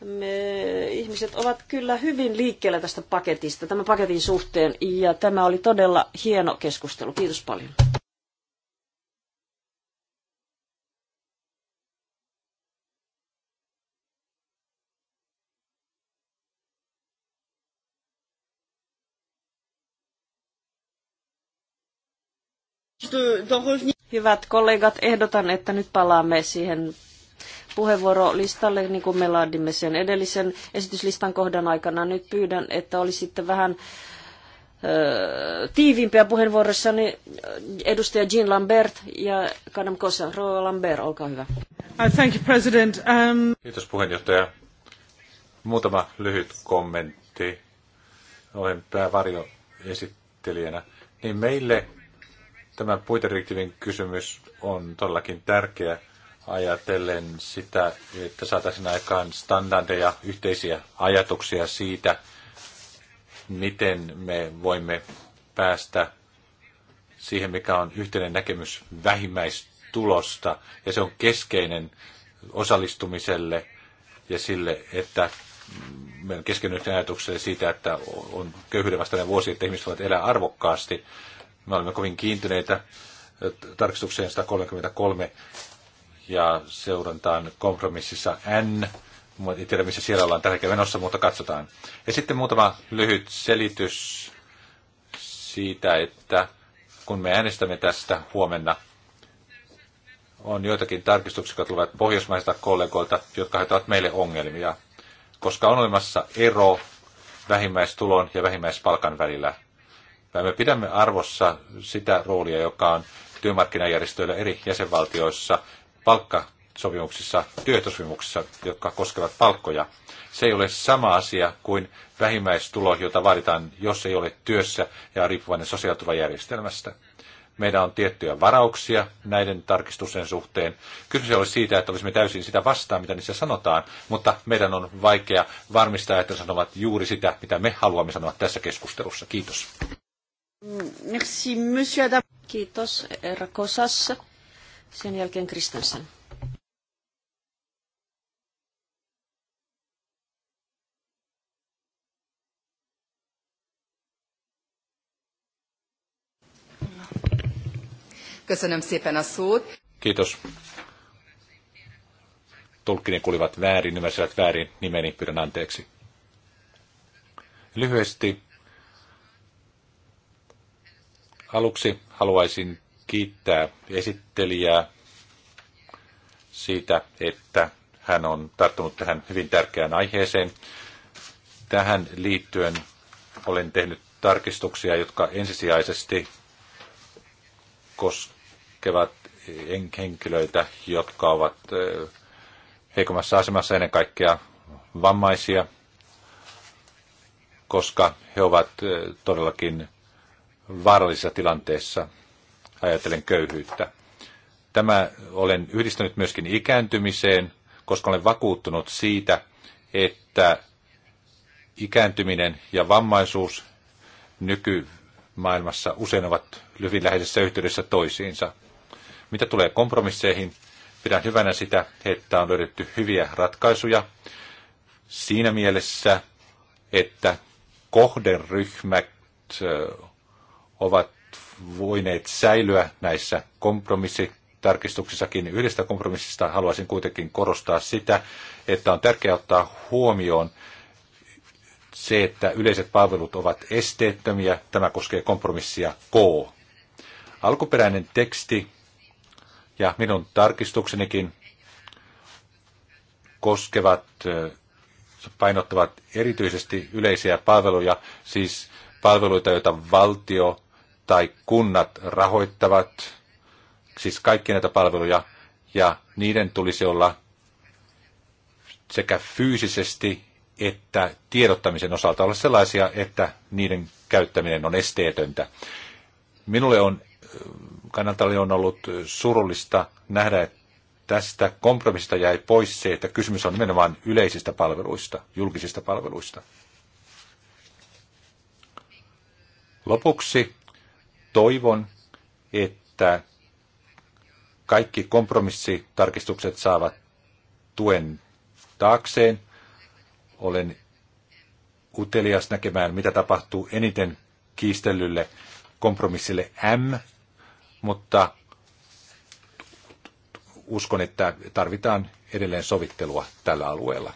me ihmiset ovat kyllä hyvin liikkeellä tästä paketista, tämän paketin suhteen, ja tämä oli todella hieno keskustelu. Kiitos paljon. E, Hyvät kollegat, ehdotan, että nyt palaamme siihen puheenvuorolistalle, niin kuin me laadimme sen edellisen esityslistan kohdan aikana. Nyt pyydän, että olisi sitten vähän tiiviimpiä puheenvuorossani edustaja Jean Lambert ja Kadam Kosa. Roa Lambert, olkaa hyvä. Uh, thank you, President. Um... Kiitos puheenjohtaja. Muutama lyhyt kommentti. Olen päävarjo esittelijänä. Niin meille tämä puitedirektiivin kysymys on todellakin tärkeä ajatellen sitä, että saataisiin aikaan standardeja, yhteisiä ajatuksia siitä, miten me voimme päästä siihen, mikä on yhteinen näkemys vähimmäistulosta. Ja se on keskeinen osallistumiselle ja sille, että meidän keskeinen ajatukselle siitä, että on köyhyyden vastainen vuosi, että ihmiset voivat elää arvokkaasti. Me olemme kovin kiintyneitä tarkistukseen 133 ja seurantaan kompromississa N. En tiedä, missä siellä ollaan tärkeä menossa, mutta katsotaan. Ja sitten muutama lyhyt selitys siitä, että kun me äänestämme tästä huomenna, on joitakin tarkistuksia, jotka tulevat pohjoismaisilta kollegoilta, jotka aiheuttavat meille ongelmia, koska on olemassa ero vähimmäistulon ja vähimmäispalkan välillä. Ja me pidämme arvossa sitä roolia, joka on työmarkkinajärjestöillä eri jäsenvaltioissa, palkkasopimuksissa, työehtosopimuksissa, jotka koskevat palkkoja. Se ei ole sama asia kuin vähimmäistulo, jota vaaditaan, jos ei ole työssä ja riippuvainen sosiaaliturvajärjestelmästä. Meidän on tiettyjä varauksia näiden tarkistusten suhteen. Kysymys ei ole siitä, että olisimme täysin sitä vastaan, mitä niissä sanotaan, mutta meidän on vaikea varmistaa, että sanovat juuri sitä, mitä me haluamme sanoa tässä keskustelussa. Kiitos. Merci, monsieur Adam. Kiitos, Rakosas. Sen jälkeen Kristensen. Köszönöm szépen a szót. Kiitos. Tulkkini kuulivat väärin, ymmärsivät väärin nimeni, pyydän anteeksi. Lyhyesti aluksi haluaisin kiittää esittelijää siitä, että hän on tarttunut tähän hyvin tärkeään aiheeseen. Tähän liittyen olen tehnyt tarkistuksia, jotka ensisijaisesti koskevat henkilöitä, jotka ovat heikommassa asemassa ennen kaikkea vammaisia, koska he ovat todellakin vaarallisessa tilanteessa ajatellen köyhyyttä. Tämä olen yhdistänyt myöskin ikääntymiseen, koska olen vakuuttunut siitä, että ikääntyminen ja vammaisuus nykymaailmassa usein ovat hyvin läheisessä yhteydessä toisiinsa. Mitä tulee kompromisseihin, pidän hyvänä sitä, että on löydetty hyviä ratkaisuja siinä mielessä, että kohderyhmät ovat voineet säilyä näissä kompromissitarkistuksissakin. Yhdestä kompromissista haluaisin kuitenkin korostaa sitä, että on tärkeää ottaa huomioon se, että yleiset palvelut ovat esteettömiä. Tämä koskee kompromissia K. Alkuperäinen teksti ja minun tarkistuksenikin koskevat, painottavat erityisesti yleisiä palveluja, siis palveluita, joita valtio tai kunnat rahoittavat, siis kaikki näitä palveluja, ja niiden tulisi olla sekä fyysisesti että tiedottamisen osalta olla sellaisia, että niiden käyttäminen on esteetöntä. Minulle on, kannaltani on ollut surullista nähdä, että tästä kompromissista jäi pois se, että kysymys on nimenomaan yleisistä palveluista, julkisista palveluista. Lopuksi toivon, että kaikki kompromissitarkistukset saavat tuen taakseen. Olen utelias näkemään, mitä tapahtuu eniten kiistellylle kompromissille M, mutta uskon, että tarvitaan edelleen sovittelua tällä alueella.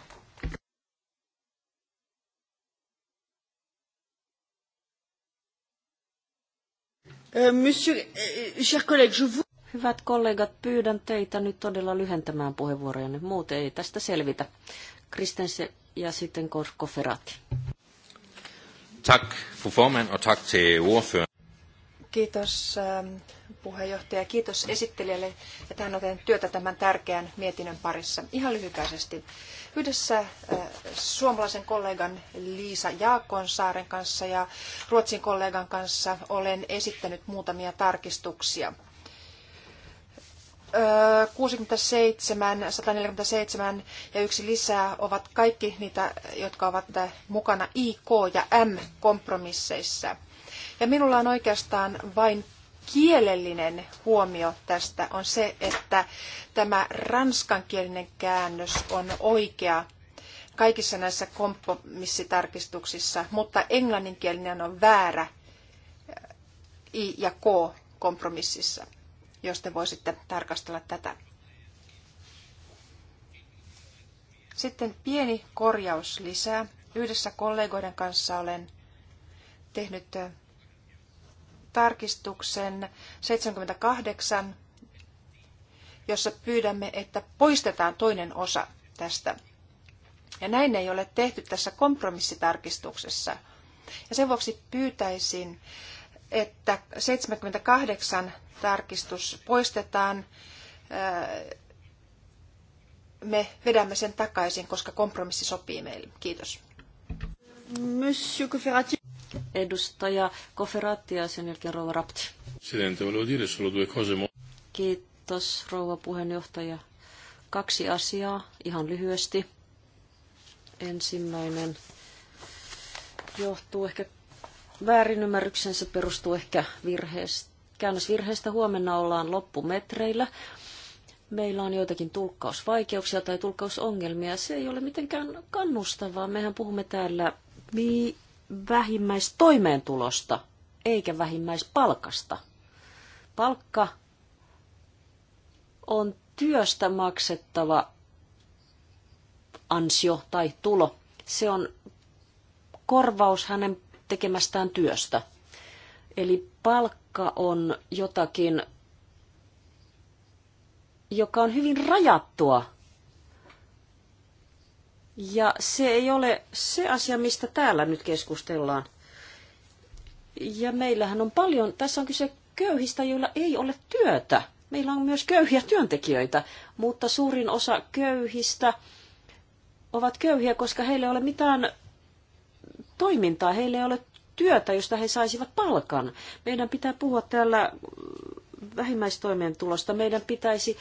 Euh, euh, Hyvät kollegat, pyydän teitä nyt todella lyhentämään puheenvuorojanne. Muuten ei tästä selvitä. Kristensen ja sitten Korko Ferrati. Kiitos ähm, puheenjohtaja. Kiitos esittelijälle, että hän on tehnyt työtä tämän tärkeän mietinnön parissa. Ihan lyhykäisesti. Yhdessä äh, suomalaisen kollegan Liisa Jaakonsaaren kanssa ja ruotsin kollegan kanssa olen esittänyt muutamia tarkistuksia. 67, 147 ja yksi lisää ovat kaikki niitä, jotka ovat mukana IK- ja M-kompromisseissa. Ja minulla on oikeastaan vain kielellinen huomio tästä on se, että tämä ranskankielinen käännös on oikea kaikissa näissä kompromissitarkistuksissa, mutta englanninkielinen on väärä I- ja K-kompromississa, jos te voisitte tarkastella tätä. Sitten pieni korjaus lisää. Yhdessä kollegoiden kanssa olen tehnyt tarkistuksen 78, jossa pyydämme, että poistetaan toinen osa tästä. Ja näin ei ole tehty tässä kompromissitarkistuksessa. Ja sen vuoksi pyytäisin, että 78 tarkistus poistetaan. Me vedämme sen takaisin, koska kompromissi sopii meille. Kiitos. Monsieur Edustaja Koferatti ja sen jälkeen rouva Rapti. Kiitos rouva puheenjohtaja. Kaksi asiaa ihan lyhyesti. Ensimmäinen johtuu ehkä väärinymmärryksensä perustuu ehkä virheestä. Käännösvirheestä huomenna ollaan loppumetreillä. Meillä on joitakin tulkkausvaikeuksia tai tulkkausongelmia. Se ei ole mitenkään kannustavaa. Mehän puhumme täällä mi- vähimmäistoimeentulosta eikä vähimmäispalkasta. Palkka on työstä maksettava ansio tai tulo. Se on korvaus hänen tekemästään työstä. Eli palkka on jotakin, joka on hyvin rajattua ja se ei ole se asia, mistä täällä nyt keskustellaan. Ja meillähän on paljon, tässä on kyse köyhistä, joilla ei ole työtä. Meillä on myös köyhiä työntekijöitä, mutta suurin osa köyhistä ovat köyhiä, koska heillä ei ole mitään toimintaa, heillä ei ole työtä, josta he saisivat palkan. Meidän pitää puhua täällä vähimmäistoimeentulosta. Meidän pitäisi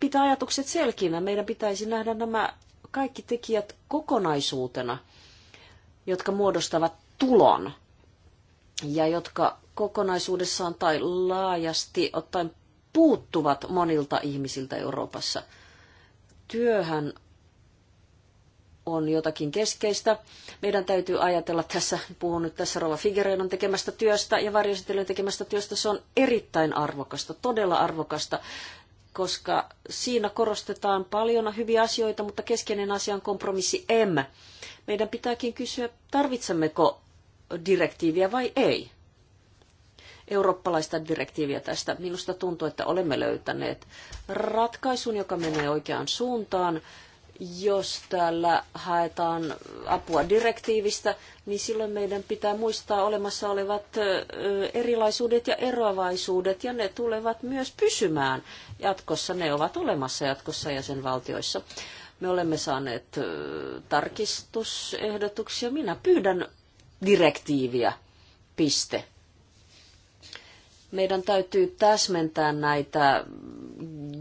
pitää ajatukset selkinä. Meidän pitäisi nähdä nämä kaikki tekijät kokonaisuutena, jotka muodostavat tulon ja jotka kokonaisuudessaan tai laajasti ottaen puuttuvat monilta ihmisiltä Euroopassa. Työhän on jotakin keskeistä. Meidän täytyy ajatella tässä, puhun nyt tässä Rova Figereidon tekemästä työstä ja varjositelijan tekemästä työstä, se on erittäin arvokasta, todella arvokasta koska siinä korostetaan paljon hyviä asioita, mutta keskeinen asia on kompromissi M. Meidän pitääkin kysyä, tarvitsemmeko direktiiviä vai ei. Eurooppalaista direktiiviä tästä. Minusta tuntuu, että olemme löytäneet ratkaisun, joka menee oikeaan suuntaan. Jos täällä haetaan apua direktiivistä, niin silloin meidän pitää muistaa olemassa olevat erilaisuudet ja eroavaisuudet, ja ne tulevat myös pysymään jatkossa, ne ovat olemassa jatkossa jäsenvaltioissa. Me olemme saaneet tarkistusehdotuksia. Minä pyydän direktiiviä, piste. Meidän täytyy täsmentää näitä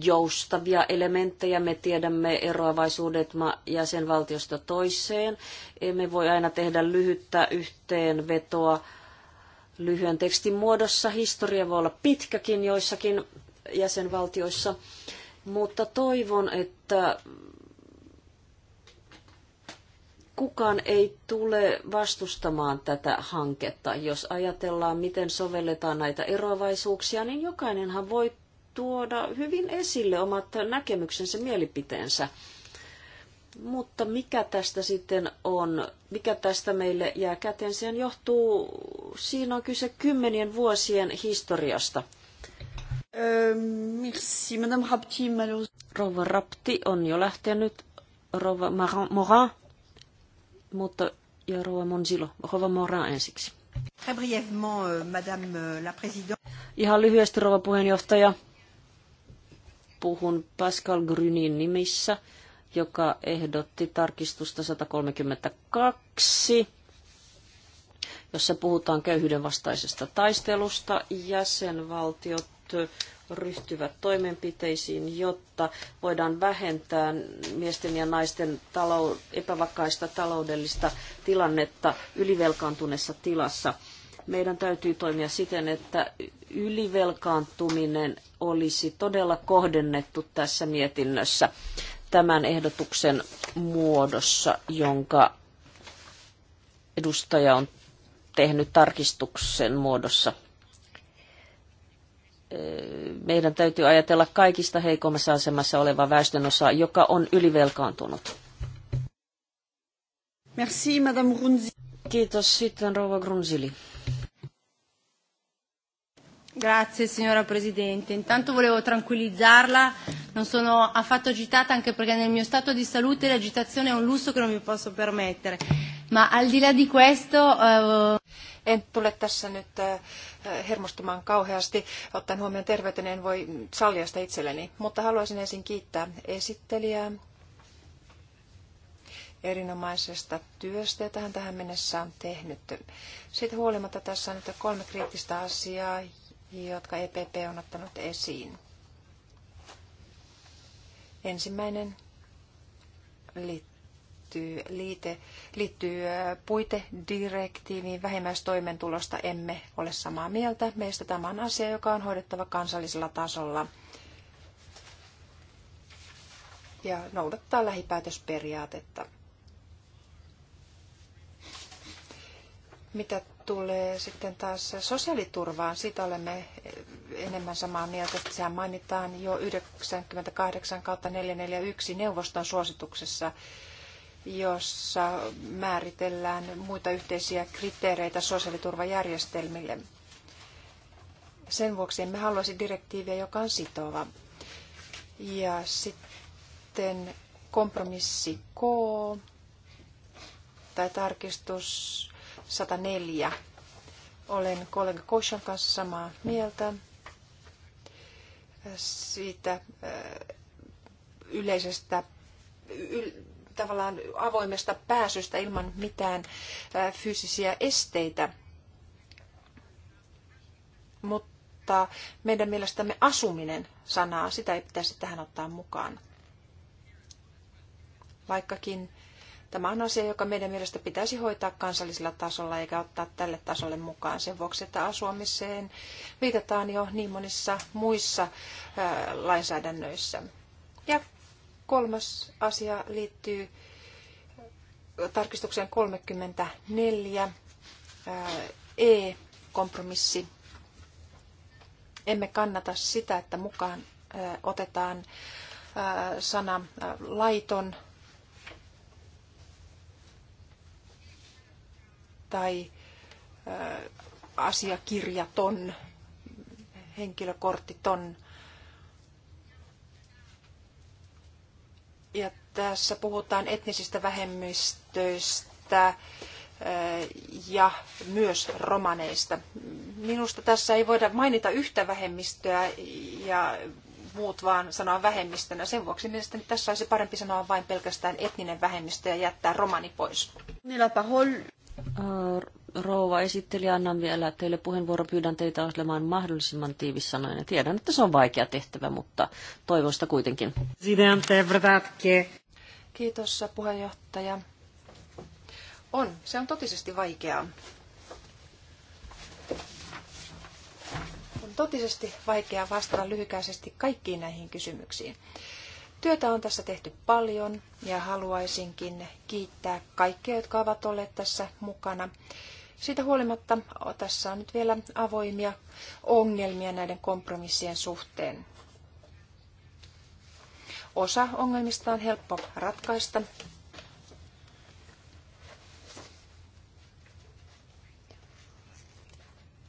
joustavia elementtejä. Me tiedämme eroavaisuudet jäsenvaltiosta toiseen. Emme voi aina tehdä lyhyttä yhteenvetoa lyhyen tekstin muodossa. Historia voi olla pitkäkin joissakin jäsenvaltioissa. Mutta toivon, että kukaan ei tule vastustamaan tätä hanketta. Jos ajatellaan, miten sovelletaan näitä eroavaisuuksia, niin jokainenhan voi tuoda hyvin esille omat näkemyksensä, mielipiteensä. Mutta mikä tästä sitten on, mikä tästä meille jää käteen, sen johtuu, siinä on kyse kymmenien vuosien historiasta – Merci, Madame Rapti, Rouva Rapti on jo lähtenyt, Rouva Morin, mutta ja Rouva Monzilo, Rouva Morin ensiksi. Très brièvement, euh, Madame euh, la Présidente. Ihan lyhyesti, Rouva puheenjohtaja. Puhun Pascal Grynin nimissä, joka ehdotti tarkistusta 132 jossa puhutaan köyhyyden vastaisesta taistelusta. Jäsenvaltiot ryhtyvät toimenpiteisiin, jotta voidaan vähentää miesten ja naisten talou- epävakaista taloudellista tilannetta ylivelkaantuneessa tilassa. Meidän täytyy toimia siten, että ylivelkaantuminen olisi todella kohdennettu tässä mietinnössä tämän ehdotuksen muodossa, jonka edustaja on tehnyt tarkistuksen muodossa meidän täytyy ajatella kaikista heikommassa asemassa oleva väestönosa, joka on ylivelkaantunut. Merci, Madame Grunzi. Kiitos. Sitten rouva Grunzili. Grazie signora Presidente. Intanto volevo tranquillizzarla, non sono affatto agitata anche perché nel mio stato di salute l'agitazione è un lusso che non mi posso permettere. Ma al di là di questo... Uh... En tule tässä nyt hermostumaan kauheasti, ottaen huomioon terveyteni, en voi sallia sitä itselleni, mutta haluaisin ensin kiittää esittelijää erinomaisesta työstä, jota hän tähän mennessä on tehnyt. Siitä huolimatta tässä on nyt kolme kriittistä asiaa, jotka EPP on ottanut esiin. Ensimmäinen liittyy liittyy, liite, liittyy puitedirektiiviin vähimmäistoimentulosta, emme ole samaa mieltä. Meistä tämä on asia, joka on hoidettava kansallisella tasolla ja noudattaa lähipäätösperiaatetta. Mitä tulee sitten taas sosiaaliturvaan, siitä olemme enemmän samaa mieltä, että sehän mainitaan jo 98 441 neuvoston suosituksessa jossa määritellään muita yhteisiä kriteereitä sosiaaliturvajärjestelmille. Sen vuoksi emme haluaisi direktiiviä, joka on sitova. Ja sitten kompromissi K tai tarkistus 104. Olen kollega Koshan kanssa samaa mieltä siitä yleisestä tavallaan avoimesta pääsystä ilman mitään fyysisiä esteitä. Mutta meidän mielestämme asuminen sanaa, sitä ei pitäisi tähän ottaa mukaan. Vaikkakin Tämä on asia, joka meidän mielestä pitäisi hoitaa kansallisella tasolla eikä ottaa tälle tasolle mukaan sen vuoksi, että asumiseen viitataan jo niin monissa muissa lainsäädännöissä. Ja Kolmas asia liittyy tarkistukseen 34 E-kompromissi. Emme kannata sitä, että mukaan otetaan sana laiton tai asiakirjaton, henkilökortiton Ja tässä puhutaan etnisistä vähemmistöistä ja myös romaneista. Minusta tässä ei voida mainita yhtä vähemmistöä ja muut vaan sanoa vähemmistönä. Sen vuoksi mielestäni tässä olisi parempi sanoa vain pelkästään etninen vähemmistö ja jättää romani pois rouva esitteli, annan vielä teille puheenvuoro. Pyydän teitä olemaan mahdollisimman tiivissanoinen. Tiedän, että se on vaikea tehtävä, mutta toivon sitä kuitenkin. Kiitos puheenjohtaja. On, se on totisesti vaikeaa. On totisesti vaikeaa vastata lyhykäisesti kaikkiin näihin kysymyksiin. Työtä on tässä tehty paljon ja haluaisinkin kiittää kaikkia, jotka ovat olleet tässä mukana siitä huolimatta tässä on nyt vielä avoimia ongelmia näiden kompromissien suhteen. Osa ongelmista on helppo ratkaista.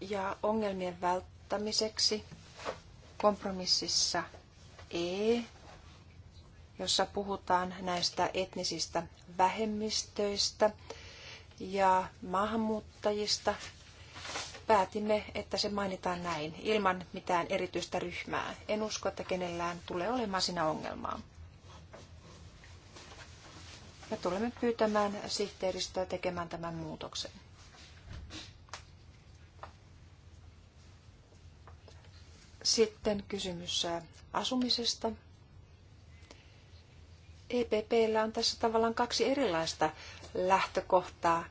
Ja ongelmien välttämiseksi kompromississa E, jossa puhutaan näistä etnisistä vähemmistöistä, ja maahanmuuttajista päätimme, että se mainitaan näin, ilman mitään erityistä ryhmää. En usko, että kenellään tulee olemaan siinä ongelmaa. Me tulemme pyytämään sihteeristöä tekemään tämän muutoksen. Sitten kysymys äh, asumisesta. EPPllä on tässä tavallaan kaksi erilaista lähtökohtaa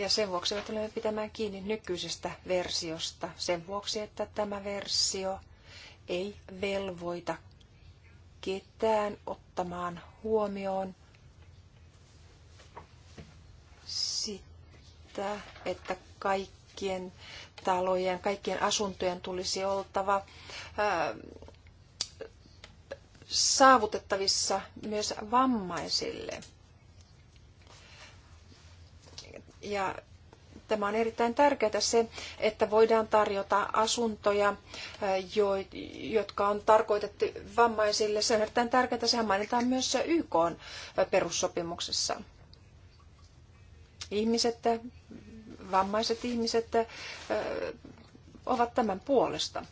ja sen vuoksi me tulemme pitämään kiinni nykyisestä versiosta. Sen vuoksi, että tämä versio ei velvoita ketään ottamaan huomioon sitä, että kaikkien talojen, kaikkien asuntojen tulisi oltava ää, saavutettavissa myös vammaisille. Ja tämä on erittäin tärkeää se, että voidaan tarjota asuntoja, jotka on tarkoitettu vammaisille. Se on erittäin tärkeää, sehän mainitaan myös YK perussopimuksessa. Ihmiset, vammaiset ihmiset ovat tämän puolesta.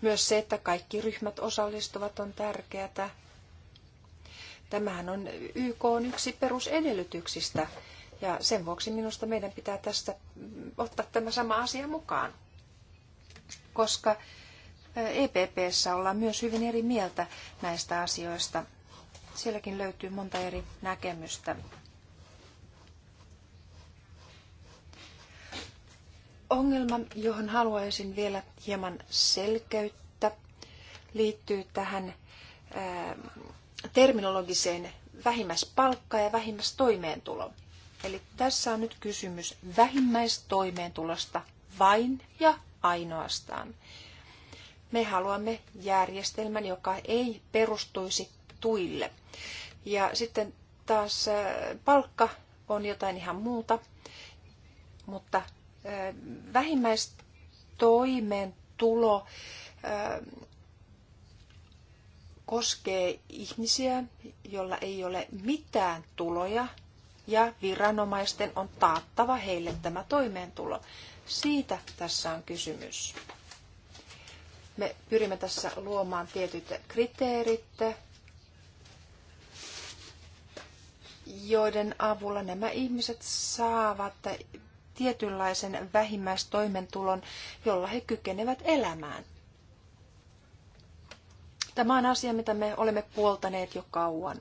Myös se, että kaikki ryhmät osallistuvat on tärkeää Tämähän on YK on yksi perusedellytyksistä ja sen vuoksi minusta meidän pitää tästä mm, ottaa tämä sama asia mukaan, koska EPPssä ollaan myös hyvin eri mieltä näistä asioista. Sielläkin löytyy monta eri näkemystä. Ongelma, johon haluaisin vielä hieman selkeyttä, liittyy tähän terminologiseen vähimmäispalkka ja vähimmäistoimeentulo. Eli tässä on nyt kysymys vähimmäistoimeentulosta vain ja ainoastaan. Me haluamme järjestelmän, joka ei perustuisi tuille. Ja sitten taas äh, palkka on jotain ihan muuta, mutta äh, vähimmäistoimeentulo äh, koskee ihmisiä, joilla ei ole mitään tuloja ja viranomaisten on taattava heille tämä toimeentulo. Siitä tässä on kysymys. Me pyrimme tässä luomaan tietyt kriteerit, joiden avulla nämä ihmiset saavat tietynlaisen vähimmäistoimentulon, jolla he kykenevät elämään. Tämä on asia, mitä me olemme puoltaneet jo kauan.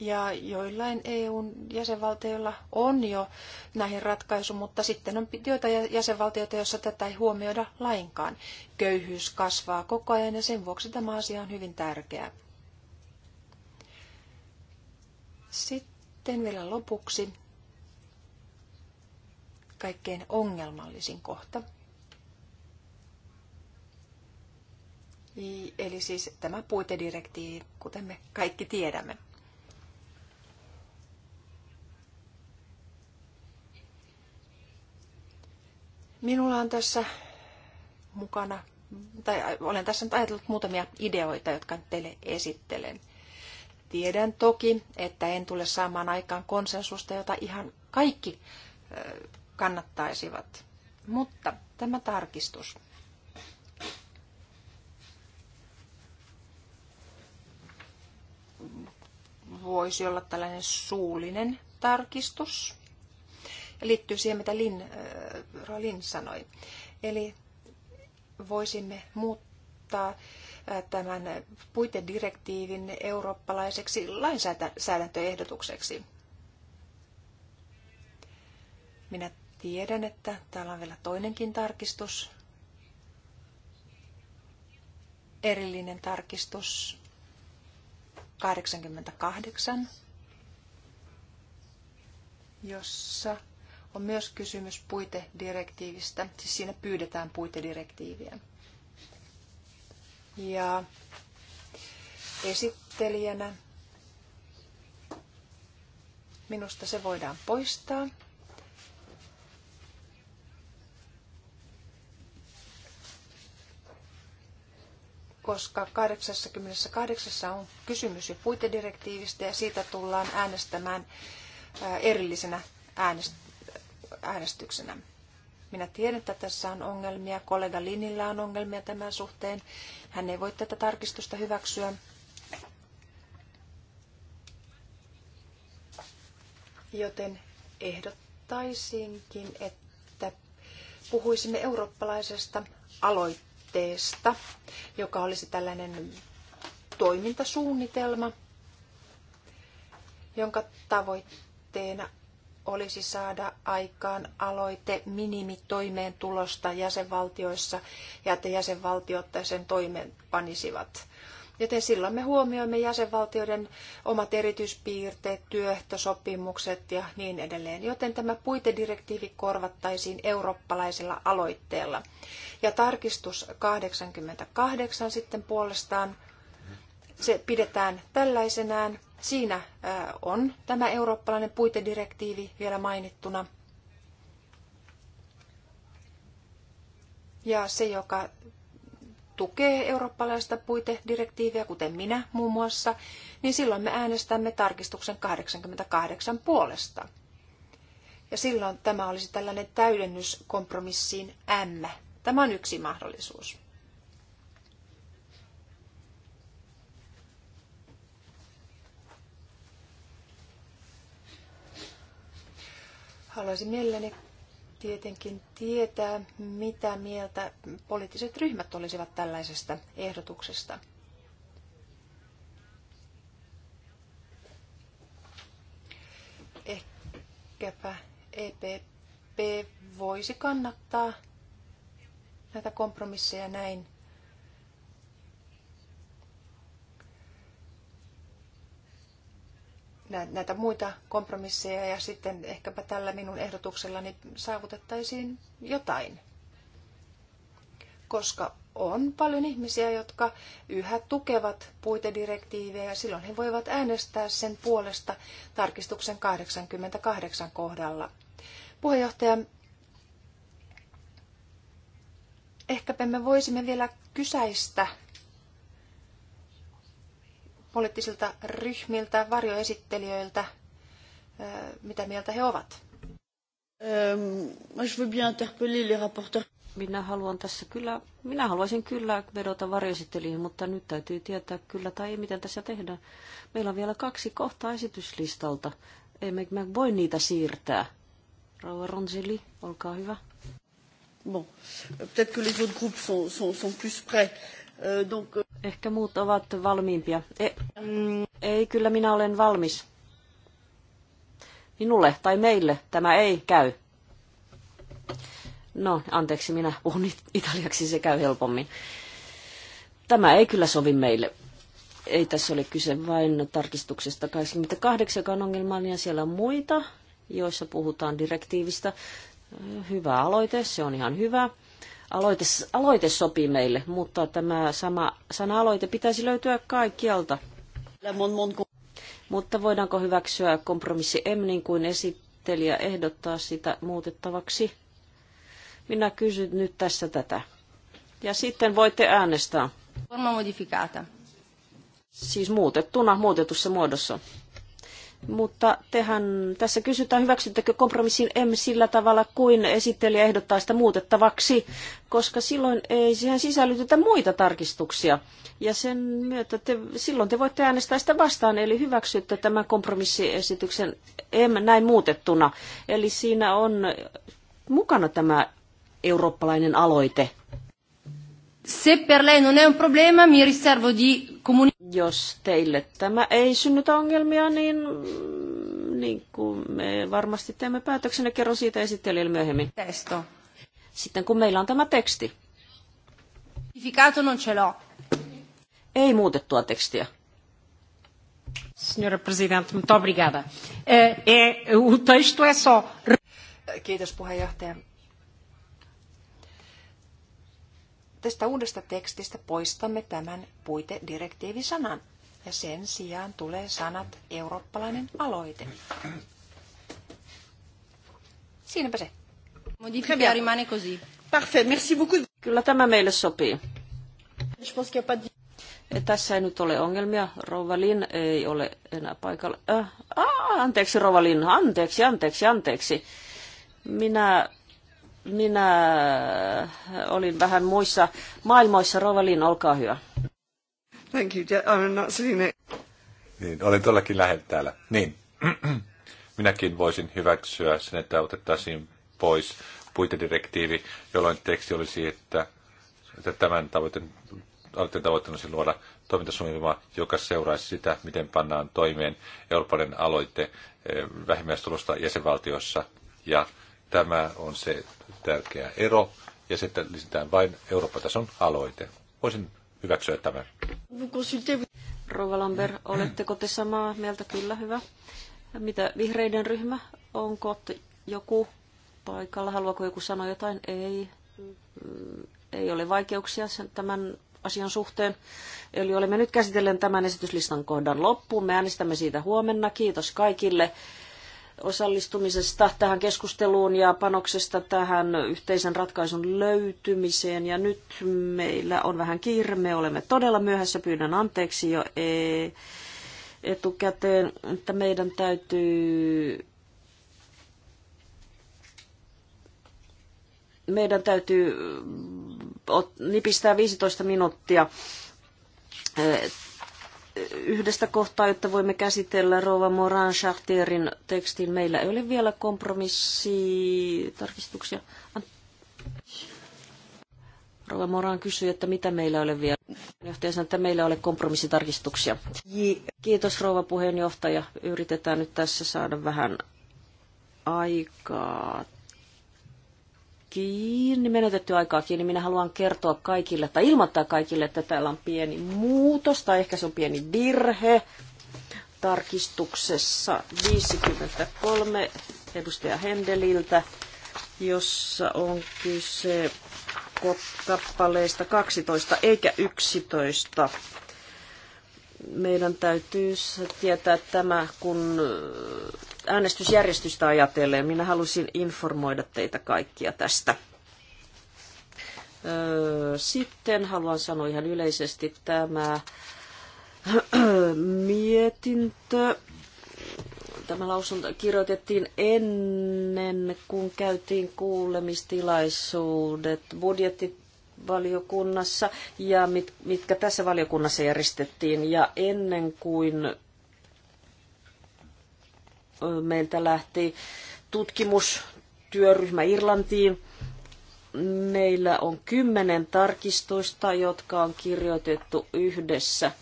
Ja joillain EUn jäsenvaltioilla on jo näihin ratkaisu, mutta sitten on joita jäsenvaltioita, joissa tätä ei huomioida lainkaan. Köyhyys kasvaa koko ajan ja sen vuoksi tämä asia on hyvin tärkeä. Sitten vielä lopuksi kaikkein ongelmallisin kohta – Eli siis tämä puitedirektiivi, kuten me kaikki tiedämme. Minulla on tässä mukana, tai olen tässä nyt ajatellut muutamia ideoita, jotka teille esittelen. Tiedän toki, että en tule saamaan aikaan konsensusta, jota ihan kaikki kannattaisivat. Mutta tämä tarkistus, voisi olla tällainen suullinen tarkistus. Ja liittyy siihen, mitä Lin, äh, Lin sanoi. Eli voisimme muuttaa äh, tämän puitedirektiivin eurooppalaiseksi lainsäädäntöehdotukseksi. Minä tiedän, että täällä on vielä toinenkin tarkistus, erillinen tarkistus 88, jossa on myös kysymys puitedirektiivistä, siis siinä pyydetään puitedirektiiviä. Ja esittelijänä minusta se voidaan poistaa. koska 88 on kysymys jo puitedirektiivistä ja siitä tullaan äänestämään erillisenä äänestyksenä. Minä tiedän, että tässä on ongelmia. Kollega Linillä on ongelmia tämän suhteen. Hän ei voi tätä tarkistusta hyväksyä. Joten ehdottaisinkin, että puhuisimme eurooppalaisesta aloitteesta tavoitteesta, joka olisi tällainen toimintasuunnitelma, jonka tavoitteena olisi saada aikaan aloite minimitoimeentulosta jäsenvaltioissa ja että jäsenvaltiot sen toimeenpanisivat. Joten silloin me huomioimme jäsenvaltioiden omat erityispiirteet, työehtosopimukset ja niin edelleen. Joten tämä puitedirektiivi korvattaisiin eurooppalaisella aloitteella. Ja tarkistus 88 sitten puolestaan, se pidetään tällaisenaan. Siinä äh, on tämä eurooppalainen puitedirektiivi vielä mainittuna. Ja se, joka tukee eurooppalaista puitedirektiiviä, kuten minä muun muassa, niin silloin me äänestämme tarkistuksen 88 puolesta. Ja silloin tämä olisi tällainen täydennys kompromissiin M. Tämä on yksi mahdollisuus. Haluaisin mielelläni tietenkin tietää, mitä mieltä poliittiset ryhmät olisivat tällaisesta ehdotuksesta. Ehkäpä EPP voisi kannattaa näitä kompromisseja näin näitä muita kompromisseja ja sitten ehkäpä tällä minun ehdotuksellani saavutettaisiin jotain. Koska on paljon ihmisiä, jotka yhä tukevat puitedirektiivejä ja silloin he voivat äänestää sen puolesta tarkistuksen 88 kohdalla. Puheenjohtaja, ehkäpä me voisimme vielä kysäistä poliittisilta ryhmiltä, varjoesittelijöiltä, mitä mieltä he ovat. Ähm, minä haluan tässä kyllä, minä haluaisin kyllä vedota varjoesittelijöihin, mutta nyt täytyy tietää kyllä tai ei, miten tässä tehdään. Meillä on vielä kaksi kohtaa esityslistalta. Emme me voi niitä siirtää. Rauha Ronsili, olkaa hyvä. Bon, peut-être que les autres groupes sont, sont, sont plus prêts. Euh, donc... Euh, Ehkä muut ovat valmiimpia. E- ei, kyllä minä olen valmis. Minulle tai meille tämä ei käy. No, anteeksi, minä puhun italiaksi, se käy helpommin. Tämä ei kyllä sovi meille. Ei tässä ole kyse vain tarkistuksesta 28 joka on ongelmallinen. Siellä on muita, joissa puhutaan direktiivistä. Hyvä aloite, se on ihan hyvä aloite, aloite sopii meille, mutta tämä sama sana aloite pitäisi löytyä kaikkialta. Mutta voidaanko hyväksyä kompromissi M niin kuin esittelijä ehdottaa sitä muutettavaksi? Minä kysyn nyt tässä tätä. Ja sitten voitte äänestää. Forma modificata. Siis muutettuna, muutetussa muodossa. Mutta tehän, tässä kysytään, hyväksyttekö kompromissin M sillä tavalla kuin esittelijä ehdottaa sitä muutettavaksi, koska silloin ei siihen sisällytetä muita tarkistuksia. Ja sen myötä te, silloin te voitte äänestää sitä vastaan, eli hyväksytte tämän kompromissiesityksen M näin muutettuna. Eli siinä on mukana tämä eurooppalainen aloite. Se per lei non è un problema, mi riservo di comunicare. Jos teille tämä ei synnytä ongelmia, niin, niin kuin me varmasti teemme päätöksen ja kerron siitä esittelijälle myöhemmin. Testo. Sitten kun meillä on tämä teksti. Certificato non ce l'ho. Ei muutettua tekstiä. Signora Presidente, muito obrigada. Eh, eh, o texto é só... Kiitos puheenjohtaja tästä uudesta tekstistä poistamme tämän puitedirektiivisanan ja sen sijaan tulee sanat eurooppalainen aloite. Siinäpä se. Modifica rimane così. Parfait, merci beaucoup. Kyllä tämä meille sopii. E, tässä ei nyt ole ongelmia. Rouva Lin ei ole enää paikalla. Äh, ah, anteeksi Rouva Lin, anteeksi, anteeksi, anteeksi. Minä minä äh, olin vähän muissa maailmoissa. Rovalin, olkaa hyvä. Thank you. I'm not seen it. Niin, olin tuollakin lähellä täällä. Niin. Minäkin voisin hyväksyä sen, että otettaisiin pois puitedirektiivi, jolloin teksti olisi, että, että tämän tavoitteen, aloitteen tavoitteena olisi luoda toimintasuunnitelma, joka seuraisi sitä, miten pannaan toimeen Euroopan aloite eh, vähimmäistulosta jäsenvaltiossa ja Tämä on se tärkeä ero, ja sitten lisätään vain Eurooppa-tason aloite. Voisin hyväksyä tämän. Rova Lambert, oletteko te samaa mieltä? Kyllä, hyvä. Mitä vihreiden ryhmä? Onko joku paikalla? Haluaako joku sanoa jotain? Ei. Ei ole vaikeuksia sen, tämän asian suhteen. Eli olemme nyt käsitellen tämän esityslistan kohdan loppuun. Me äänestämme siitä huomenna. Kiitos kaikille osallistumisesta tähän keskusteluun ja panoksesta tähän yhteisen ratkaisun löytymiseen. Ja nyt meillä on vähän kiire, me olemme todella myöhässä, pyydän anteeksi jo e, etukäteen, että meidän täytyy meidän täytyy nipistää 15 minuuttia e, yhdestä kohtaa, jotta voimme käsitellä Rova Moran Chartierin tekstin. Meillä ei ole vielä kompromissitarkistuksia. Rova Moran kysyi, että mitä meillä ei ole vielä. Johtaja sanoi, että meillä ei ole kompromissitarkistuksia. Kiitos Rova puheenjohtaja. Yritetään nyt tässä saada vähän aikaa kiinni, menetetty aikaa kiinni, minä haluan kertoa kaikille tai ilmoittaa kaikille, että täällä on pieni muutos tai ehkä se on pieni virhe. Tarkistuksessa 53 edustaja Hendeliltä, jossa on kyse kappaleista 12 eikä 11 meidän täytyy tietää tämä, kun äh, äänestysjärjestystä ajatellen. Minä halusin informoida teitä kaikkia tästä. Öö, sitten haluan sanoa ihan yleisesti tämä mietintö. Tämä lausunto kirjoitettiin ennen kuin käytiin kuulemistilaisuudet Budjetit valiokunnassa ja mit, mitkä tässä valiokunnassa järjestettiin. Ja ennen kuin meiltä lähti tutkimustyöryhmä Irlantiin, meillä on kymmenen tarkistusta, jotka on kirjoitettu yhdessä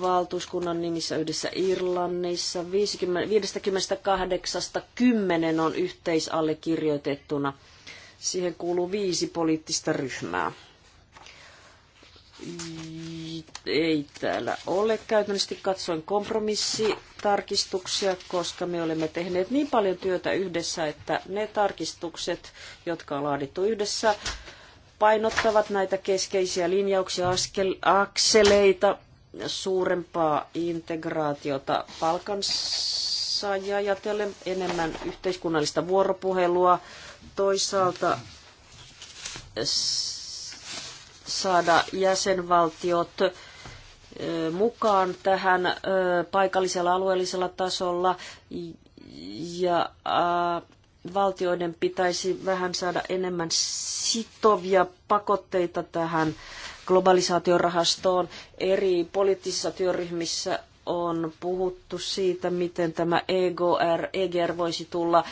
valtuuskunnan nimissä yhdessä Irlannissa. 50, 58 10 on yhteisallekirjoitettuna. kirjoitettuna Siihen kuuluu viisi poliittista ryhmää. Ei täällä ole. Käytännössä katsoin kompromissitarkistuksia, koska me olemme tehneet niin paljon työtä yhdessä, että ne tarkistukset, jotka on laadittu yhdessä, painottavat näitä keskeisiä linjauksia, askel, akseleita, suurempaa integraatiota palkansaajia ajatellen, enemmän yhteiskunnallista vuoropuhelua, toisaalta saada jäsenvaltiot mukaan tähän paikallisella alueellisella tasolla ja valtioiden pitäisi vähän saada enemmän sitovia pakotteita tähän globalisaatiorahastoon. Eri poliittisissa työryhmissä on puhuttu siitä, miten tämä EGR, EGR voisi tulla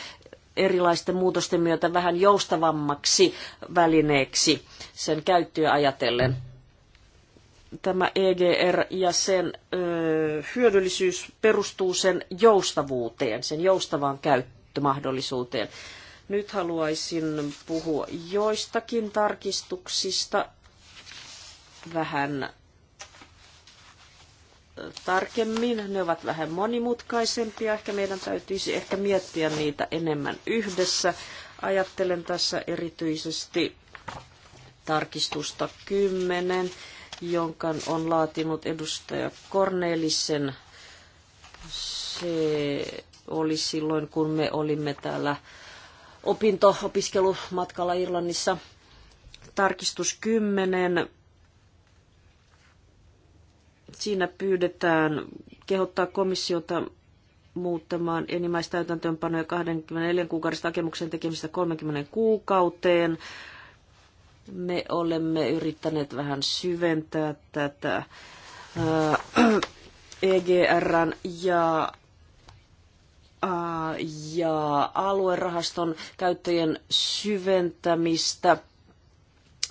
erilaisten muutosten myötä vähän joustavammaksi välineeksi sen käyttöä ajatellen. Tämä EGR ja sen ö, hyödyllisyys perustuu sen joustavuuteen, sen joustavaan käyttömahdollisuuteen. Nyt haluaisin puhua joistakin tarkistuksista vähän tarkemmin. Ne ovat vähän monimutkaisempia. Ehkä meidän täytyisi ehkä miettiä niitä enemmän yhdessä. Ajattelen tässä erityisesti tarkistusta 10, jonka on laatinut edustaja Kornelissen. Se oli silloin, kun me olimme täällä opinto-opiskelumatkalla Irlannissa. Tarkistus 10 Siinä pyydetään kehottaa komissiota muuttamaan enimmäistäytäntöönpanoja 24 kuukaudesta hakemuksen tekemistä 30 kuukauteen. Me olemme yrittäneet vähän syventää tätä äh, EGRn ja äh, ja aluerahaston käyttäjien syventämistä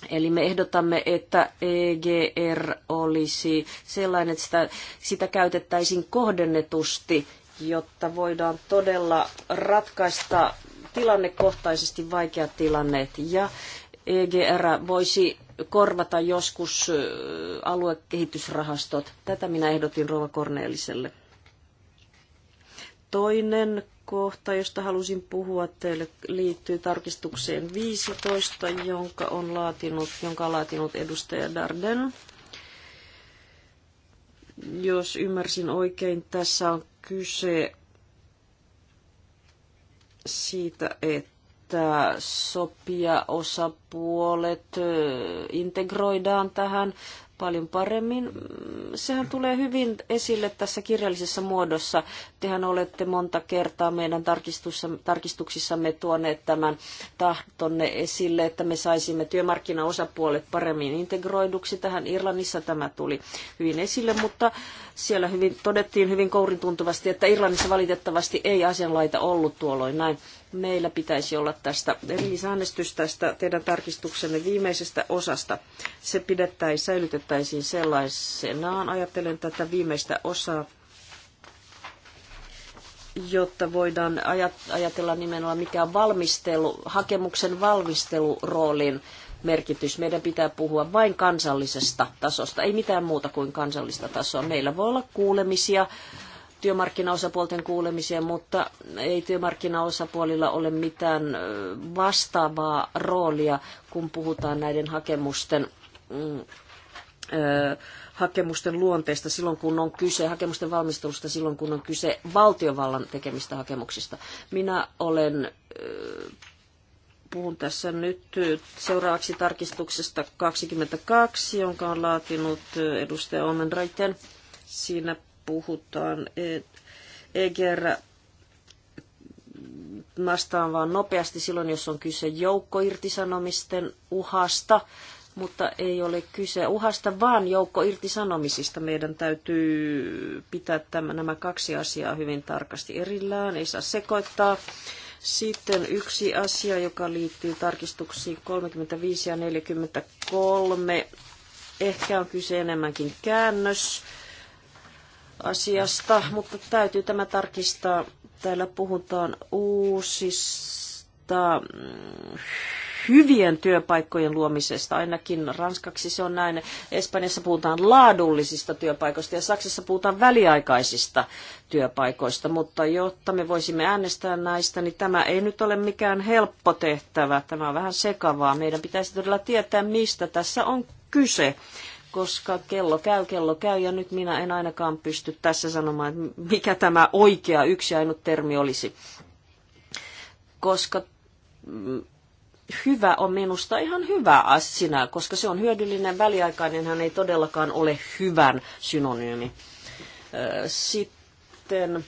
Eli me ehdotamme, että EGR olisi sellainen, että sitä, sitä käytettäisiin kohdennetusti, jotta voidaan todella ratkaista tilannekohtaisesti vaikeat tilanneet. Ja EGR voisi korvata joskus aluekehitysrahastot. Tätä minä ehdotin Rova Korneeliselle. Toinen kohta, josta halusin puhua teille, liittyy tarkistukseen 15, jonka on laatinut, jonka on laatinut edustaja Darden. Jos ymmärsin oikein, tässä on kyse siitä, että sopia osapuolet integroidaan tähän paljon paremmin. Sehän tulee hyvin esille tässä kirjallisessa muodossa. Tehän olette monta kertaa meidän tarkistuksissamme tuoneet tämän tahtonne esille, että me saisimme työmarkkinaosapuolet paremmin integroiduksi. Tähän Irlannissa tämä tuli hyvin esille, mutta siellä hyvin, todettiin hyvin kourin että Irlannissa valitettavasti ei asianlaita ollut tuolloin näin. Meillä pitäisi olla tästä erillisäänestys tästä teidän tarkistuksenne viimeisestä osasta. Se pidettäisiin, säilytettäisiin sellaisenaan. Ajattelen tätä viimeistä osaa jotta voidaan ajatella nimenomaan mikä on valmistelu, hakemuksen valmisteluroolin merkitys. Meidän pitää puhua vain kansallisesta tasosta, ei mitään muuta kuin kansallista tasoa. Meillä voi olla kuulemisia, työmarkkinaosapuolten kuulemisia, mutta ei työmarkkinaosapuolilla ole mitään vastaavaa roolia, kun puhutaan näiden hakemusten mm, hakemusten luonteesta silloin, kun on kyse, hakemusten valmistelusta silloin, kun on kyse valtiovallan tekemistä hakemuksista. Minä olen, puhun tässä nyt seuraavaksi tarkistuksesta 22, jonka on laatinut edustaja Omen Raiten. Siinä puhutaan e, EGR nastaan vaan nopeasti silloin, jos on kyse joukkoirtisanomisten uhasta mutta ei ole kyse uhasta, vaan joukko irtisanomisista. Meidän täytyy pitää tämän, nämä kaksi asiaa hyvin tarkasti erillään, ei saa sekoittaa. Sitten yksi asia, joka liittyy tarkistuksiin 35 ja 43. Ehkä on kyse enemmänkin käännös asiasta, mutta täytyy tämä tarkistaa. Täällä puhutaan uusista mm, hyvien työpaikkojen luomisesta. Ainakin ranskaksi se on näin. Espanjassa puhutaan laadullisista työpaikoista ja Saksassa puhutaan väliaikaisista työpaikoista. Mutta jotta me voisimme äänestää näistä, niin tämä ei nyt ole mikään helppo tehtävä. Tämä on vähän sekavaa. Meidän pitäisi todella tietää, mistä tässä on kyse koska kello käy, kello käy, ja nyt minä en ainakaan pysty tässä sanomaan, että mikä tämä oikea yksi ainut termi olisi. Koska mm, hyvä on minusta ihan hyvä asia, koska se on hyödyllinen väliaikainen, hän ei todellakaan ole hyvän synonyymi. Sitten...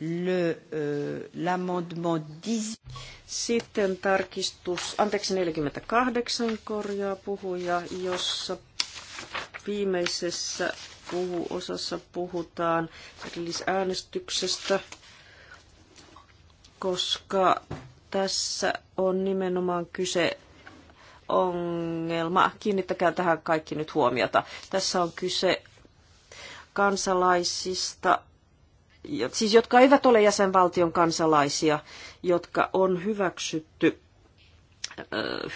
Le, euh, 10. Sitten tarkistus, anteeksi 48 korjaa puhuja, jossa viimeisessä puhu, osassa puhutaan erillisäänestyksestä. äänestyksestä koska tässä on nimenomaan kyse ongelma. Kiinnittäkää tähän kaikki nyt huomiota. Tässä on kyse kansalaisista, siis jotka eivät ole jäsenvaltion kansalaisia, jotka on hyväksytty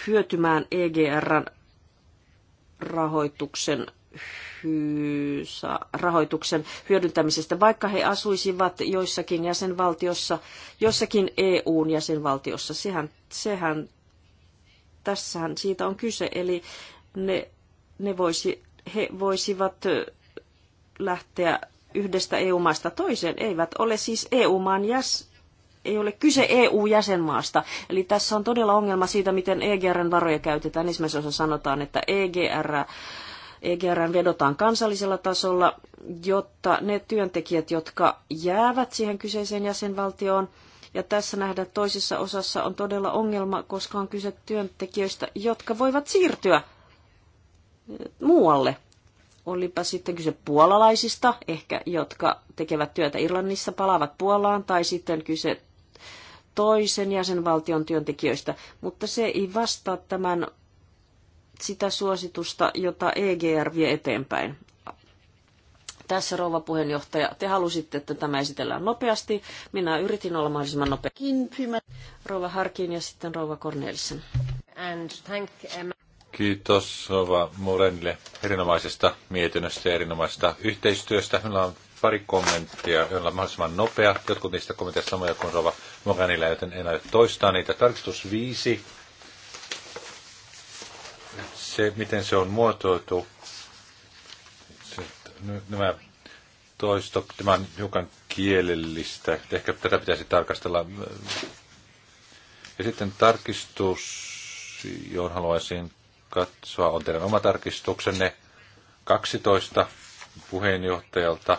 hyötymään EGRn rahoituksen rahoituksen hyödyntämisestä, vaikka he asuisivat joissakin jäsenvaltiossa, jossakin EUn jäsenvaltiossa. Sehän, sehän tässähän siitä on kyse, eli ne, ne voisi, he voisivat lähteä yhdestä EU-maasta toiseen, eivät ole siis EU-maan jäs, ei ole kyse EU-jäsenmaasta. Eli tässä on todella ongelma siitä, miten EGRn varoja käytetään. Ensimmäisessä osa sanotaan, että EGR EGR vedotaan kansallisella tasolla, jotta ne työntekijät, jotka jäävät siihen kyseiseen jäsenvaltioon, ja tässä nähdä toisessa osassa on todella ongelma, koska on kyse työntekijöistä, jotka voivat siirtyä e, muualle. Olipa sitten kyse puolalaisista, ehkä jotka tekevät työtä Irlannissa, palaavat Puolaan, tai sitten kyse toisen jäsenvaltion työntekijöistä, mutta se ei vastaa tämän sitä suositusta, jota EGR vie eteenpäin. Tässä rouva puheenjohtaja, te halusitte, että tämä esitellään nopeasti. Minä yritin olla mahdollisimman nopea. Rouva Harkin ja sitten rouva Cornelissen. Kiitos rouva Morenille erinomaisesta mietinnöstä ja erinomaisesta yhteistyöstä. Meillä on pari kommenttia, joilla on mahdollisimman nopea. Jotkut niistä kommentteja samoja kuin rouva Morenille, joten en aio toistaa niitä. Tarkistus viisi se, miten se on muotoiltu, nämä toisto, tämä on hiukan kielellistä. Ehkä tätä pitäisi tarkastella. Ja sitten tarkistus, johon haluaisin katsoa, on teidän oma tarkistuksenne 12 puheenjohtajalta.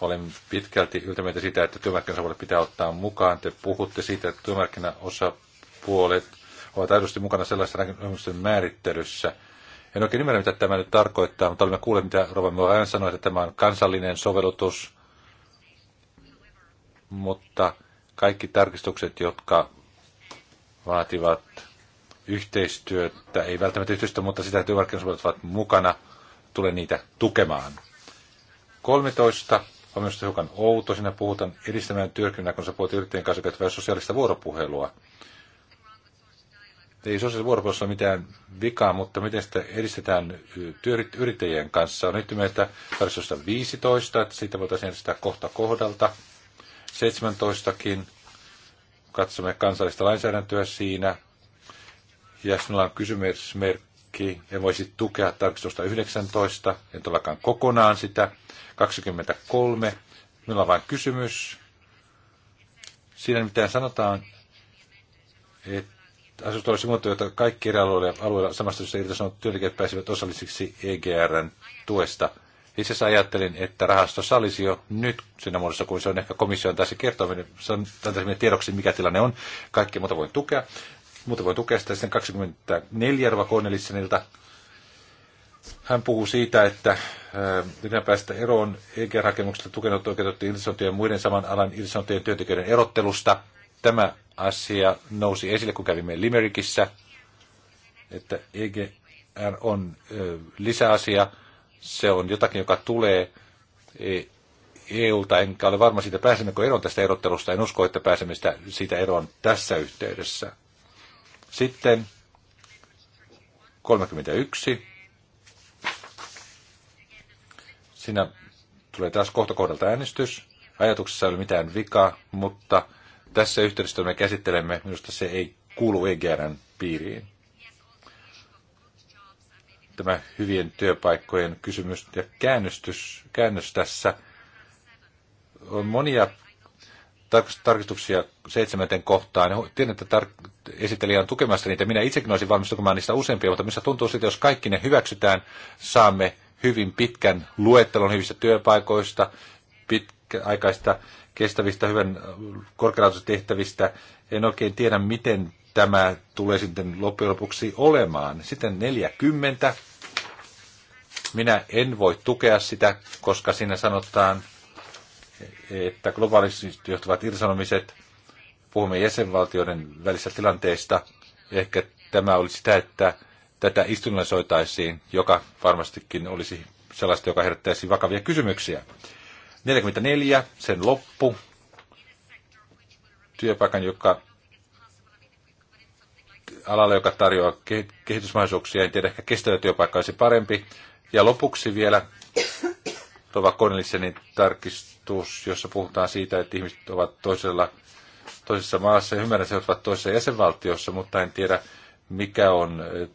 Olen pitkälti yltä mieltä sitä, että työmarkkinaosapuolet pitää ottaa mukaan. Te puhutte siitä, että työmarkkinaosapuolet ovat aidosti mukana sellaisessa rakennusten määrittelyssä. En oikein ymmärrä, mitä tämä nyt tarkoittaa, mutta olemme kuulleet, mitä Rova Moran sanoi, että tämä on kansallinen sovellutus. Mutta kaikki tarkistukset, jotka vaativat yhteistyötä, ei välttämättä yhteistyötä, mutta sitä, että työmarkkinasopimus ovat mukana, tulee niitä tukemaan. 13 on minusta hiukan outo. Siinä puhutaan edistämään työkynnä, kun sä puhut yrittäjien kanssa sosiaalista vuoropuhelua ei sosiaalisessa vuoropuolessa ole mitään vikaa, mutta miten sitä edistetään yrittäjien kanssa. On nyt meitä tarkistusta 15, että siitä voitaisiin edistää kohta kohdalta. 17kin katsomme kansallista lainsäädäntöä siinä. Ja sinulla on kysymysmerkki, en voisi tukea tarkistusta 19, en todellakaan kokonaan sitä. 23, minulla on vain kysymys. Siinä mitään sanotaan, että asusta olisi muoto, jota kaikki eri alueilla, alueilla samasta syystä irtisanot työntekijät pääsivät osallisiksi EGRn tuesta. Itse asiassa ajattelin, että rahasto salisi jo nyt siinä muodossa, kun se on ehkä komission tai se kertoo, se on tiedoksi, mikä tilanne on. Kaikki muuta voin tukea. Muuta voin tukea sitä sitten 24 Kornelissenilta. Hän puhuu siitä, että äh, yhden päästä eroon EG-hakemuksesta tukenut oikeutettu irtisanotujen ja muiden saman alan irtisanotujen työntekijöiden erottelusta – Tämä asia nousi esille, kun kävimme Limerickissä, että EGR on lisäasia. Se on jotakin, joka tulee EUlta, e enkä ole varma siitä, pääsemmekö eroon tästä erottelusta. En usko, että pääsemme sitä, siitä eroon tässä yhteydessä. Sitten 31. Siinä tulee taas kohta kohdalta äänestys. Ajatuksessa ei ole mitään vikaa, mutta tässä yhteydessä me käsittelemme, minusta se ei kuulu EGRn piiriin. Tämä hyvien työpaikkojen kysymys ja käännöstys, käännös tässä on monia tarkistuksia seitsemänten kohtaan. Tiedän, että tar- esittelijä on tukemassa niitä. Minä itsekin olisin valmis tukemaan niistä useampia, mutta minusta tuntuu että jos kaikki ne hyväksytään, saamme hyvin pitkän luettelon hyvistä työpaikoista, pit- aikaista kestävistä, hyvän korkealaatuisista tehtävistä. En oikein tiedä, miten tämä tulee sitten loppujen lopuksi olemaan. Sitten 40. Minä en voi tukea sitä, koska siinä sanotaan, että globaalisti johtuvat irsanomiset, puhumme jäsenvaltioiden välisestä tilanteesta, ehkä tämä olisi sitä, että tätä istunnollisoitaisiin, joka varmastikin olisi sellaista, joka herättäisi vakavia kysymyksiä. 44, sen loppu, työpaikan, joka alalle, joka tarjoaa kehitysmahdollisuuksia, en tiedä, ehkä kestävä työpaikka olisi parempi. Ja lopuksi vielä Tova Cornelissenin tarkistus, jossa puhutaan siitä, että ihmiset ovat toisella, toisessa maassa ja ymmärrän, että ovat toisessa jäsenvaltiossa, mutta en tiedä, mikä on eh,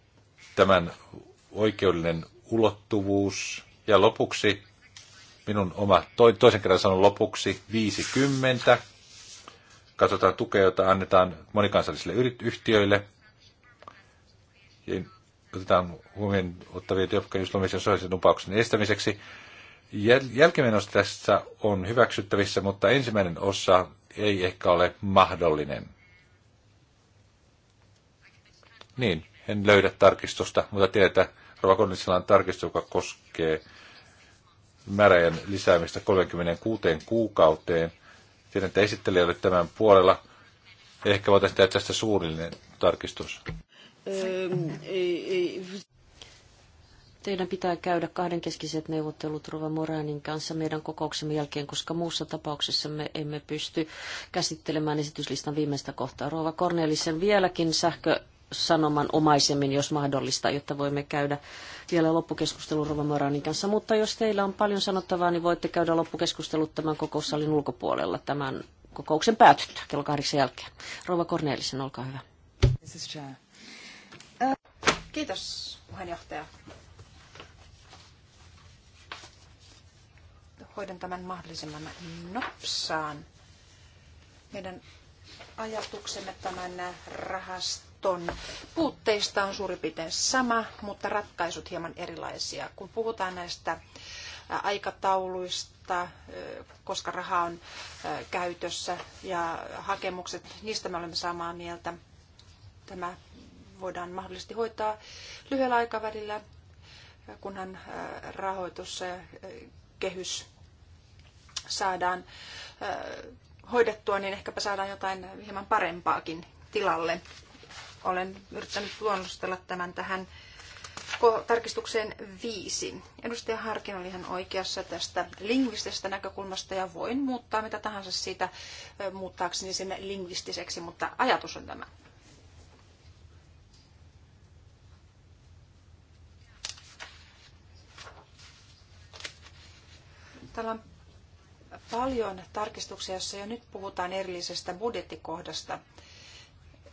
tämän oikeudellinen ulottuvuus. Ja lopuksi Minun oma, to, toisen kerran sanon lopuksi, 50. Katsotaan tukea, jota annetaan monikansallisille yhtiöille. Ja otetaan huomioon ottavia työpaikkajuustomisen sosiaalisen lupauksen estämiseksi. Jäl- jälkimenosta tässä on hyväksyttävissä, mutta ensimmäinen osa ei ehkä ole mahdollinen. Niin, en löydä tarkistusta, mutta tiedetään, Rova on tarkistus, joka koskee määräajan lisäämistä 36 kuukauteen. Tiedän, että esittelijä oli tämän puolella. Ehkä voitaisiin tehdä tästä suunnilleen tarkistus. Teidän pitää käydä kahdenkeskiset neuvottelut Rova Moranin kanssa meidän kokouksemme jälkeen, koska muussa tapauksessa me emme pysty käsittelemään esityslistan viimeistä kohtaa. Rova Cornelissen vieläkin sähkö sanoman omaisemmin, jos mahdollista, jotta voimme käydä vielä loppukeskustelun Rova Moranin kanssa. Mutta jos teillä on paljon sanottavaa, niin voitte käydä loppukeskustelut tämän kokoussalin ulkopuolella tämän kokouksen päätyttyä kello kahdeksan jälkeen. Rova Korneelisen, olkaa hyvä. Kiitos puheenjohtaja. Hoidan tämän mahdollisimman nopsaan. Meidän ajatuksemme tämän rahasta auton puutteista on suurin piirtein sama, mutta ratkaisut hieman erilaisia. Kun puhutaan näistä aikatauluista, koska raha on käytössä ja hakemukset, niistä me olemme samaa mieltä. Tämä voidaan mahdollisesti hoitaa lyhyellä aikavälillä, kunhan rahoituskehys saadaan hoidettua, niin ehkäpä saadaan jotain hieman parempaakin tilalle olen yrittänyt luonnostella tämän tähän tarkistukseen viisi. Edustaja Harkin oli ihan oikeassa tästä lingvistisestä näkökulmasta ja voin muuttaa mitä tahansa siitä muuttaakseni sen lingvistiseksi, mutta ajatus on tämä. Täällä on paljon tarkistuksia, joissa jo nyt puhutaan erillisestä budjettikohdasta –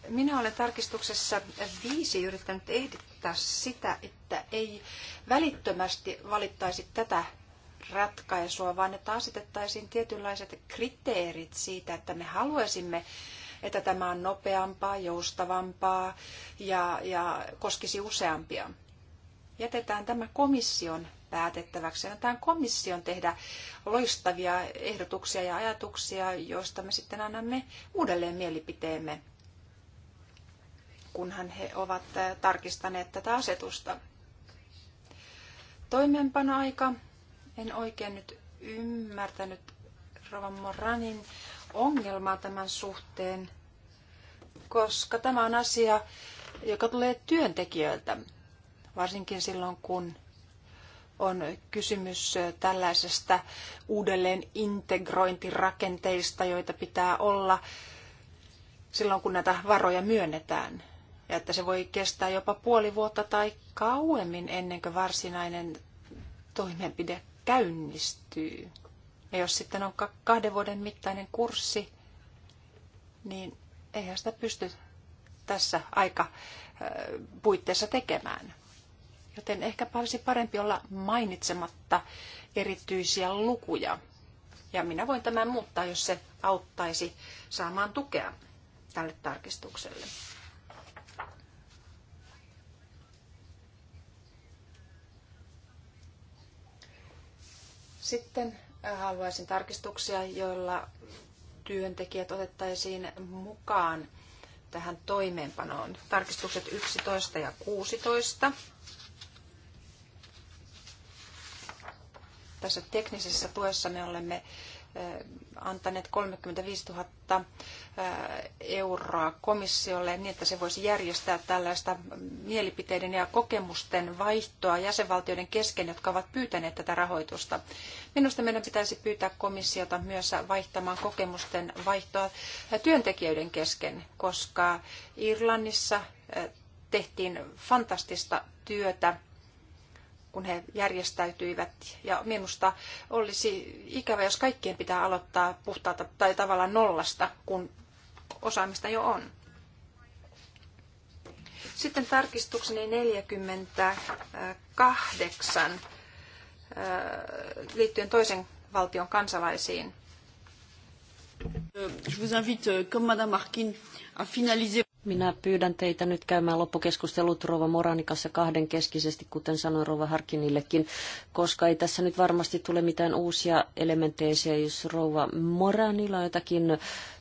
minä olen tarkistuksessa viisi yrittänyt ehdottaa sitä, että ei välittömästi valittaisi tätä ratkaisua, vaan että asetettaisiin tietynlaiset kriteerit siitä, että me haluaisimme, että tämä on nopeampaa, joustavampaa ja, ja koskisi useampia. Jätetään tämä komission päätettäväksi. Annetaan komission tehdä loistavia ehdotuksia ja ajatuksia, joista me sitten annamme uudelleen mielipiteemme kunhan he ovat tarkistaneet tätä asetusta. Toimeenpanoaika. En oikein nyt ymmärtänyt Rovan Moranin ongelmaa tämän suhteen, koska tämä on asia, joka tulee työntekijöiltä, varsinkin silloin kun on kysymys tällaisesta uudelleen integrointirakenteista, joita pitää olla silloin, kun näitä varoja myönnetään ja että se voi kestää jopa puoli vuotta tai kauemmin ennen kuin varsinainen toimenpide käynnistyy. Ja jos sitten on kahden vuoden mittainen kurssi, niin eihän sitä pysty tässä aika puitteissa tekemään. Joten ehkä olisi parempi olla mainitsematta erityisiä lukuja. Ja minä voin tämän muuttaa, jos se auttaisi saamaan tukea tälle tarkistukselle. Sitten äh, haluaisin tarkistuksia, joilla työntekijät otettaisiin mukaan tähän toimeenpanoon. Tarkistukset 11 ja 16. Tässä teknisessä tuessa me olemme Eh, antaneet 35 000 eh, euroa komissiolle niin, että se voisi järjestää tällaista mielipiteiden ja kokemusten vaihtoa jäsenvaltioiden kesken, jotka ovat pyytäneet tätä rahoitusta. Minusta meidän pitäisi pyytää komissiota myös vaihtamaan kokemusten vaihtoa eh, työntekijöiden kesken, koska Irlannissa tehtiin fantastista työtä kun he järjestäytyivät. Ja minusta olisi ikävä, jos kaikkien pitää aloittaa puhtaalta tai tavallaan nollasta, kun osaamista jo on. Sitten tarkistukseni 48 äh, liittyen toisen valtion kansalaisiin. Je vous invite, euh, comme Madame Arkin, à finaliser. Minä pyydän teitä nyt käymään loppukeskustelut Rova Moranikassa kahden keskisesti, kuten sanoin Rova Harkinillekin, koska ei tässä nyt varmasti tule mitään uusia elementtejä, jos Rova Moranilla on jotakin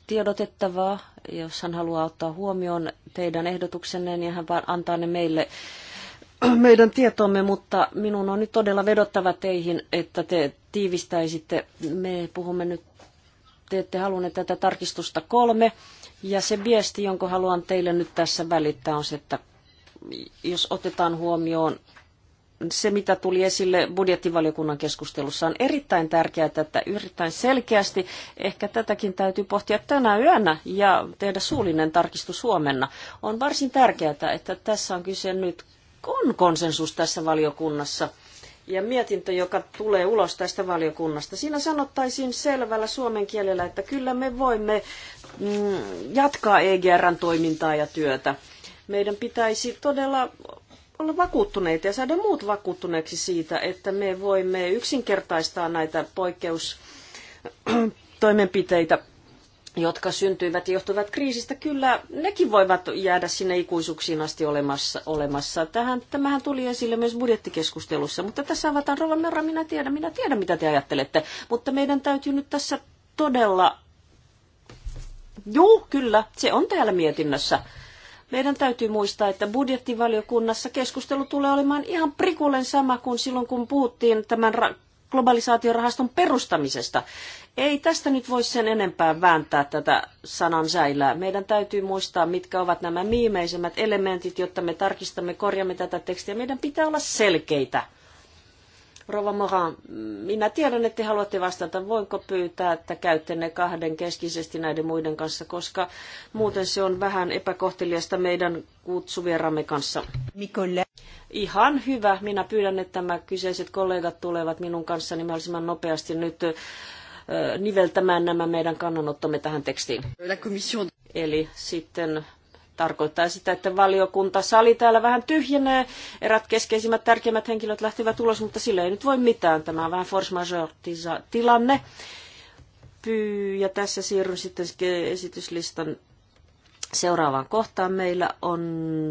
tiedotettavaa, jos hän haluaa ottaa huomioon teidän ehdotuksenne, niin hän vaan antaa ne meille meidän tietomme, mutta minun on nyt todella vedottava teihin, että te tiivistäisitte. Me puhumme nyt, te ette halunneet tätä tarkistusta kolme. Ja se viesti, jonka haluan teille nyt tässä välittää, on se, että jos otetaan huomioon se, mitä tuli esille budjettivaliokunnan keskustelussa, on erittäin tärkeää, että yrittäen selkeästi, ehkä tätäkin täytyy pohtia tänä yönä ja tehdä suullinen tarkistus huomenna. On varsin tärkeää, että tässä on kyse nyt, on konsensus tässä valiokunnassa – ja mietintö, joka tulee ulos tästä valiokunnasta. Siinä sanottaisiin selvällä suomen kielellä, että kyllä me voimme mm, jatkaa EGRn toimintaa ja työtä. Meidän pitäisi todella olla vakuuttuneita ja saada muut vakuuttuneeksi siitä, että me voimme yksinkertaistaa näitä poikkeustoimenpiteitä jotka syntyivät ja johtuvat kriisistä, kyllä nekin voivat jäädä sinne ikuisuuksiin asti olemassa. olemassa. Tähän, tämähän tuli esille myös budjettikeskustelussa, mutta tässä avataan rovan verran, minä tiedän, minä tiedän mitä te ajattelette, mutta meidän täytyy nyt tässä todella... Joo, kyllä, se on täällä mietinnössä. Meidän täytyy muistaa, että budjettivaliokunnassa keskustelu tulee olemaan ihan prikulen sama kuin silloin, kun puhuttiin tämän globalisaatiorahaston perustamisesta. Ei tästä nyt voi sen enempää vääntää tätä sanan säilää. Meidän täytyy muistaa, mitkä ovat nämä viimeisimmät elementit, jotta me tarkistamme, korjaamme tätä tekstiä. Meidän pitää olla selkeitä Rova Mohan, minä tiedän, että te haluatte vastata. Voinko pyytää, että käytte ne kahden keskisesti näiden muiden kanssa, koska muuten se on vähän epäkohteliasta meidän kutsuvieramme kanssa. Mikolle. Ihan hyvä. Minä pyydän, että nämä kyseiset kollegat tulevat minun kanssani mahdollisimman nopeasti nyt niveltämään nämä meidän kannanottomme tähän tekstiin. Eli sitten tarkoittaa sitä, että valiokunta sali täällä vähän tyhjenee. Erät keskeisimmät tärkeimmät henkilöt lähtivät ulos, mutta sille ei nyt voi mitään. Tämä on vähän force majeure-tilanne. Ja tässä siirryn sitten esityslistan seuraavaan kohtaan. Meillä on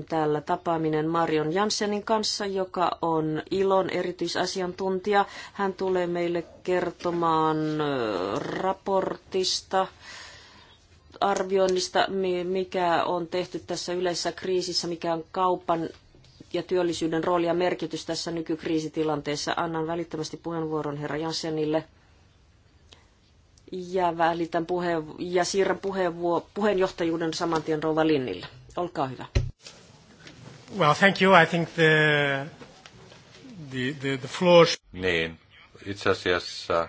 täällä tapaaminen Marion Janssenin kanssa, joka on ILON erityisasiantuntija. Hän tulee meille kertomaan raportista – arvioinnista, mikä on tehty tässä yleisessä kriisissä, mikä on kaupan ja työllisyyden rooli ja merkitys tässä nykykriisitilanteessa. Annan välittömästi puheenvuoron herra Jansenille ja, välitän puhe- ja siirrän puheenvuo, puheenjohtajuuden saman tien rouva Linnille. Olkaa hyvä. Well, thank you. I think the, the, the, the floor... Niin, itse asiassa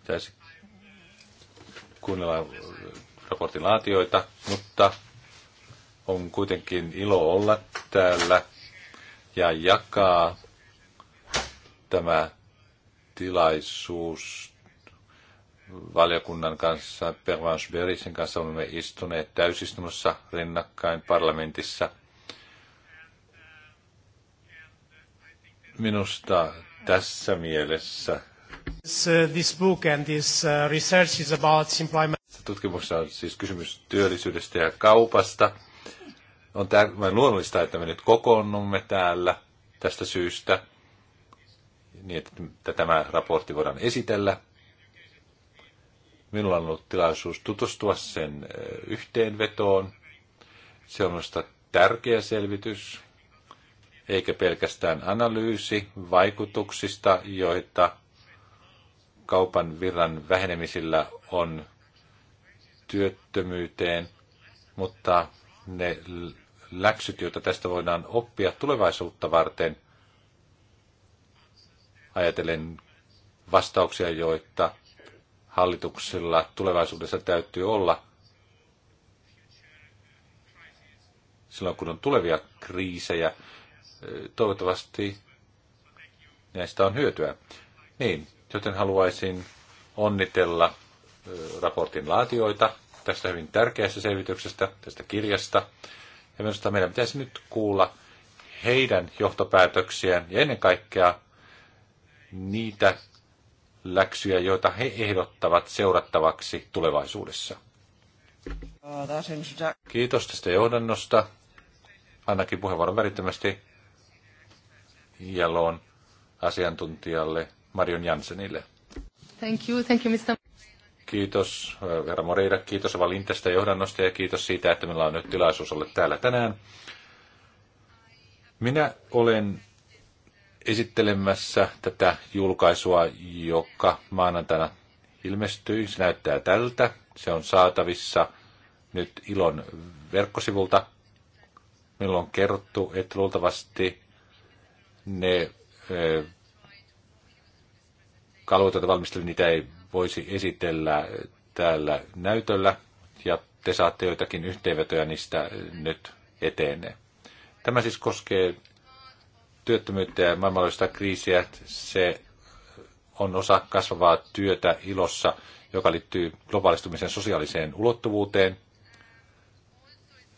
pitäisi kuunnella raportin laatioita, mutta on kuitenkin ilo olla täällä ja jakaa tämä tilaisuus valiokunnan kanssa, Pervans Berisin kanssa olemme istuneet täysistunnossa rinnakkain parlamentissa. Minusta tässä mielessä this, book and this uh, research is about employment tutkimuksessa on siis kysymys työllisyydestä ja kaupasta. On tämä luonnollista, että me nyt kokoonnumme täällä tästä syystä, niin että tämä raportti voidaan esitellä. Minulla on ollut tilaisuus tutustua sen yhteenvetoon. Se on minusta tärkeä selvitys, eikä pelkästään analyysi vaikutuksista, joita kaupan virran vähenemisillä on työttömyyteen, mutta ne läksyt, joita tästä voidaan oppia tulevaisuutta varten, ajatellen vastauksia, joita hallituksella tulevaisuudessa täytyy olla, silloin kun on tulevia kriisejä, toivottavasti näistä on hyötyä. Niin, joten haluaisin onnitella raportin laatioita tästä hyvin tärkeästä selvityksestä, tästä kirjasta. Ja minusta meidän pitäisi nyt kuulla heidän johtopäätöksiään ja ennen kaikkea niitä läksyjä, joita he ehdottavat seurattavaksi tulevaisuudessa. Kiitos tästä johdannosta. Annakin puheenvuoron välittömästi Jaloon asiantuntijalle Marion Jansenille. Thank you, thank you, Mr. Kiitos herra Moreira, kiitos valintesta johdannosta ja kiitos siitä, että meillä on nyt tilaisuus olla täällä tänään. Minä olen esittelemässä tätä julkaisua, joka maanantaina ilmestyi. Se näyttää tältä. Se on saatavissa nyt Ilon verkkosivulta. Meillä on kerrottu, että luultavasti ne kalvoita, valmistelu, niitä ei voisi esitellä täällä näytöllä ja te saatte joitakin yhteenvetoja niistä nyt eteenne. Tämä siis koskee työttömyyttä ja maailmanlaajuista kriisiä. Se on osa kasvavaa työtä ilossa, joka liittyy globaalistumisen sosiaaliseen ulottuvuuteen.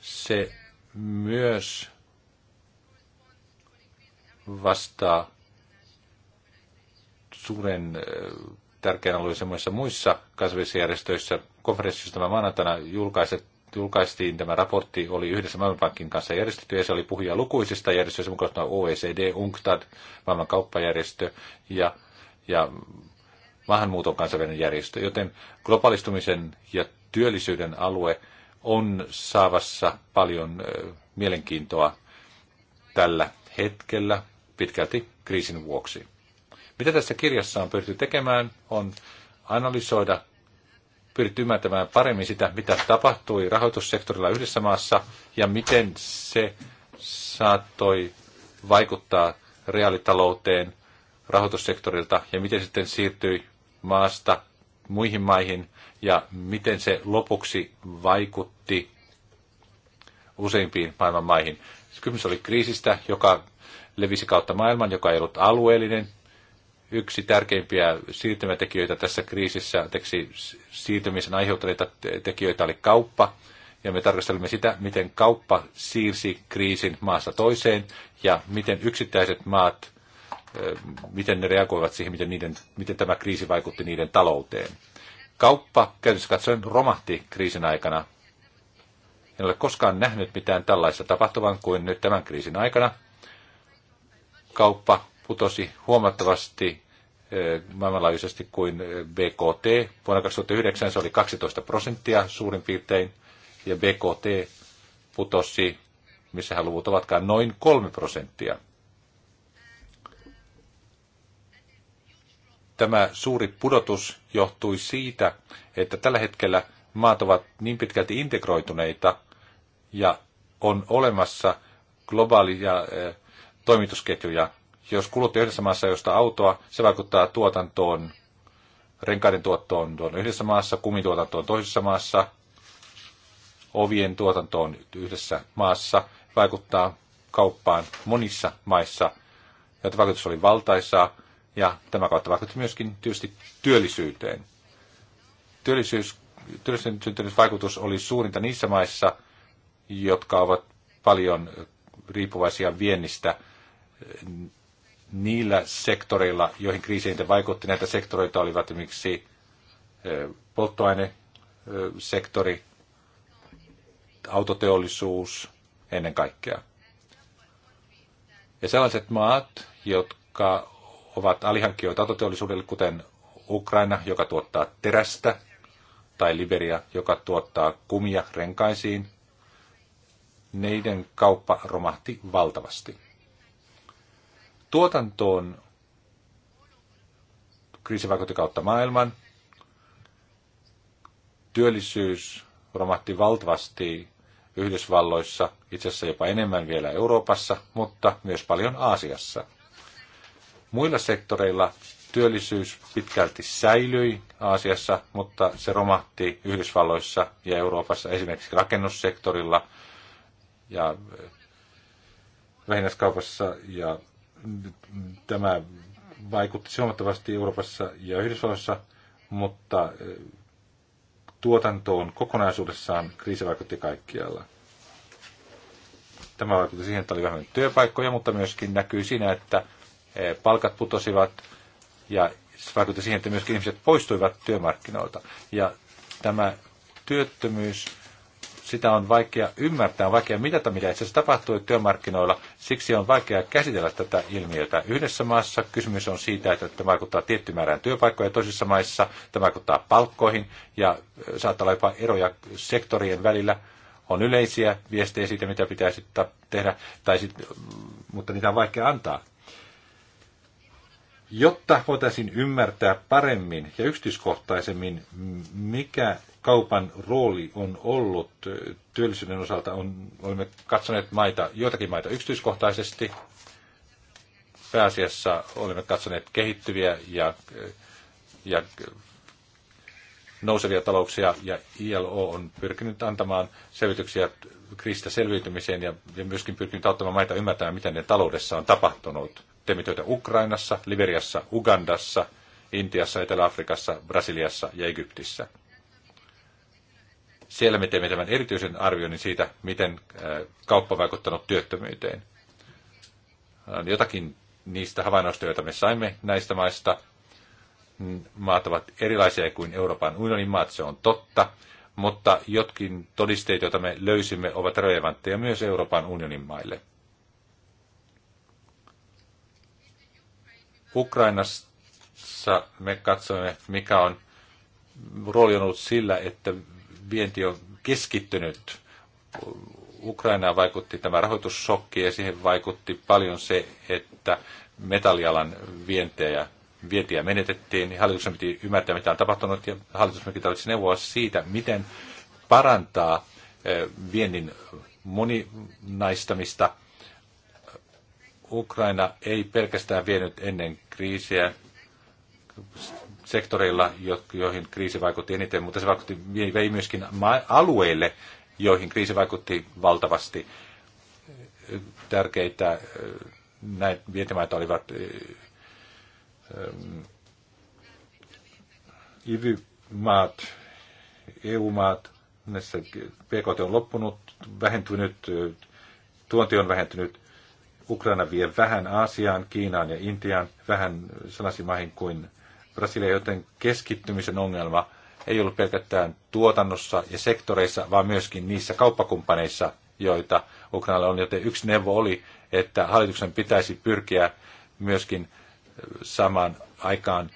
Se myös vastaa suuren tärkeänä oli muissa muissa kasvisjärjestöissä. Konferenssissa tämä maanantaina julkaistiin tämä raportti, oli yhdessä Maailmanpankin kanssa järjestetty, ja se oli puhuja lukuisista järjestöistä, mukaan OECD, e UNCTAD, Maailman kauppajärjestö ja, ja maahanmuuton kansainvälinen järjestö, joten globalistumisen ja työllisyyden alue on saavassa paljon mielenkiintoa tällä hetkellä pitkälti kriisin vuoksi. Mitä tässä kirjassa on pyritty tekemään, on analysoida, pyritty ymmärtämään paremmin sitä, mitä tapahtui rahoitussektorilla yhdessä maassa ja miten se saattoi vaikuttaa reaalitalouteen rahoitussektorilta ja miten sitten siirtyi maasta muihin maihin ja miten se lopuksi vaikutti useimpiin maailman maihin. Kysymys oli kriisistä, joka levisi kautta maailman, joka ei ollut alueellinen yksi tärkeimpiä siirtymätekijöitä tässä kriisissä, teksi siirtymisen aiheuttaneita tekijöitä oli kauppa, ja me tarkastelimme sitä, miten kauppa siirsi kriisin maasta toiseen, ja miten yksittäiset maat, miten ne reagoivat siihen, miten, niiden, miten tämä kriisi vaikutti niiden talouteen. Kauppa käytännössä katsoen romahti kriisin aikana. En ole koskaan nähnyt mitään tällaista tapahtuvan kuin nyt tämän kriisin aikana. Kauppa putosi huomattavasti eh, maailmanlaajuisesti kuin eh, BKT. Vuonna 2009 se oli 12 prosenttia suurin piirtein, ja BKT putosi, missähän luvut ovatkaan, noin 3 prosenttia. Tämä suuri pudotus johtui siitä, että tällä hetkellä maat ovat niin pitkälti integroituneita ja on olemassa globaalia eh, toimitusketjuja, jos kuluttaja yhdessä maassa ei osta autoa, se vaikuttaa tuotantoon, renkaiden tuottoon tuon yhdessä maassa, kumituotantoon toisessa maassa, ovien tuotantoon yhdessä maassa, vaikuttaa kauppaan monissa maissa, ja vaikutus oli valtaisaa, ja tämä kautta vaikutti myöskin tietysti työllisyyteen. Työllisyys, työllisyyden vaikutus oli suurinta niissä maissa, jotka ovat paljon riippuvaisia viennistä niillä sektoreilla, joihin kriisi eniten vaikutti. Näitä sektoreita olivat esimerkiksi polttoainesektori, autoteollisuus ennen kaikkea. Ja sellaiset maat, jotka ovat alihankkijoita autoteollisuudelle, kuten Ukraina, joka tuottaa terästä, tai Liberia, joka tuottaa kumia renkaisiin, neiden kauppa romahti valtavasti. Tuotantoon kriisivaikutti kautta maailman. Työllisyys romahti valtavasti Yhdysvalloissa, itse asiassa jopa enemmän vielä Euroopassa, mutta myös paljon Aasiassa. Muilla sektoreilla työllisyys pitkälti säilyi Aasiassa, mutta se romahti Yhdysvalloissa ja Euroopassa esimerkiksi rakennussektorilla ja vähinnäiskaupassa ja Tämä vaikutti huomattavasti Euroopassa ja Yhdysvalloissa, mutta eh, tuotantoon kokonaisuudessaan kriisi vaikutti kaikkialla. Tämä vaikutti siihen, että oli vähemmän työpaikkoja, mutta myöskin näkyy siinä, että eh, palkat putosivat ja se vaikutti siihen, että myöskin ihmiset poistuivat työmarkkinoilta. Ja tämä työttömyys sitä on vaikea ymmärtää, on vaikea mitata, mitä itse asiassa tapahtuu työmarkkinoilla. Siksi on vaikea käsitellä tätä ilmiötä. Yhdessä maassa kysymys on siitä, että tämä vaikuttaa tietty määrään työpaikkoja, toisissa maissa tämä vaikuttaa palkkoihin ja saattaa olla jopa eroja sektorien välillä. On yleisiä viestejä siitä, mitä pitäisi tehdä, tai sit, mm, mutta niitä on vaikea antaa. Jotta voitaisiin ymmärtää paremmin ja yksityiskohtaisemmin, mikä kaupan rooli on ollut työllisyyden osalta, on, olemme katsoneet maita, joitakin maita yksityiskohtaisesti. Pääasiassa olemme katsoneet kehittyviä ja, ja nousevia talouksia ja ILO on pyrkinyt antamaan selvityksiä kriisistä selviytymiseen ja, ja myöskin pyrkinyt auttamaan maita ymmärtämään, mitä ne taloudessa on tapahtunut. Teemme työtä Ukrainassa, Liberiassa, Ugandassa, Intiassa, Etelä-Afrikassa, Brasiliassa ja Egyptissä. Siellä me teemme tämän erityisen arvioinnin siitä, miten äh, kauppa on vaikuttanut työttömyyteen. Äh, jotakin niistä havainnoista, joita me saimme näistä maista, maat ovat erilaisia kuin Euroopan unionin maat, se on totta, mutta jotkin todisteet, joita me löysimme, ovat relevantteja myös Euroopan unionin maille. Ukrainassa me katsoimme, mikä on rooli on ollut sillä, että vienti on keskittynyt. Ukrainaan vaikutti tämä rahoitussokki ja siihen vaikutti paljon se, että metallialan vientejä, vientiä menetettiin. Hallituksen piti ymmärtää, mitä on tapahtunut ja hallitus mekin tarvitsi neuvoa siitä, miten parantaa viennin moninaistamista. Ukraina ei pelkästään vienyt ennen kriisiä sektoreilla, joihin kriisi vaikutti eniten, mutta se vaikutti, vei myöskin alueille, joihin kriisi vaikutti valtavasti. Tärkeitä äh, näitä vietimaita olivat äh, ähm, IVY-maat, EU-maat, näissä PKT on loppunut, vähentynyt, äh, tuonti on vähentynyt, Ukraina vie vähän Aasiaan, Kiinaan ja Intiaan, vähän sellaisiin maihin kuin Brasilia, joten keskittymisen ongelma ei ollut pelkästään tuotannossa ja sektoreissa, vaan myöskin niissä kauppakumppaneissa, joita Ukrainalla on. Joten yksi neuvo oli, että hallituksen pitäisi pyrkiä myöskin samaan aikaan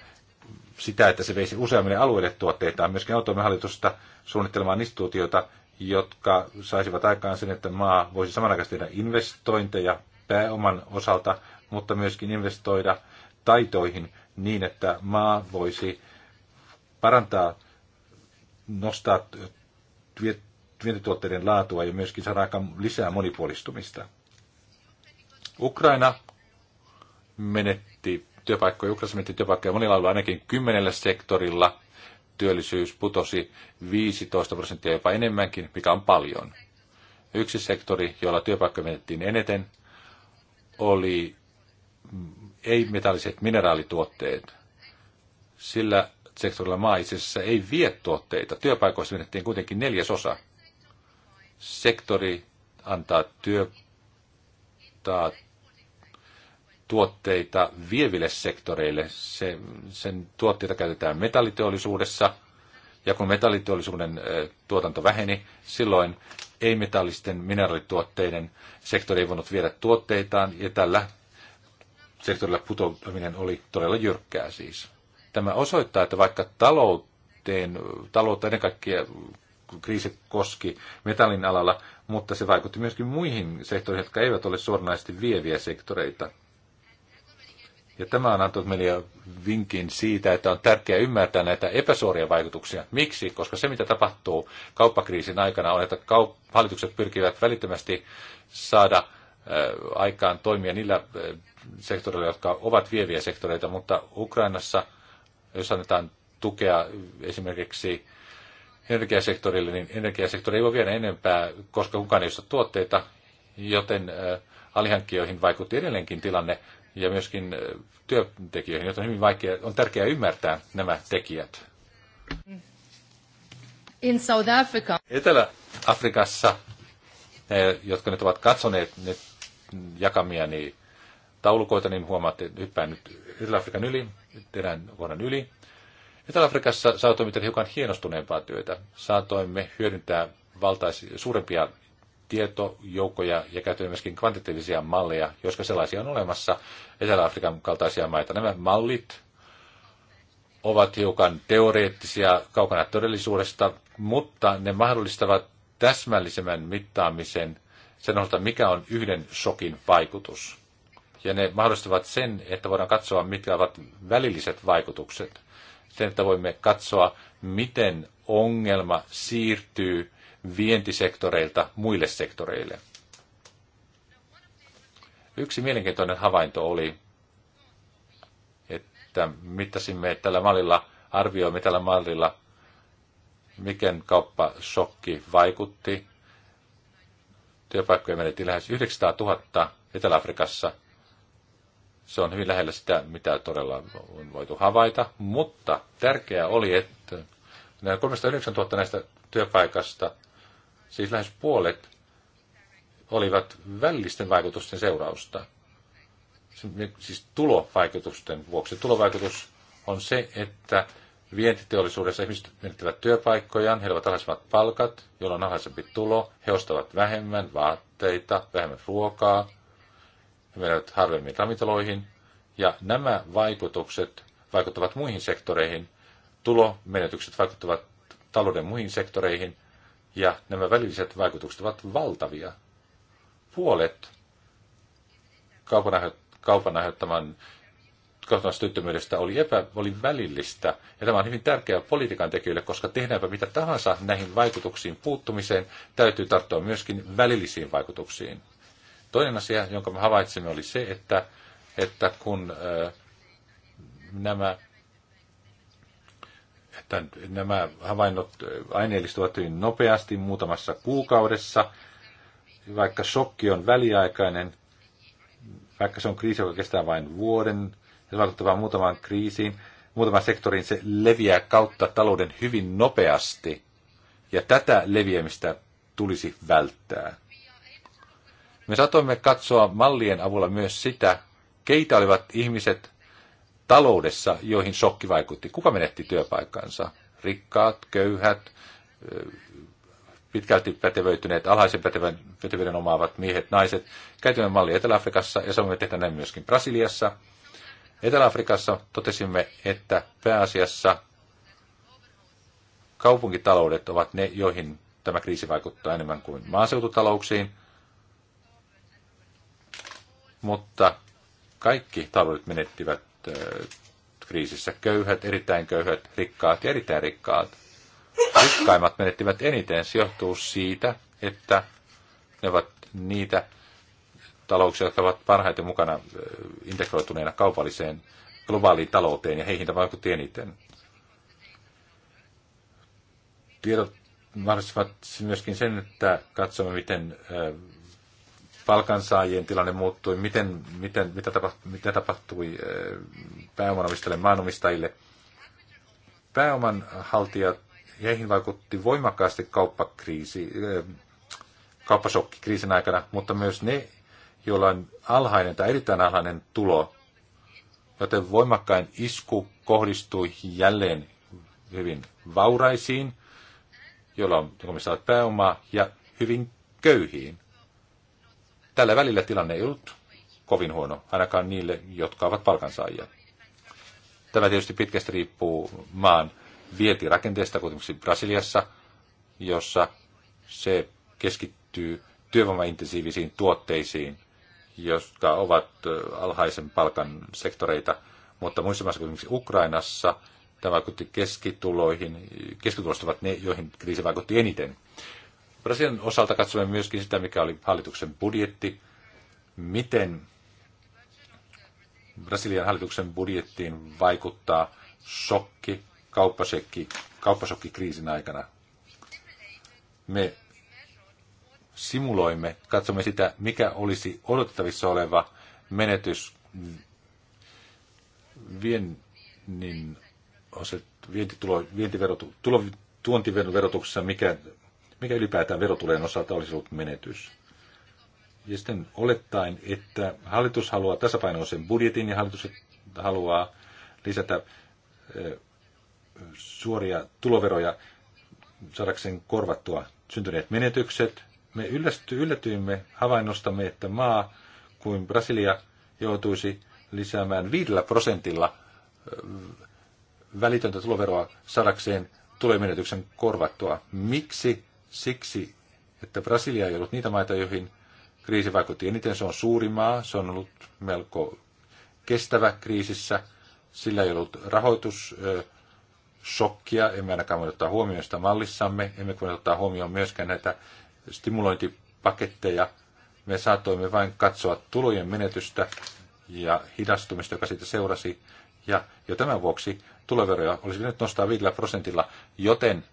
sitä, että se veisi useammille alueille tuotteitaan. Myöskin autoimme hallitusta suunnittelemaan instituutioita, jotka saisivat aikaan sen, että maa voisi samanaikaisesti tehdä investointeja pääoman osalta, mutta myöskin investoida taitoihin, niin, että maa voisi parantaa, nostaa vientituotteiden laatua ja myöskin saada aika lisää monipuolistumista. Ukraina menetti työpaikkoja, Ukraina menetti työpaikkoja monilla alueilla ainakin kymmenellä sektorilla. Työllisyys putosi 15 prosenttia jopa enemmänkin, mikä on paljon. Yksi sektori, jolla työpaikkoja menettiin eniten, oli ei-metalliset mineraalituotteet. Sillä sektorilla maa itse asiassa ei vie tuotteita. Työpaikoissa menettiin kuitenkin neljäsosa. Sektori antaa työtaa tuotteita vieville sektoreille. Se, sen tuotteita käytetään metalliteollisuudessa, ja kun metalliteollisuuden tuotanto väheni, silloin ei-metallisten mineraalituotteiden sektori ei voinut viedä tuotteitaan, ja tällä sektorilla putoaminen oli todella jyrkkää siis. Tämä osoittaa, että vaikka talouteen, taloutta ennen kaikkea kriisi koski metallin alalla, mutta se vaikutti myöskin muihin sektoreihin, jotka eivät ole suoranaisesti vieviä sektoreita. Ja tämä on antanut meille vinkin siitä, että on tärkeää ymmärtää näitä epäsuoria vaikutuksia. Miksi? Koska se, mitä tapahtuu kauppakriisin aikana, on, että kaup- hallitukset pyrkivät välittömästi saada Äh, aikaan toimia niillä äh, sektoreilla, jotka ovat vieviä sektoreita, mutta Ukrainassa, jos annetaan tukea esimerkiksi energiasektorille, niin energiasektori ei voi viedä enempää, koska kukaan ei osta tuotteita, joten äh, alihankkijoihin vaikutti edelleenkin tilanne ja myöskin työntekijöihin, joten on hyvin vaikea, on tärkeää ymmärtää nämä tekijät. In South Africa. Etelä-Afrikassa, jotka nyt ovat katsoneet nyt jakamiani taulukoita, niin huomaatte, että hyppään nyt Etelä-Afrikan yli, tehdään vuoden yli. Etelä-Afrikassa saatoimme tehdä hiukan hienostuneempaa työtä. Saatoimme hyödyntää valtais- suurempia tietojoukkoja ja käytetään myöskin kvantitatiivisia malleja, joska sellaisia on olemassa Etelä-Afrikan kaltaisia maita. Nämä mallit ovat hiukan teoreettisia, kaukana todellisuudesta, mutta ne mahdollistavat täsmällisemmän mittaamisen sen osalta, mikä on yhden shokin vaikutus. Ja ne mahdollistavat sen, että voidaan katsoa, mitkä ovat välilliset vaikutukset. Sen, että voimme katsoa, miten ongelma siirtyy vientisektoreilta muille sektoreille. Yksi mielenkiintoinen havainto oli, että mittasimme tällä mallilla, arvioimme tällä mallilla, miten kauppashokki vaikutti työpaikkoja menetti lähes 900 000 Etelä-Afrikassa. Se on hyvin lähellä sitä, mitä todella on voitu havaita, mutta tärkeää oli, että nämä 309 000 näistä työpaikasta, siis lähes puolet, olivat välillisten vaikutusten seurausta. Siis tulovaikutusten vuoksi. Tulovaikutus on se, että vientiteollisuudessa ihmiset menettävät työpaikkojaan, heillä ovat alhaisemmat palkat, joilla on alhaisempi tulo, he ostavat vähemmän vaatteita, vähemmän ruokaa, he menevät harvemmin ravintoloihin, ja nämä vaikutukset vaikuttavat muihin sektoreihin, tulomenetykset vaikuttavat talouden muihin sektoreihin, ja nämä välilliset vaikutukset ovat valtavia. Puolet kaupan, kaupan aiheuttaman kahtaistyttömyydestä oli, epä, oli välillistä. Ja tämä on hyvin tärkeää politiikan tekijöille, koska tehdäänpä mitä tahansa näihin vaikutuksiin puuttumiseen, täytyy tarttua myöskin välillisiin vaikutuksiin. Toinen asia, jonka me havaitsimme, oli se, että, että kun ää, nämä että nämä havainnot aineellistuvat hyvin nopeasti muutamassa kuukaudessa, vaikka shokki on väliaikainen, vaikka se on kriisi, joka kestää vain vuoden se vaikuttaa vain muutamaan kriisiin, muutamaan sektoriin, se leviää kautta talouden hyvin nopeasti. Ja tätä leviämistä tulisi välttää. Me saatoimme katsoa mallien avulla myös sitä, keitä olivat ihmiset taloudessa, joihin shokki vaikutti. Kuka menetti työpaikkansa? Rikkaat, köyhät, pitkälti pätevöityneet, alhaisen pätevyyden omaavat miehet, naiset. Käytimme mallia Etelä-Afrikassa ja samoin tehdä näin myöskin Brasiliassa. Etelä-Afrikassa totesimme, että pääasiassa kaupunkitaloudet ovat ne, joihin tämä kriisi vaikuttaa enemmän kuin maaseututalouksiin. Mutta kaikki taloudet menettivät kriisissä. Köyhät, erittäin köyhät, rikkaat ja erittäin rikkaat. Rikkaimmat menettivät eniten. Se johtuu siitä, että ne ovat niitä, talouksia, jotka ovat parhaiten mukana integroituneena kaupalliseen globaaliin talouteen, ja heihin vaikutti eniten. Tiedot mahdollistavat myöskin sen, että katsomme, miten palkansaajien tilanne muuttui, miten, miten, mitä, tapahtui, mitä tapahtui pääomanomistajille, maanomistajille. Pääoman haltijat, heihin vaikutti voimakkaasti kauppakriisi, kauppasokki kriisin aikana, mutta myös ne jolla on alhainen tai erittäin alhainen tulo, joten voimakkain isku kohdistui jälleen hyvin vauraisiin, joilla on saavat pääomaa, ja hyvin köyhiin. Tällä välillä tilanne ei ollut kovin huono, ainakaan niille, jotka ovat palkansaajia. Tämä tietysti pitkästi riippuu maan vietirakenteesta, kuten Brasiliassa, jossa se keskittyy työvoimaintensiivisiin tuotteisiin, jotka ovat alhaisen palkan sektoreita, mutta muissa maissa, esimerkiksi Ukrainassa, tämä vaikutti keskituloihin. Keskituloiset ovat ne, joihin kriisi vaikutti eniten. Brasilian osalta katsomme myöskin sitä, mikä oli hallituksen budjetti, miten Brasilian hallituksen budjettiin vaikuttaa shokki, kauppasekki, kriisin aikana. Me simuloimme, katsomme sitä, mikä olisi odotettavissa oleva menetys viennin tulo, tuontiverotuksessa, mikä, mikä ylipäätään verotulojen osalta olisi ollut menetys. Ja sitten olettaen, että hallitus haluaa tasapainoisen budjetin ja hallitus haluaa lisätä suoria tuloveroja saadakseen korvattua syntyneet menetykset, me yllätyimme havainnostamme, että maa kuin Brasilia joutuisi lisäämään viidellä prosentilla välitöntä tuloveroa sadakseen tulemenetyksen korvattua. Miksi? Siksi, että Brasilia ei ollut niitä maita, joihin kriisi vaikutti eniten. Se on suuri maa, se on ollut melko kestävä kriisissä. Sillä ei ollut rahoitussokkia, emme ainakaan voi ottaa huomioon sitä mallissamme, emme voi ottaa huomioon myöskään näitä stimulointipaketteja. Me saatoimme vain katsoa tulojen menetystä ja hidastumista, joka siitä seurasi. Ja jo tämän vuoksi tuloveroja olisi nyt nostaa 5 prosentilla, joten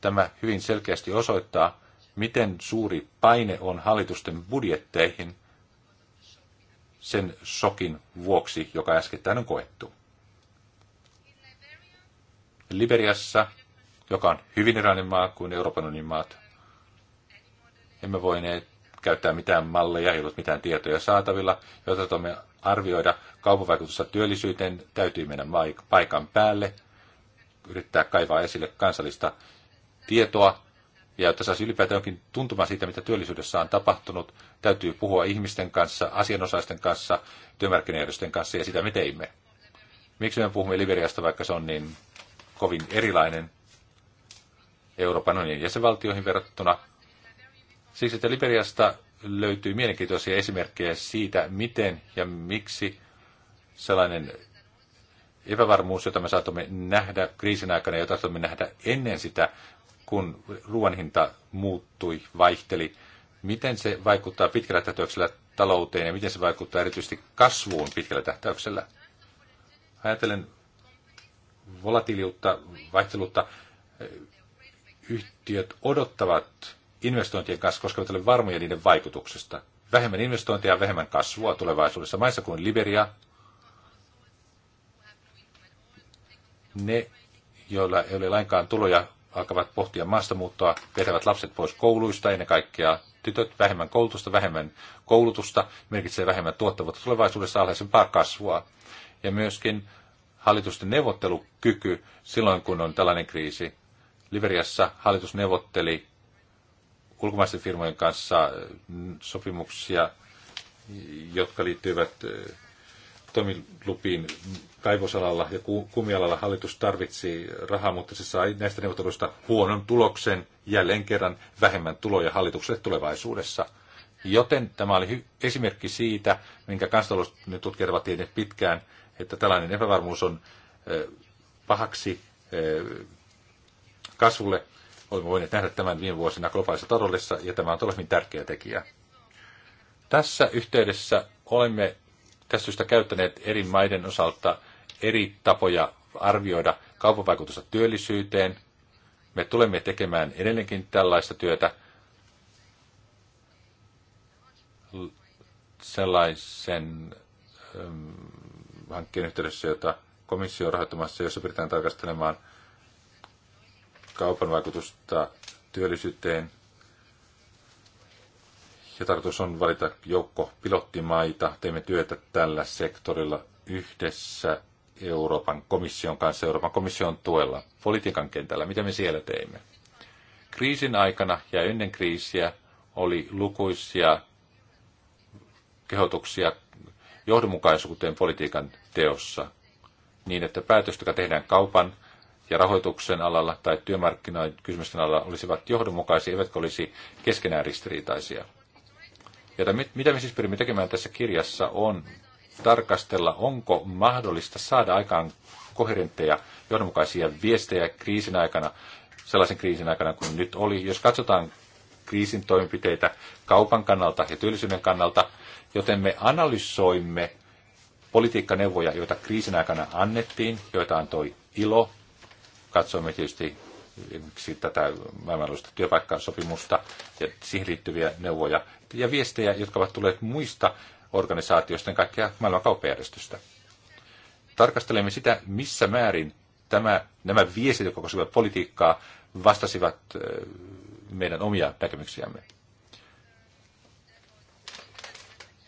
tämä hyvin selkeästi osoittaa, miten suuri paine on hallitusten budjetteihin sen sokin vuoksi, joka äskettäin on koettu. Liberiassa, joka on hyvin erilainen maa kuin Euroopan unionin maat, emme voineet käyttää mitään malleja, ei ollut mitään tietoja saatavilla, joita tuomme arvioida vaikutusta työllisyyteen, täytyy mennä paikan päälle, yrittää kaivaa esille kansallista tietoa, ja jotta saisi ylipäätään jonkin tuntuma siitä, mitä työllisyydessä on tapahtunut, täytyy puhua ihmisten kanssa, asianosaisten kanssa, työmarkkinajärjestöjen kanssa ja sitä me teimme. Miksi me puhumme Liberiasta, vaikka se on niin kovin erilainen Euroopan unionin jäsenvaltioihin verrattuna, Siksi, että Liberiasta löytyy mielenkiintoisia esimerkkejä siitä, miten ja miksi sellainen epävarmuus, jota me saatamme nähdä kriisin aikana, jota saatamme nähdä ennen sitä, kun ruoan hinta muuttui, vaihteli, miten se vaikuttaa pitkällä tähtäyksellä talouteen ja miten se vaikuttaa erityisesti kasvuun pitkällä tähtäyksellä. Ajattelen volatiliutta, vaihteluutta. Yhtiöt odottavat investointien kanssa, koska eivät ole varmoja niiden vaikutuksesta. Vähemmän investointeja ja vähemmän kasvua tulevaisuudessa maissa kuin Liberia. Ne, joilla ei ole lainkaan tuloja, alkavat pohtia maastamuuttoa, vetävät lapset pois kouluista, ennen kaikkea tytöt, vähemmän koulutusta, vähemmän koulutusta, merkitsee vähemmän tuottavuutta tulevaisuudessa, alhaisempaa kasvua. Ja myöskin hallitusten neuvottelukyky silloin, kun on tällainen kriisi. Liberiassa hallitus neuvotteli ulkomaisten firmojen kanssa äh, sopimuksia, jotka liittyvät äh, toimilupiin kaivosalalla ja kumialalla. Hallitus tarvitsi rahaa, mutta se sai näistä neuvotteluista huonon tuloksen, jälleen kerran vähemmän tuloja hallitukselle tulevaisuudessa. Joten tämä oli esimerkki siitä, minkä kansalliset tutkijat ovat tienneet pitkään, että tällainen epävarmuus on äh, pahaksi kasvulle Olemme voineet nähdä tämän viime vuosina globaalissa taloudessa, ja tämä on todellakin tärkeä tekijä. Tässä yhteydessä olemme tästä syystä käyttäneet eri maiden osalta eri tapoja arvioida vaikutusta työllisyyteen. Me tulemme tekemään edelleenkin tällaista työtä sellaisen ähm, hankkeen yhteydessä, jota komissio on rahoittamassa, jossa pyritään tarkastelemaan – kaupan vaikutusta työllisyyteen. Ja tarkoitus on valita joukko pilottimaita. Teemme työtä tällä sektorilla yhdessä Euroopan komission kanssa, Euroopan komission tuella, politiikan kentällä. Mitä me siellä teimme? Kriisin aikana ja ennen kriisiä oli lukuisia kehotuksia johdonmukaisuuteen politiikan teossa, niin että päätös, joka tehdään kaupan ja rahoituksen alalla tai kysymysten alalla olisivat johdonmukaisia, eivätkä olisi keskenään ristiriitaisia. Ja mitä me siis pyrimme tekemään tässä kirjassa on tarkastella, onko mahdollista saada aikaan koherentteja, johdonmukaisia viestejä kriisin aikana, sellaisen kriisin aikana kuin nyt oli. Jos katsotaan kriisin toimenpiteitä kaupan kannalta ja työllisyyden kannalta, joten me analysoimme politiikkaneuvoja, joita kriisin aikana annettiin, joita antoi ILO, katsoimme tietysti esimerkiksi tätä maailmanlaajuista työpaikkasopimusta ja siihen liittyviä neuvoja ja viestejä, jotka ovat tulleet muista organisaatioista, ja kaikkea maailman kauppajärjestöstä. Tarkastelemme sitä, missä määrin tämä, nämä viestit, jotka koskevat politiikkaa, vastasivat meidän omia näkemyksiämme.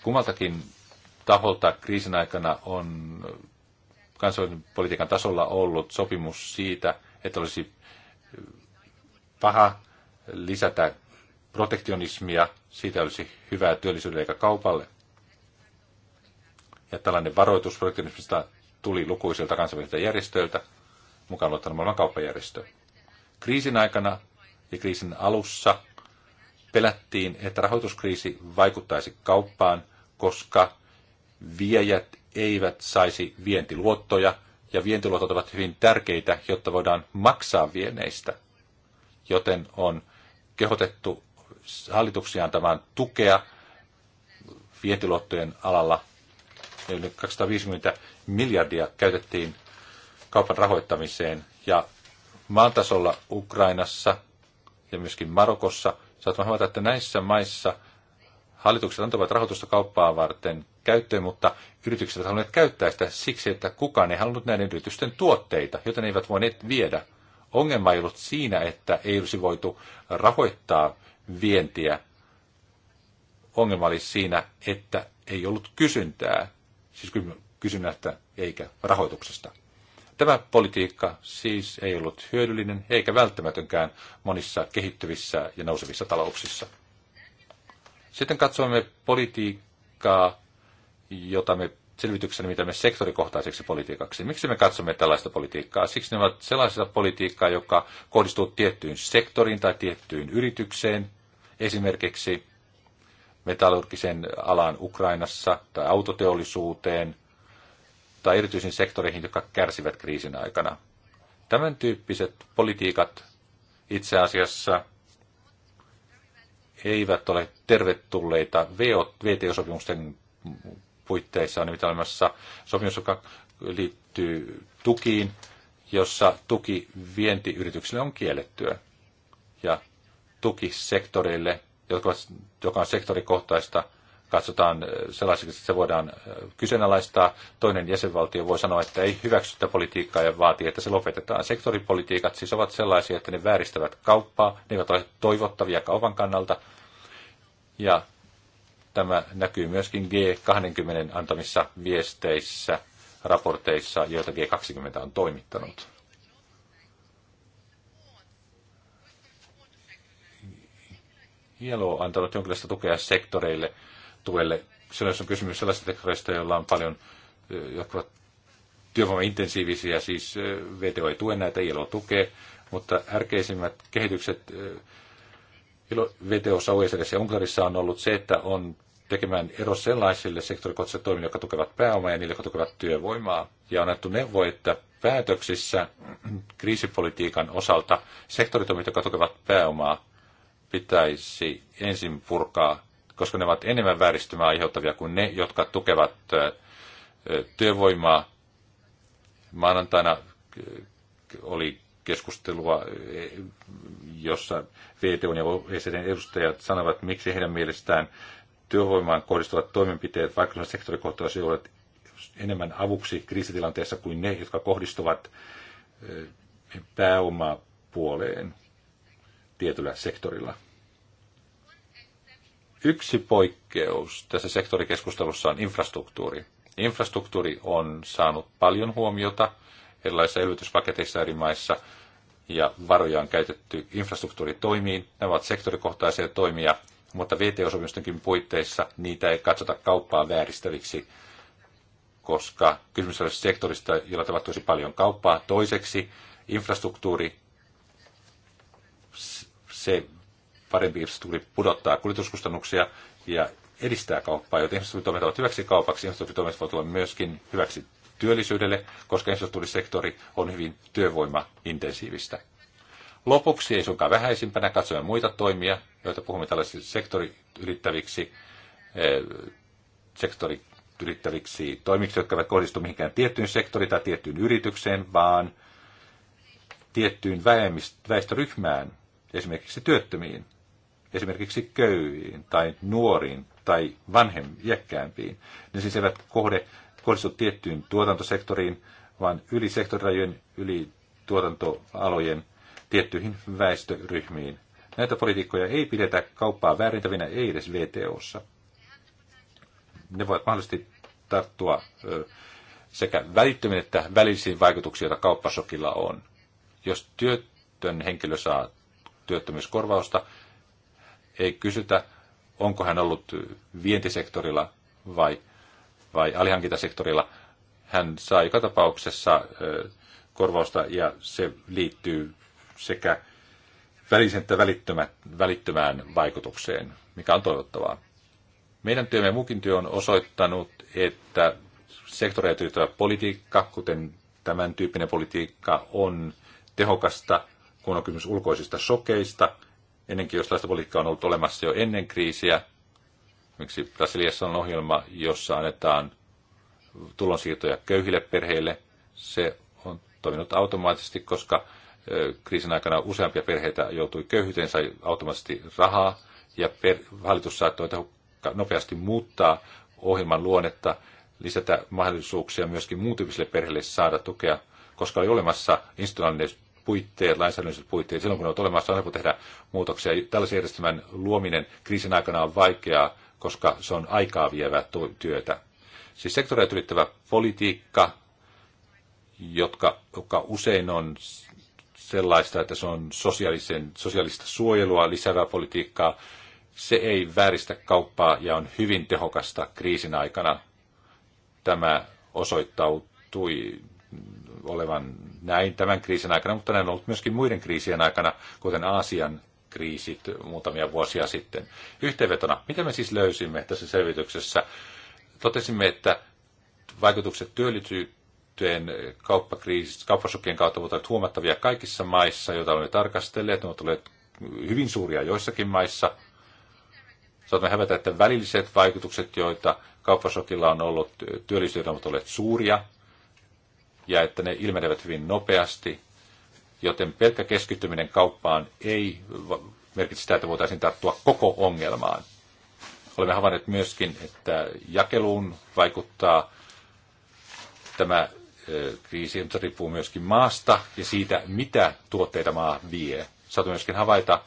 Kummaltakin taholta kriisin aikana on kansainvälisen politiikan tasolla ollut sopimus siitä, että olisi paha lisätä protektionismia, siitä olisi hyvää työllisyydelle eikä kaupalle. Ja tällainen varoitus protektionismista tuli lukuisilta kansainvälisiltä järjestöiltä, mukaan luottanut maailman kauppajärjestö. Kriisin aikana ja kriisin alussa pelättiin, että rahoituskriisi vaikuttaisi kauppaan, koska viejät eivät saisi vientiluottoja, ja vientiluotot ovat hyvin tärkeitä, jotta voidaan maksaa vieneistä. Joten on kehotettu hallituksia antamaan tukea vientiluottojen alalla. Eli 250 miljardia käytettiin kaupan rahoittamiseen, ja maantasolla Ukrainassa ja myöskin Marokossa saattaa huomata, että näissä maissa – Hallitukset antavat rahoitusta kauppaa varten käyttöön, mutta yritykset ovat halunneet käyttää sitä siksi, että kukaan ei halunnut näiden yritysten tuotteita, joten ne eivät voineet viedä. Ongelma ei ollut siinä, että ei olisi voitu rahoittaa vientiä. Ongelma oli siinä, että ei ollut kysyntää, siis kysynnästä eikä rahoituksesta. Tämä politiikka siis ei ollut hyödyllinen eikä välttämätönkään monissa kehittyvissä ja nousevissa talouksissa. Sitten katsomme politiikkaa, jota me selvityksessä mitä me sektorikohtaiseksi politiikaksi. Miksi me katsomme tällaista politiikkaa? Siksi ne ovat sellaista politiikkaa, joka kohdistuu tiettyyn sektoriin tai tiettyyn yritykseen, esimerkiksi metallurgisen alan Ukrainassa tai autoteollisuuteen tai erityisiin sektoreihin, jotka kärsivät kriisin aikana. Tämän tyyppiset politiikat itse asiassa eivät ole tervetulleita VTO-sopimusten puitteissa on nimittäin olemassa sopimus, joka liittyy tukiin, jossa tuki vientiyrityksille on kiellettyä. Ja tuki jotka, joka on sektorikohtaista, katsotaan äh, sellaiseksi, että se voidaan äh, kyseenalaistaa. Toinen jäsenvaltio voi sanoa, että ei hyväksy sitä politiikkaa ja vaatii, että se lopetetaan. Sektoripolitiikat siis ovat sellaisia, että ne vääristävät kauppaa, ne eivät ole toivottavia kaupan kannalta. Ja Tämä näkyy myöskin G20 antamissa viesteissä, raporteissa, joita G20 on toimittanut. ILO on antanut jonkinlaista tukea sektoreille, tuelle. Silloin jos on kysymys sellaisista sektoreista, joilla on paljon, jotka ovat työvoimaintensiivisiä, siis VTO ei tue näitä, ILO tukee, mutta ärkeisimmät kehitykset VTOssa, OECDssä ja Unkarissa on ollut se, että on tekemään ero sellaisille sektorikohtaisille toimille, jotka tukevat pääomaa ja niille, jotka tukevat työvoimaa. Ja on annettu neuvo, että päätöksissä kriisipolitiikan osalta sektoritoimit, jotka tukevat pääomaa, pitäisi ensin purkaa, koska ne ovat enemmän vääristymää aiheuttavia kuin ne, jotka tukevat työvoimaa. Maanantaina oli keskustelua, jossa VTO ja OECD edustajat sanovat, miksi heidän mielestään työvoimaan kohdistuvat toimenpiteet, vaikka sektorikohtaisesti ovat enemmän avuksi kriisitilanteessa kuin ne, jotka kohdistuvat eh, pääomapuoleen tietyllä sektorilla. Yksi poikkeus tässä sektorikeskustelussa on infrastruktuuri. Infrastruktuuri on saanut paljon huomiota erilaisissa elvytyspaketeissa eri maissa ja varoja on käytetty infrastruktuuritoimiin. Nämä ovat sektorikohtaisia toimia, mutta VTO-sopimustenkin puitteissa niitä ei katsota kauppaa vääristäviksi, koska kysymys on sektorista, jolla tapahtuisi paljon kauppaa. Toiseksi infrastruktuuri, se parempi infrastruktuuri pudottaa kuljetuskustannuksia ja edistää kauppaa, joten infrastruktuuritoimet ovat hyväksi kaupaksi, infrastruktuuritoimet voivat olla myöskin hyväksi työllisyydelle, koska infrastruktuurisektori on hyvin työvoimaintensiivistä. Lopuksi, ei suinkaan vähäisimpänä, katsomme muita toimia, joita puhumme tällaisiksi sektoriyrittäviksi, eh, sektoriyrittäviksi toimiksi, jotka eivät kohdistu mihinkään tiettyyn sektoriin tai tiettyyn yritykseen, vaan tiettyyn väestöryhmään, esimerkiksi työttömiin, esimerkiksi köyhiin tai nuoriin tai vanhem, iäkkäämpiin. Ne siis eivät kohde, kohdistu tiettyyn tuotantosektoriin, vaan yli sektorirajojen, yli tuotantoalojen – tiettyihin väestöryhmiin. Näitä poliitikkoja ei pidetä kauppaa väärintävinä, ei edes VTOssa. Ne voivat mahdollisesti tarttua sekä välittömiin että välisiin vaikutuksiin, joita kauppasokilla on. Jos työtön henkilö saa työttömyyskorvausta, ei kysytä, onko hän ollut vientisektorilla vai, vai alihankintasektorilla. Hän saa joka tapauksessa korvausta ja se liittyy sekä välisen että välittömään vaikutukseen, mikä on toivottavaa. Meidän työmme mukin työ on osoittanut, että sektoreja ylittävä politiikka, kuten tämän tyyppinen politiikka, on tehokasta, kun on kysymys ulkoisista sokeista. Ennenkin jos tällaista politiikkaa on ollut olemassa jo ennen kriisiä. Miksi Brasiliassa on ohjelma, jossa annetaan tulonsiirtoja köyhille perheille. Se on toiminut automaattisesti, koska kriisin aikana useampia perheitä joutui köyhyyteen, sai automaattisesti rahaa ja per, hallitus saattoi nopeasti muuttaa ohjelman luonnetta, lisätä mahdollisuuksia myöskin muun tyyppisille perheille saada tukea, koska oli olemassa institutionaaliset puitteet, lainsäädännölliset puitteet. Silloin kun ne ovat olemassa, on helppo tehdä muutoksia. Tällaisen järjestelmän luominen kriisin aikana on vaikeaa, koska se on aikaa vievää työtä. Siis sektoreita ylittävä politiikka, jotka, joka usein on sellaista, että se on sosiaalisen, sosiaalista suojelua lisäävää politiikkaa. Se ei vääristä kauppaa ja on hyvin tehokasta kriisin aikana. Tämä osoittautui olevan näin tämän kriisin aikana, mutta näin on ollut myöskin muiden kriisien aikana, kuten Aasian kriisit muutamia vuosia sitten. Yhteenvetona, mitä me siis löysimme tässä selvityksessä? Totesimme, että vaikutukset liittyen kauppasokien kautta ovat olleet huomattavia kaikissa maissa, joita olemme tarkastelleet. Ne ovat olleet hyvin suuria joissakin maissa. Saatamme hävetä, että välilliset vaikutukset, joita kauppasokilla on ollut työllisyyteen, ovat olleet suuria ja että ne ilmenevät hyvin nopeasti. Joten pelkkä keskittyminen kauppaan ei merkitse sitä, että voitaisiin tarttua koko ongelmaan. Olemme havainneet myöskin, että jakeluun vaikuttaa tämä kriisi mutta riippuu myöskin maasta ja siitä, mitä tuotteita maa vie. Saatu myöskin havaita,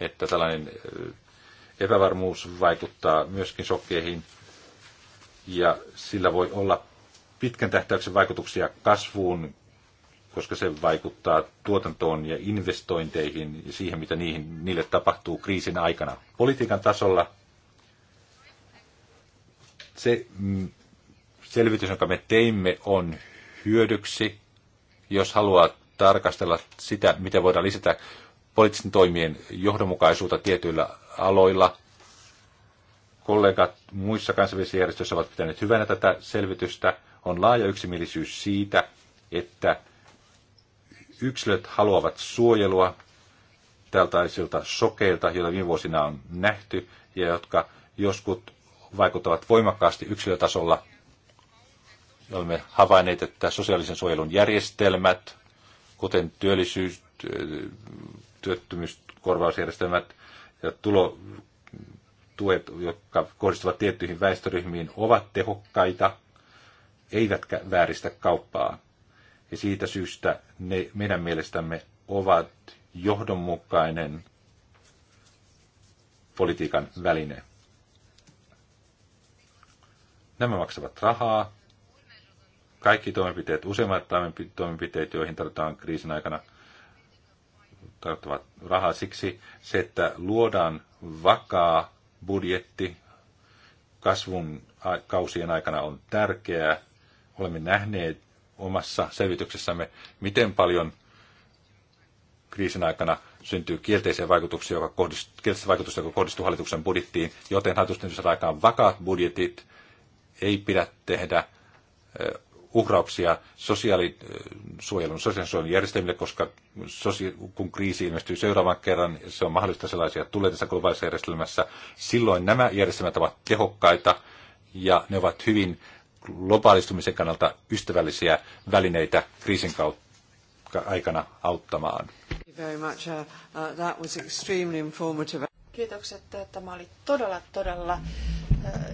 että tällainen eh, epävarmuus vaikuttaa myöskin sokkeihin ja sillä voi olla pitkän tähtäyksen vaikutuksia kasvuun, koska se vaikuttaa tuotantoon ja investointeihin ja siihen, mitä niihin, niille tapahtuu kriisin aikana. Politiikan tasolla se mm, selvitys, jonka me teimme, on hyödyksi, jos haluaa tarkastella sitä, miten voidaan lisätä poliittisten toimien johdonmukaisuutta tietyillä aloilla. Kollegat muissa kansainvälisissä järjestöissä ovat pitäneet hyvänä tätä selvitystä. On laaja yksimielisyys siitä, että yksilöt haluavat suojelua tältaisilta sokeilta, joita viime vuosina on nähty ja jotka joskus vaikuttavat voimakkaasti yksilötasolla me olemme havainneet, että sosiaalisen suojelun järjestelmät, kuten työllisyys, työttömyyskorvausjärjestelmät ja tulotuet, jotka kohdistuvat tiettyihin väestöryhmiin, ovat tehokkaita, eivätkä vääristä kauppaa. Ja siitä syystä ne meidän mielestämme ovat johdonmukainen politiikan väline. Nämä maksavat rahaa, kaikki toimenpiteet, useimmat toimenpiteet, joihin tarvitaan kriisin aikana, tarvittavat rahaa siksi se, että luodaan vakaa budjetti kasvun kausien aikana on tärkeää. Olemme nähneet omassa selvityksessämme, miten paljon kriisin aikana syntyy kielteisiä vaikutuksia, joka kohdistuu, kielteisiä vaikutuksia, joka kohdistuu hallituksen budjettiin, joten hallitus saada aikaan vakaat budjetit ei pidä tehdä uhrauksia sosiaalisuojelun, eh, sosiaalisuojelun järjestelmille, koska sosia- kun kriisi ilmestyy seuraavan kerran, se on mahdollista sellaisia tulee tässä globaalissa järjestelmässä. Silloin nämä järjestelmät ovat tehokkaita ja ne ovat hyvin globaalistumisen kannalta ystävällisiä välineitä kriisin kautta aikana auttamaan. Uh, uh, Kiitokset, tämä oli todella, todella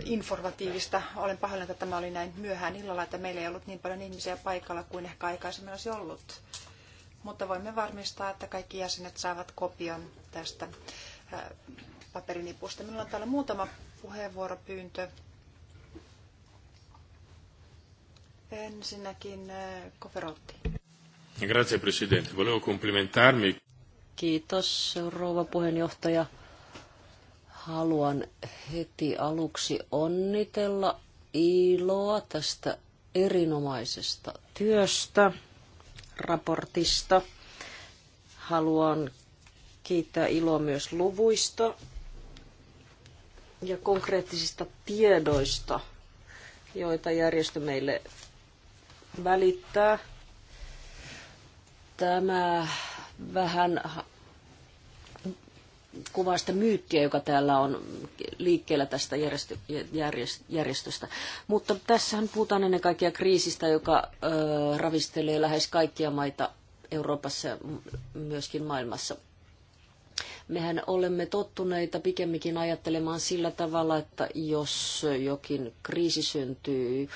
informatiivista. Olen pahoillani, että tämä oli näin myöhään illalla, että meillä ei ollut niin paljon ihmisiä paikalla kuin ehkä aikaisemmin olisi ollut. Mutta voimme varmistaa, että kaikki jäsenet saavat kopion tästä paperinipusta. Minulla on täällä muutama puheenvuoropyyntö. Ensinnäkin Koferotti. Grazie Presidente. Volevo complimentarmi. Kiitos rouva puheenjohtaja Haluan heti aluksi onnitella iloa tästä erinomaisesta työstä, raportista. Haluan kiittää iloa myös luvuista ja konkreettisista tiedoista, joita järjestö meille välittää. Tämä vähän kuvaa sitä myyttiä, joka täällä on liikkeellä tästä järjestö, järjest, järjestöstä. Mutta tässähän puhutaan ennen kaikkea kriisistä, joka ö, ravistelee lähes kaikkia maita Euroopassa ja myöskin maailmassa. Mehän olemme tottuneita pikemminkin ajattelemaan sillä tavalla, että jos jokin kriisi syntyy,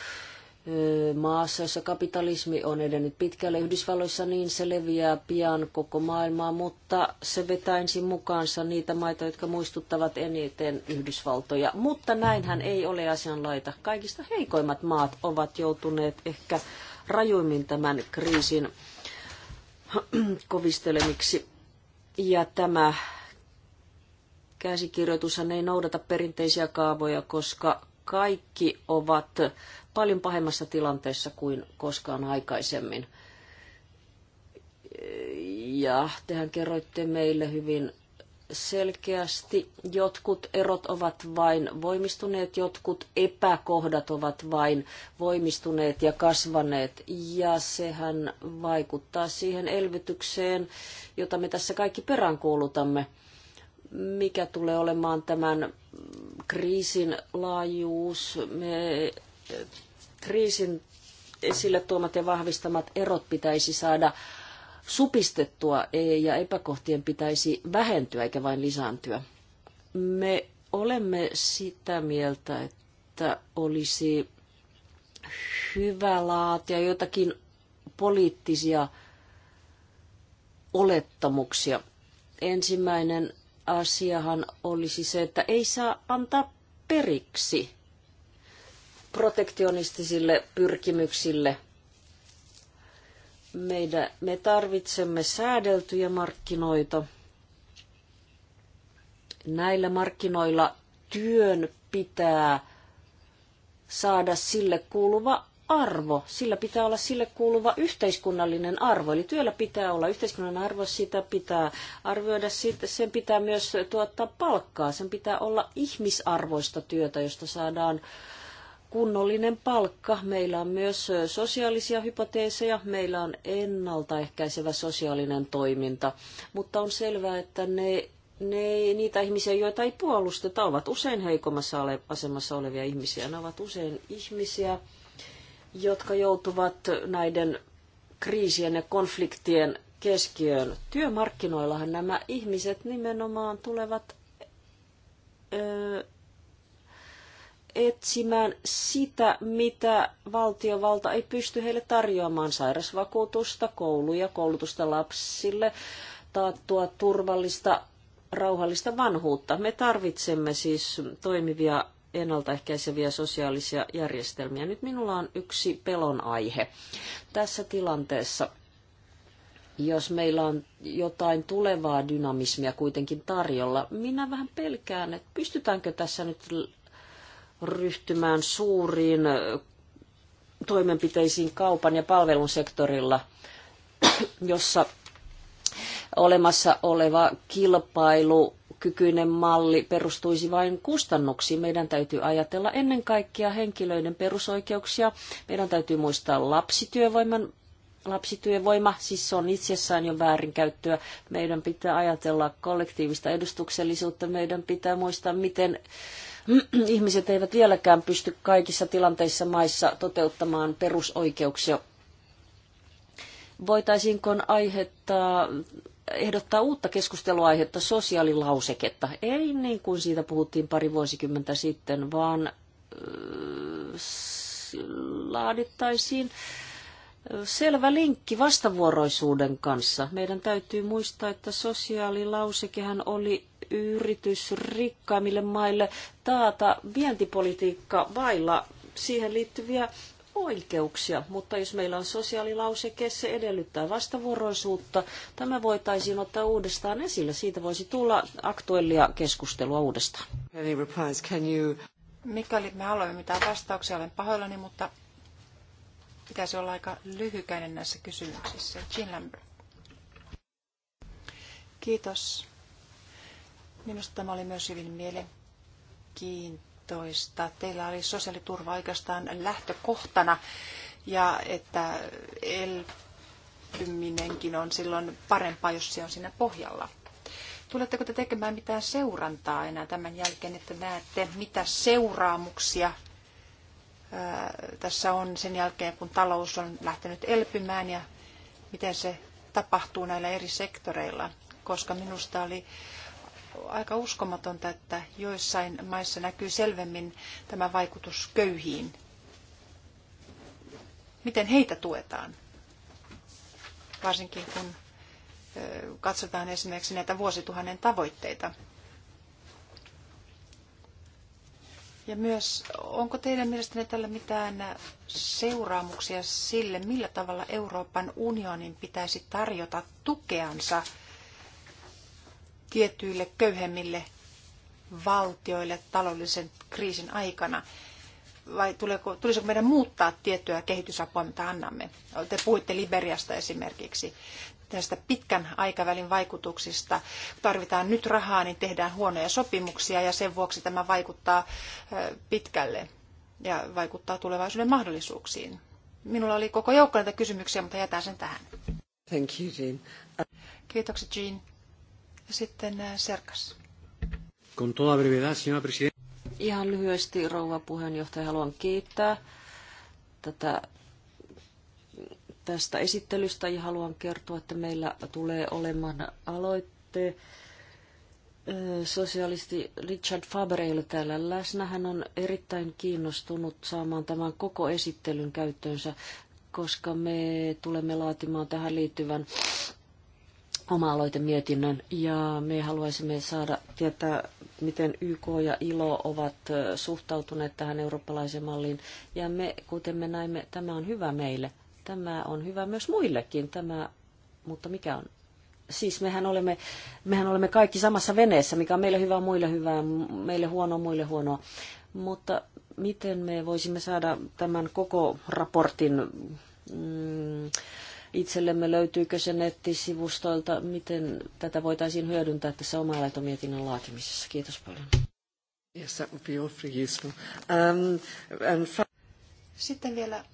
maassa, jossa kapitalismi on edennyt pitkälle Yhdysvalloissa, niin se leviää pian koko maailmaa, mutta se vetää ensin mukaansa niitä maita, jotka muistuttavat eniten Yhdysvaltoja. Mutta näinhän ei ole asianlaita. Kaikista heikoimmat maat ovat joutuneet ehkä rajuimmin tämän kriisin kovistelemiksi. Ja tämä käsikirjoitushan ei noudata perinteisiä kaavoja, koska kaikki ovat paljon pahemmassa tilanteessa kuin koskaan aikaisemmin. Ja tehän kerroitte meille hyvin selkeästi. Jotkut erot ovat vain voimistuneet, jotkut epäkohdat ovat vain voimistuneet ja kasvaneet. Ja sehän vaikuttaa siihen elvytykseen, jota me tässä kaikki peräänkuulutamme. Mikä tulee olemaan tämän kriisin laajuus? Me kriisin esille tuomat ja vahvistamat erot pitäisi saada supistettua e- ja epäkohtien pitäisi vähentyä eikä vain lisääntyä. Me olemme sitä mieltä, että olisi hyvä laatia jotakin poliittisia olettamuksia. Ensimmäinen asiahan olisi se, että ei saa antaa periksi protektionistisille pyrkimyksille. Meidän, me tarvitsemme säädeltyjä markkinoita. Näillä markkinoilla työn pitää saada sille kuuluva arvo. Sillä pitää olla sille kuuluva yhteiskunnallinen arvo. Eli työllä pitää olla yhteiskunnallinen arvo, sitä pitää arvioida, sen pitää myös tuottaa palkkaa, sen pitää olla ihmisarvoista työtä, josta saadaan kunnollinen palkka. Meillä on myös sosiaalisia hypoteeseja, meillä on ennaltaehkäisevä sosiaalinen toiminta, mutta on selvää, että ne, ne, niitä ihmisiä, joita ei puolusteta, ovat usein heikommassa asemassa olevia ihmisiä. Ne ovat usein ihmisiä, jotka joutuvat näiden kriisien ja konfliktien keskiöön. Työmarkkinoillahan nämä ihmiset nimenomaan tulevat etsimään sitä, mitä valtiovalta ei pysty heille tarjoamaan, sairasvakuutusta, kouluja, koulutusta lapsille, taattua turvallista, rauhallista vanhuutta. Me tarvitsemme siis toimivia ennaltaehkäiseviä sosiaalisia järjestelmiä. Nyt minulla on yksi pelon aihe tässä tilanteessa. Jos meillä on jotain tulevaa dynamismia kuitenkin tarjolla, minä vähän pelkään, että pystytäänkö tässä nyt ryhtymään suuriin toimenpiteisiin kaupan ja palvelun sektorilla, jossa olemassa oleva kilpailukykyinen malli perustuisi vain kustannuksiin. Meidän täytyy ajatella ennen kaikkea henkilöiden perusoikeuksia. Meidän täytyy muistaa lapsityövoiman lapsityövoima, siis se on itsessään jo väärinkäyttöä. Meidän pitää ajatella kollektiivista edustuksellisuutta, meidän pitää muistaa, miten ihmiset eivät vieläkään pysty kaikissa tilanteissa maissa toteuttamaan perusoikeuksia. Voitaisiinko aihetta ehdottaa uutta keskusteluaihetta, sosiaalilauseketta. Ei niin kuin siitä puhuttiin pari vuosikymmentä sitten, vaan laadittaisiin selvä linkki vastavuoroisuuden kanssa. Meidän täytyy muistaa, että sosiaalilausekehän oli rikkaimmille maille taata vientipolitiikka vailla siihen liittyviä oikeuksia, mutta jos meillä on sosiaalilauseke, se edellyttää vastavuoroisuutta. Tämä voitaisiin ottaa uudestaan esille. Siitä voisi tulla aktuellia keskustelua uudestaan. Mikäli me haluamme mitään vastauksia, olen pahoillani, mutta pitäisi olla aika lyhykäinen näissä kysymyksissä. Jean Lambert. Kiitos. Minusta tämä oli myös hyvin mielenkiintoista. Teillä oli sosiaaliturva oikeastaan lähtökohtana ja että elpyminenkin on silloin parempaa, jos se on siinä pohjalla. Tuletteko te tekemään mitään seurantaa enää tämän jälkeen, että näette, mitä seuraamuksia tässä on sen jälkeen, kun talous on lähtenyt elpymään ja miten se tapahtuu näillä eri sektoreilla, koska minusta oli aika uskomatonta, että joissain maissa näkyy selvemmin tämä vaikutus köyhiin. Miten heitä tuetaan? Varsinkin kun katsotaan esimerkiksi näitä vuosituhannen tavoitteita. Ja myös, onko teidän mielestänne tällä mitään seuraamuksia sille, millä tavalla Euroopan unionin pitäisi tarjota tukeansa – tietyille köyhemmille valtioille taloudellisen kriisin aikana? Vai tuleeko, tulisiko meidän muuttaa tiettyä kehitysapua, mitä annamme? Te puhuitte Liberiasta esimerkiksi tästä pitkän aikavälin vaikutuksista. Kun tarvitaan nyt rahaa, niin tehdään huonoja sopimuksia ja sen vuoksi tämä vaikuttaa pitkälle ja vaikuttaa tulevaisuuden mahdollisuuksiin. Minulla oli koko joukko näitä kysymyksiä, mutta jätän sen tähän. Thank you, Jean. Kiitokset, Jean. Sitten äh, Serkas. Con toda brevedad, señora presidenta. Ihan lyhyesti, rouva puheenjohtaja, haluan kiittää tätä tästä esittelystä ja haluan kertoa, että meillä tulee olemaan aloitte. Sosialisti Richard Faber ei ole täällä läsnä. Hän on erittäin kiinnostunut saamaan tämän koko esittelyn käyttöönsä, koska me tulemme laatimaan tähän liittyvän oma-aloitemietinnön ja me haluaisimme saada tietää, miten YK ja ILO ovat suhtautuneet tähän eurooppalaiseen malliin. Ja me, kuten me näimme, tämä on hyvä meille. Tämä on hyvä myös muillekin, tämä, mutta mikä on? Siis mehän olemme, mehän olemme kaikki samassa veneessä, mikä on meille hyvää, muille hyvää, meille huono, muille huonoa. Mutta miten me voisimme saada tämän koko raportin mm, itsellemme, löytyykö se nettisivustoilta, miten tätä voitaisiin hyödyntää tässä oma mietinnön laatimisessa. Kiitos paljon. Yes, that would be awfully useful. Um, and Sitten vielä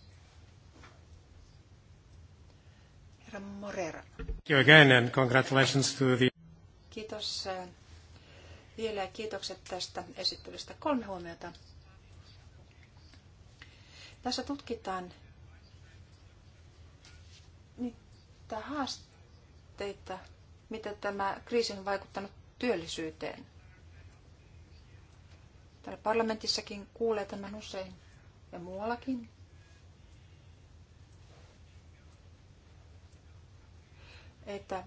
herra Morera. Thank you again and congratulations to the... Kiitos eh, vielä ja kiitokset tästä esittelystä. Kolme huomiota. Tässä tutkitaan niitä haasteita, mitä tämä kriisi on vaikuttanut työllisyyteen. Täällä parlamentissakin kuulee tämän usein ja muuallakin. Että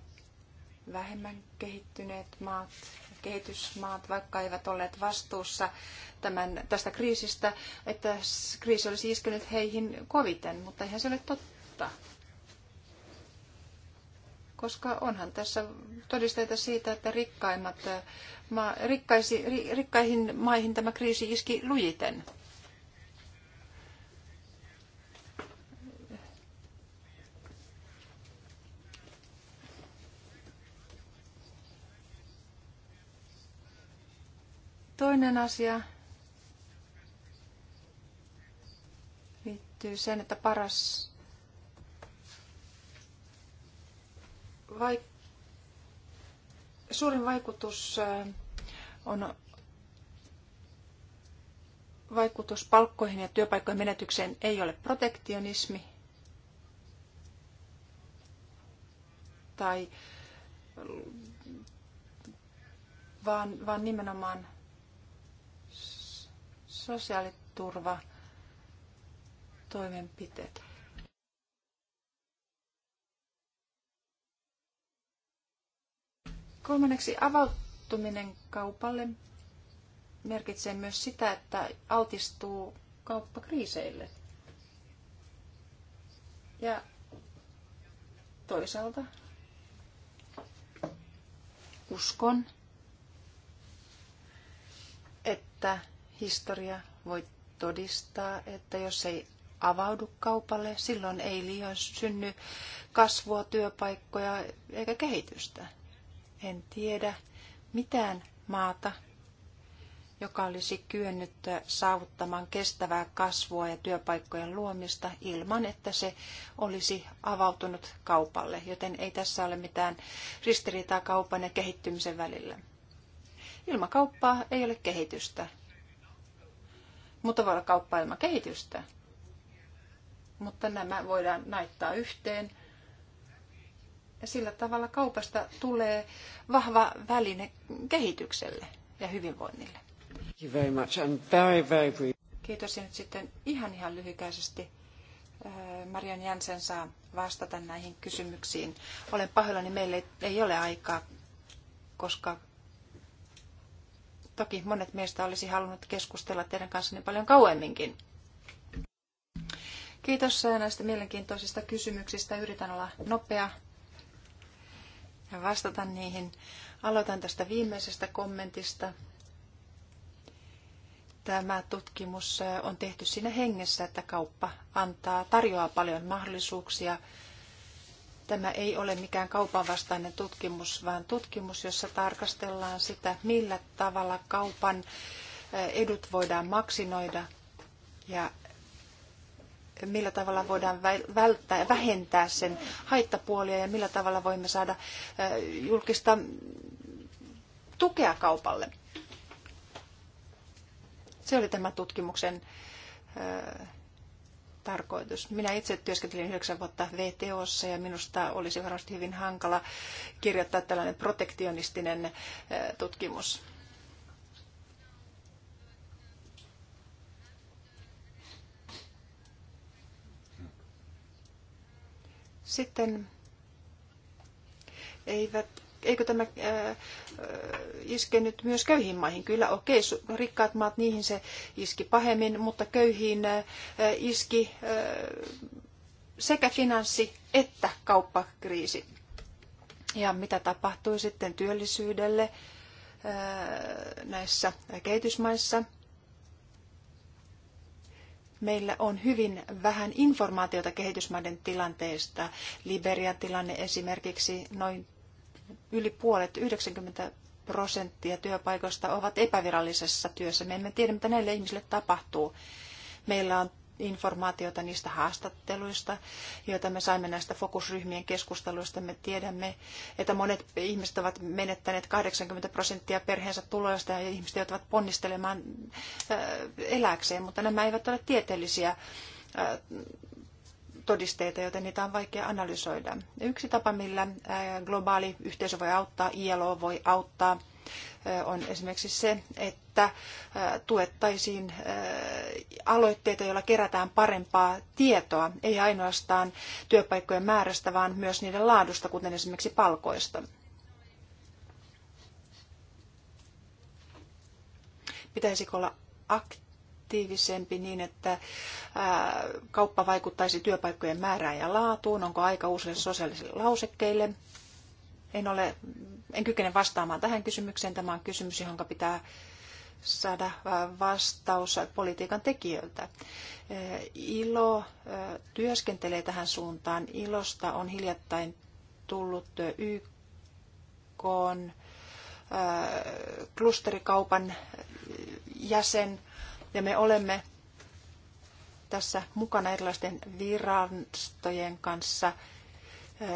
vähemmän kehittyneet maat kehitysmaat, vaikka eivät olleet vastuussa tämän, tästä kriisistä, että kriisi olisi iskenyt heihin koviten, mutta eihän se ole totta koska onhan tässä todisteita siitä, että rikkaimmat, äh, ma, rikkaisi, rikkaihin maihin tämä kriisi iski lujiten. Toinen asia liittyy sen, että paras vaik- suurin vaikutus äh, on vaikutus palkkoihin ja työpaikkojen menetykseen ei ole protektionismi tai vaan, vaan nimenomaan sosiaaliturva toimenpiteet. Kolmanneksi avautuminen kaupalle merkitsee myös sitä, että altistuu kauppakriiseille. Ja toisaalta uskon, että historia voi todistaa, että jos ei avaudu kaupalle, silloin ei liian synny kasvua, työpaikkoja eikä kehitystä en tiedä mitään maata, joka olisi kyennyt saavuttamaan kestävää kasvua ja työpaikkojen luomista ilman, että se olisi avautunut kaupalle, joten ei tässä ole mitään ristiriitaa kaupan ja kehittymisen välillä. Ilman kauppaa ei ole kehitystä, mutta voi olla kauppaa ilman kehitystä. Mutta nämä voidaan naittaa yhteen – sillä tavalla kaupasta tulee vahva väline kehitykselle ja hyvinvoinnille. Thank you very much. I'm very, very brief. Kiitos ja nyt sitten ihan ihan lyhykäisesti äh, Marian Jansen saa vastata näihin kysymyksiin. Olen pahoillani, meille ei ole aikaa, koska toki monet meistä olisi halunnut keskustella teidän niin paljon kauemminkin. Kiitos äh, näistä mielenkiintoisista kysymyksistä. Yritän olla nopea ja vastata niihin. Aloitan tästä viimeisestä kommentista. Tämä tutkimus on tehty siinä hengessä, että kauppa antaa, tarjoaa paljon mahdollisuuksia. Tämä ei ole mikään kaupan vastainen tutkimus, vaan tutkimus, jossa tarkastellaan sitä, millä tavalla kaupan edut voidaan maksinoida ja millä tavalla voidaan välttää, vähentää sen haittapuolia ja millä tavalla voimme saada julkista tukea kaupalle. Se oli tämän tutkimuksen tarkoitus. Minä itse työskentelin yhdeksän vuotta VTOssa ja minusta olisi varmasti hyvin hankala kirjoittaa tällainen protektionistinen tutkimus. Sitten eivät, eikö tämä ää, äh, äh, iske nyt myös köyhiin maihin? Kyllä, okei, okay, rikkaat maat, niihin se iski pahemmin, mutta köyhiin ää, äh, iski ää, sekä finanssi- että kauppakriisi. Ja mitä tapahtui sitten työllisyydelle näissä kehitysmaissa – meillä on hyvin vähän informaatiota kehitysmaiden tilanteesta. Liberian tilanne esimerkiksi noin yli puolet, 90 prosenttia työpaikoista ovat epävirallisessa työssä. Me emme tiedä, mitä näille ihmisille tapahtuu. Meillä on informaatiota niistä haastatteluista, joita me saimme näistä fokusryhmien keskusteluista. Me tiedämme, että monet ihmiset ovat menettäneet 80 prosenttia perheensä tuloista ja ihmiset joutuvat ponnistelemaan äh, eläkseen, mutta nämä eivät ole tieteellisiä äh, todisteita, joten niitä on vaikea analysoida. Yksi tapa, millä globaali yhteisö voi auttaa, ILO voi auttaa, on esimerkiksi se, että tuettaisiin aloitteita, joilla kerätään parempaa tietoa, ei ainoastaan työpaikkojen määrästä, vaan myös niiden laadusta, kuten esimerkiksi palkoista. Pitäisikö olla aktiivinen? aktiivisempi niin, että kauppa vaikuttaisi työpaikkojen määrään ja laatuun? Onko aika uusille sosiaalisille lausekkeille? En, ole, en kykene vastaamaan tähän kysymykseen. Tämä on kysymys, johon pitää saada vastaus politiikan tekijöiltä. ILO työskentelee tähän suuntaan. ILOsta on hiljattain tullut YK klusterikaupan jäsen ja me olemme tässä mukana erilaisten virastojen kanssa, eh,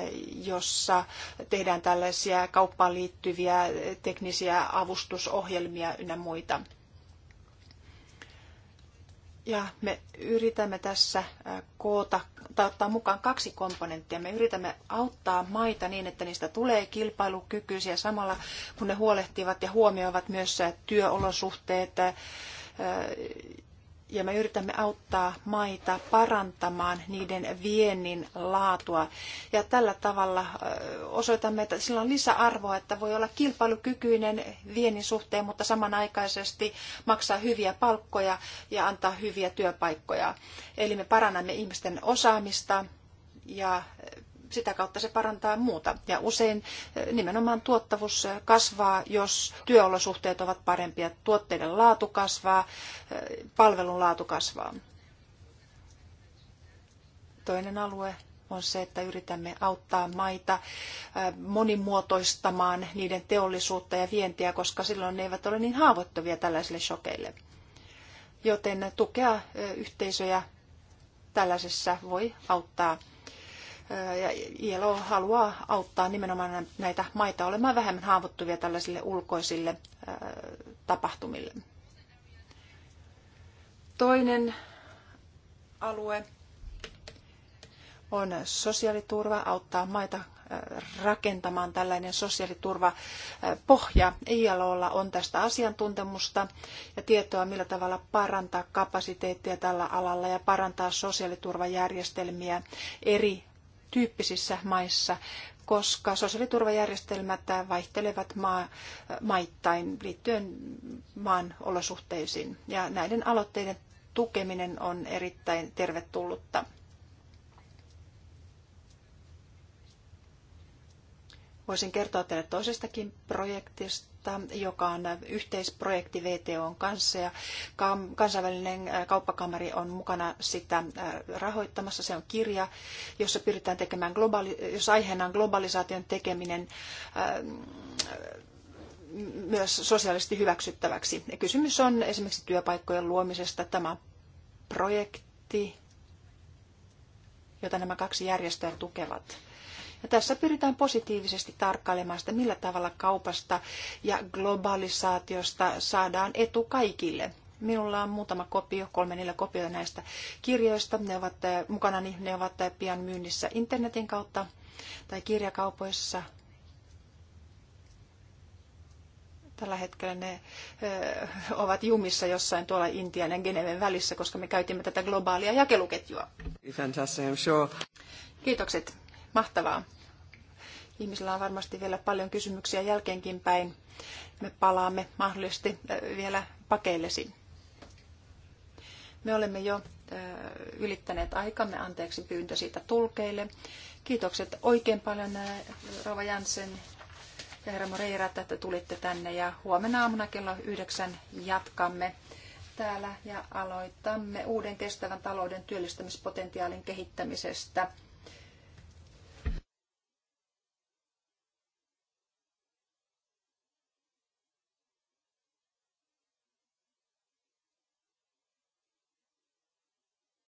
jossa tehdään tällaisia kauppaan liittyviä teknisiä avustusohjelmia ynnä muita. Ja me yritämme tässä eh, koota tai ottaa mukaan kaksi komponenttia. Me yritämme auttaa maita niin, että niistä tulee kilpailukykyisiä samalla, kun ne huolehtivat ja huomioivat myös eh, työolosuhteet, ja me yritämme auttaa maita parantamaan niiden viennin laatua. Ja tällä tavalla osoitamme, että sillä on lisäarvoa, että voi olla kilpailukykyinen viennin suhteen, mutta samanaikaisesti maksaa hyviä palkkoja ja antaa hyviä työpaikkoja. Eli me parannamme ihmisten osaamista ja sitä kautta se parantaa muuta. Ja usein eh, nimenomaan tuottavuus eh, kasvaa, jos työolosuhteet ovat parempia, tuotteiden laatu kasvaa, eh, palvelun laatu kasvaa. Toinen alue on se, että yritämme auttaa maita monimuotoistamaan niiden teollisuutta ja vientiä, koska silloin ne eivät ole niin haavoittuvia tällaisille shokeille. Joten tukea yhteisöjä tällaisessa voi auttaa ja ILO haluaa auttaa nimenomaan näitä maita olemaan vähemmän haavoittuvia tällaisille ulkoisille tapahtumille. Toinen alue on sosiaaliturva, auttaa maita rakentamaan tällainen sosiaaliturvapohja. ILOlla on tästä asiantuntemusta ja tietoa, millä tavalla parantaa kapasiteettia tällä alalla ja parantaa sosiaaliturvajärjestelmiä eri tyyppisissä maissa, koska sosiaaliturvajärjestelmät vaihtelevat maa, maittain liittyen maan olosuhteisiin. Ja näiden aloitteiden tukeminen on erittäin tervetullutta. Voisin kertoa teille toisestakin projektista hanketta, joka on yhteisprojekti VTOn kanssa ja kansainvälinen äh, kauppakamari on mukana sitä äh, rahoittamassa. Se on kirja, jossa pyritään tekemään globaali, jos aiheena on globalisaation tekeminen äh, myös sosiaalisesti hyväksyttäväksi. Ja kysymys on esimerkiksi työpaikkojen luomisesta. Tämä projekti, jota nämä kaksi järjestöä tukevat ja tässä pyritään positiivisesti tarkkailemaan sitä, millä tavalla kaupasta ja globalisaatiosta saadaan etu kaikille. Minulla on muutama kopio, kolme neljä kopiota näistä kirjoista. Ne ovat eh, mukana, ne ovat eh, pian myynnissä internetin kautta tai kirjakaupoissa. Tällä hetkellä ne ö, eh, ovat jumissa jossain tuolla Intian ja Geneven välissä, koska me käytimme tätä globaalia jakeluketjua. Fantastic, I'm sure. Kiitokset. Mahtavaa. Ihmisillä on varmasti vielä paljon kysymyksiä jälkeenkin päin. Me palaamme mahdollisesti äh, vielä pakeillesi. Me olemme jo äh, ylittäneet aikamme. Anteeksi pyyntö siitä tulkeille. Kiitokset oikein paljon äh, Rova Jansen ja herra Moreira, että tulitte tänne. Ja huomenna aamuna kello yhdeksän jatkamme täällä ja aloitamme uuden kestävän talouden työllistämispotentiaalin kehittämisestä.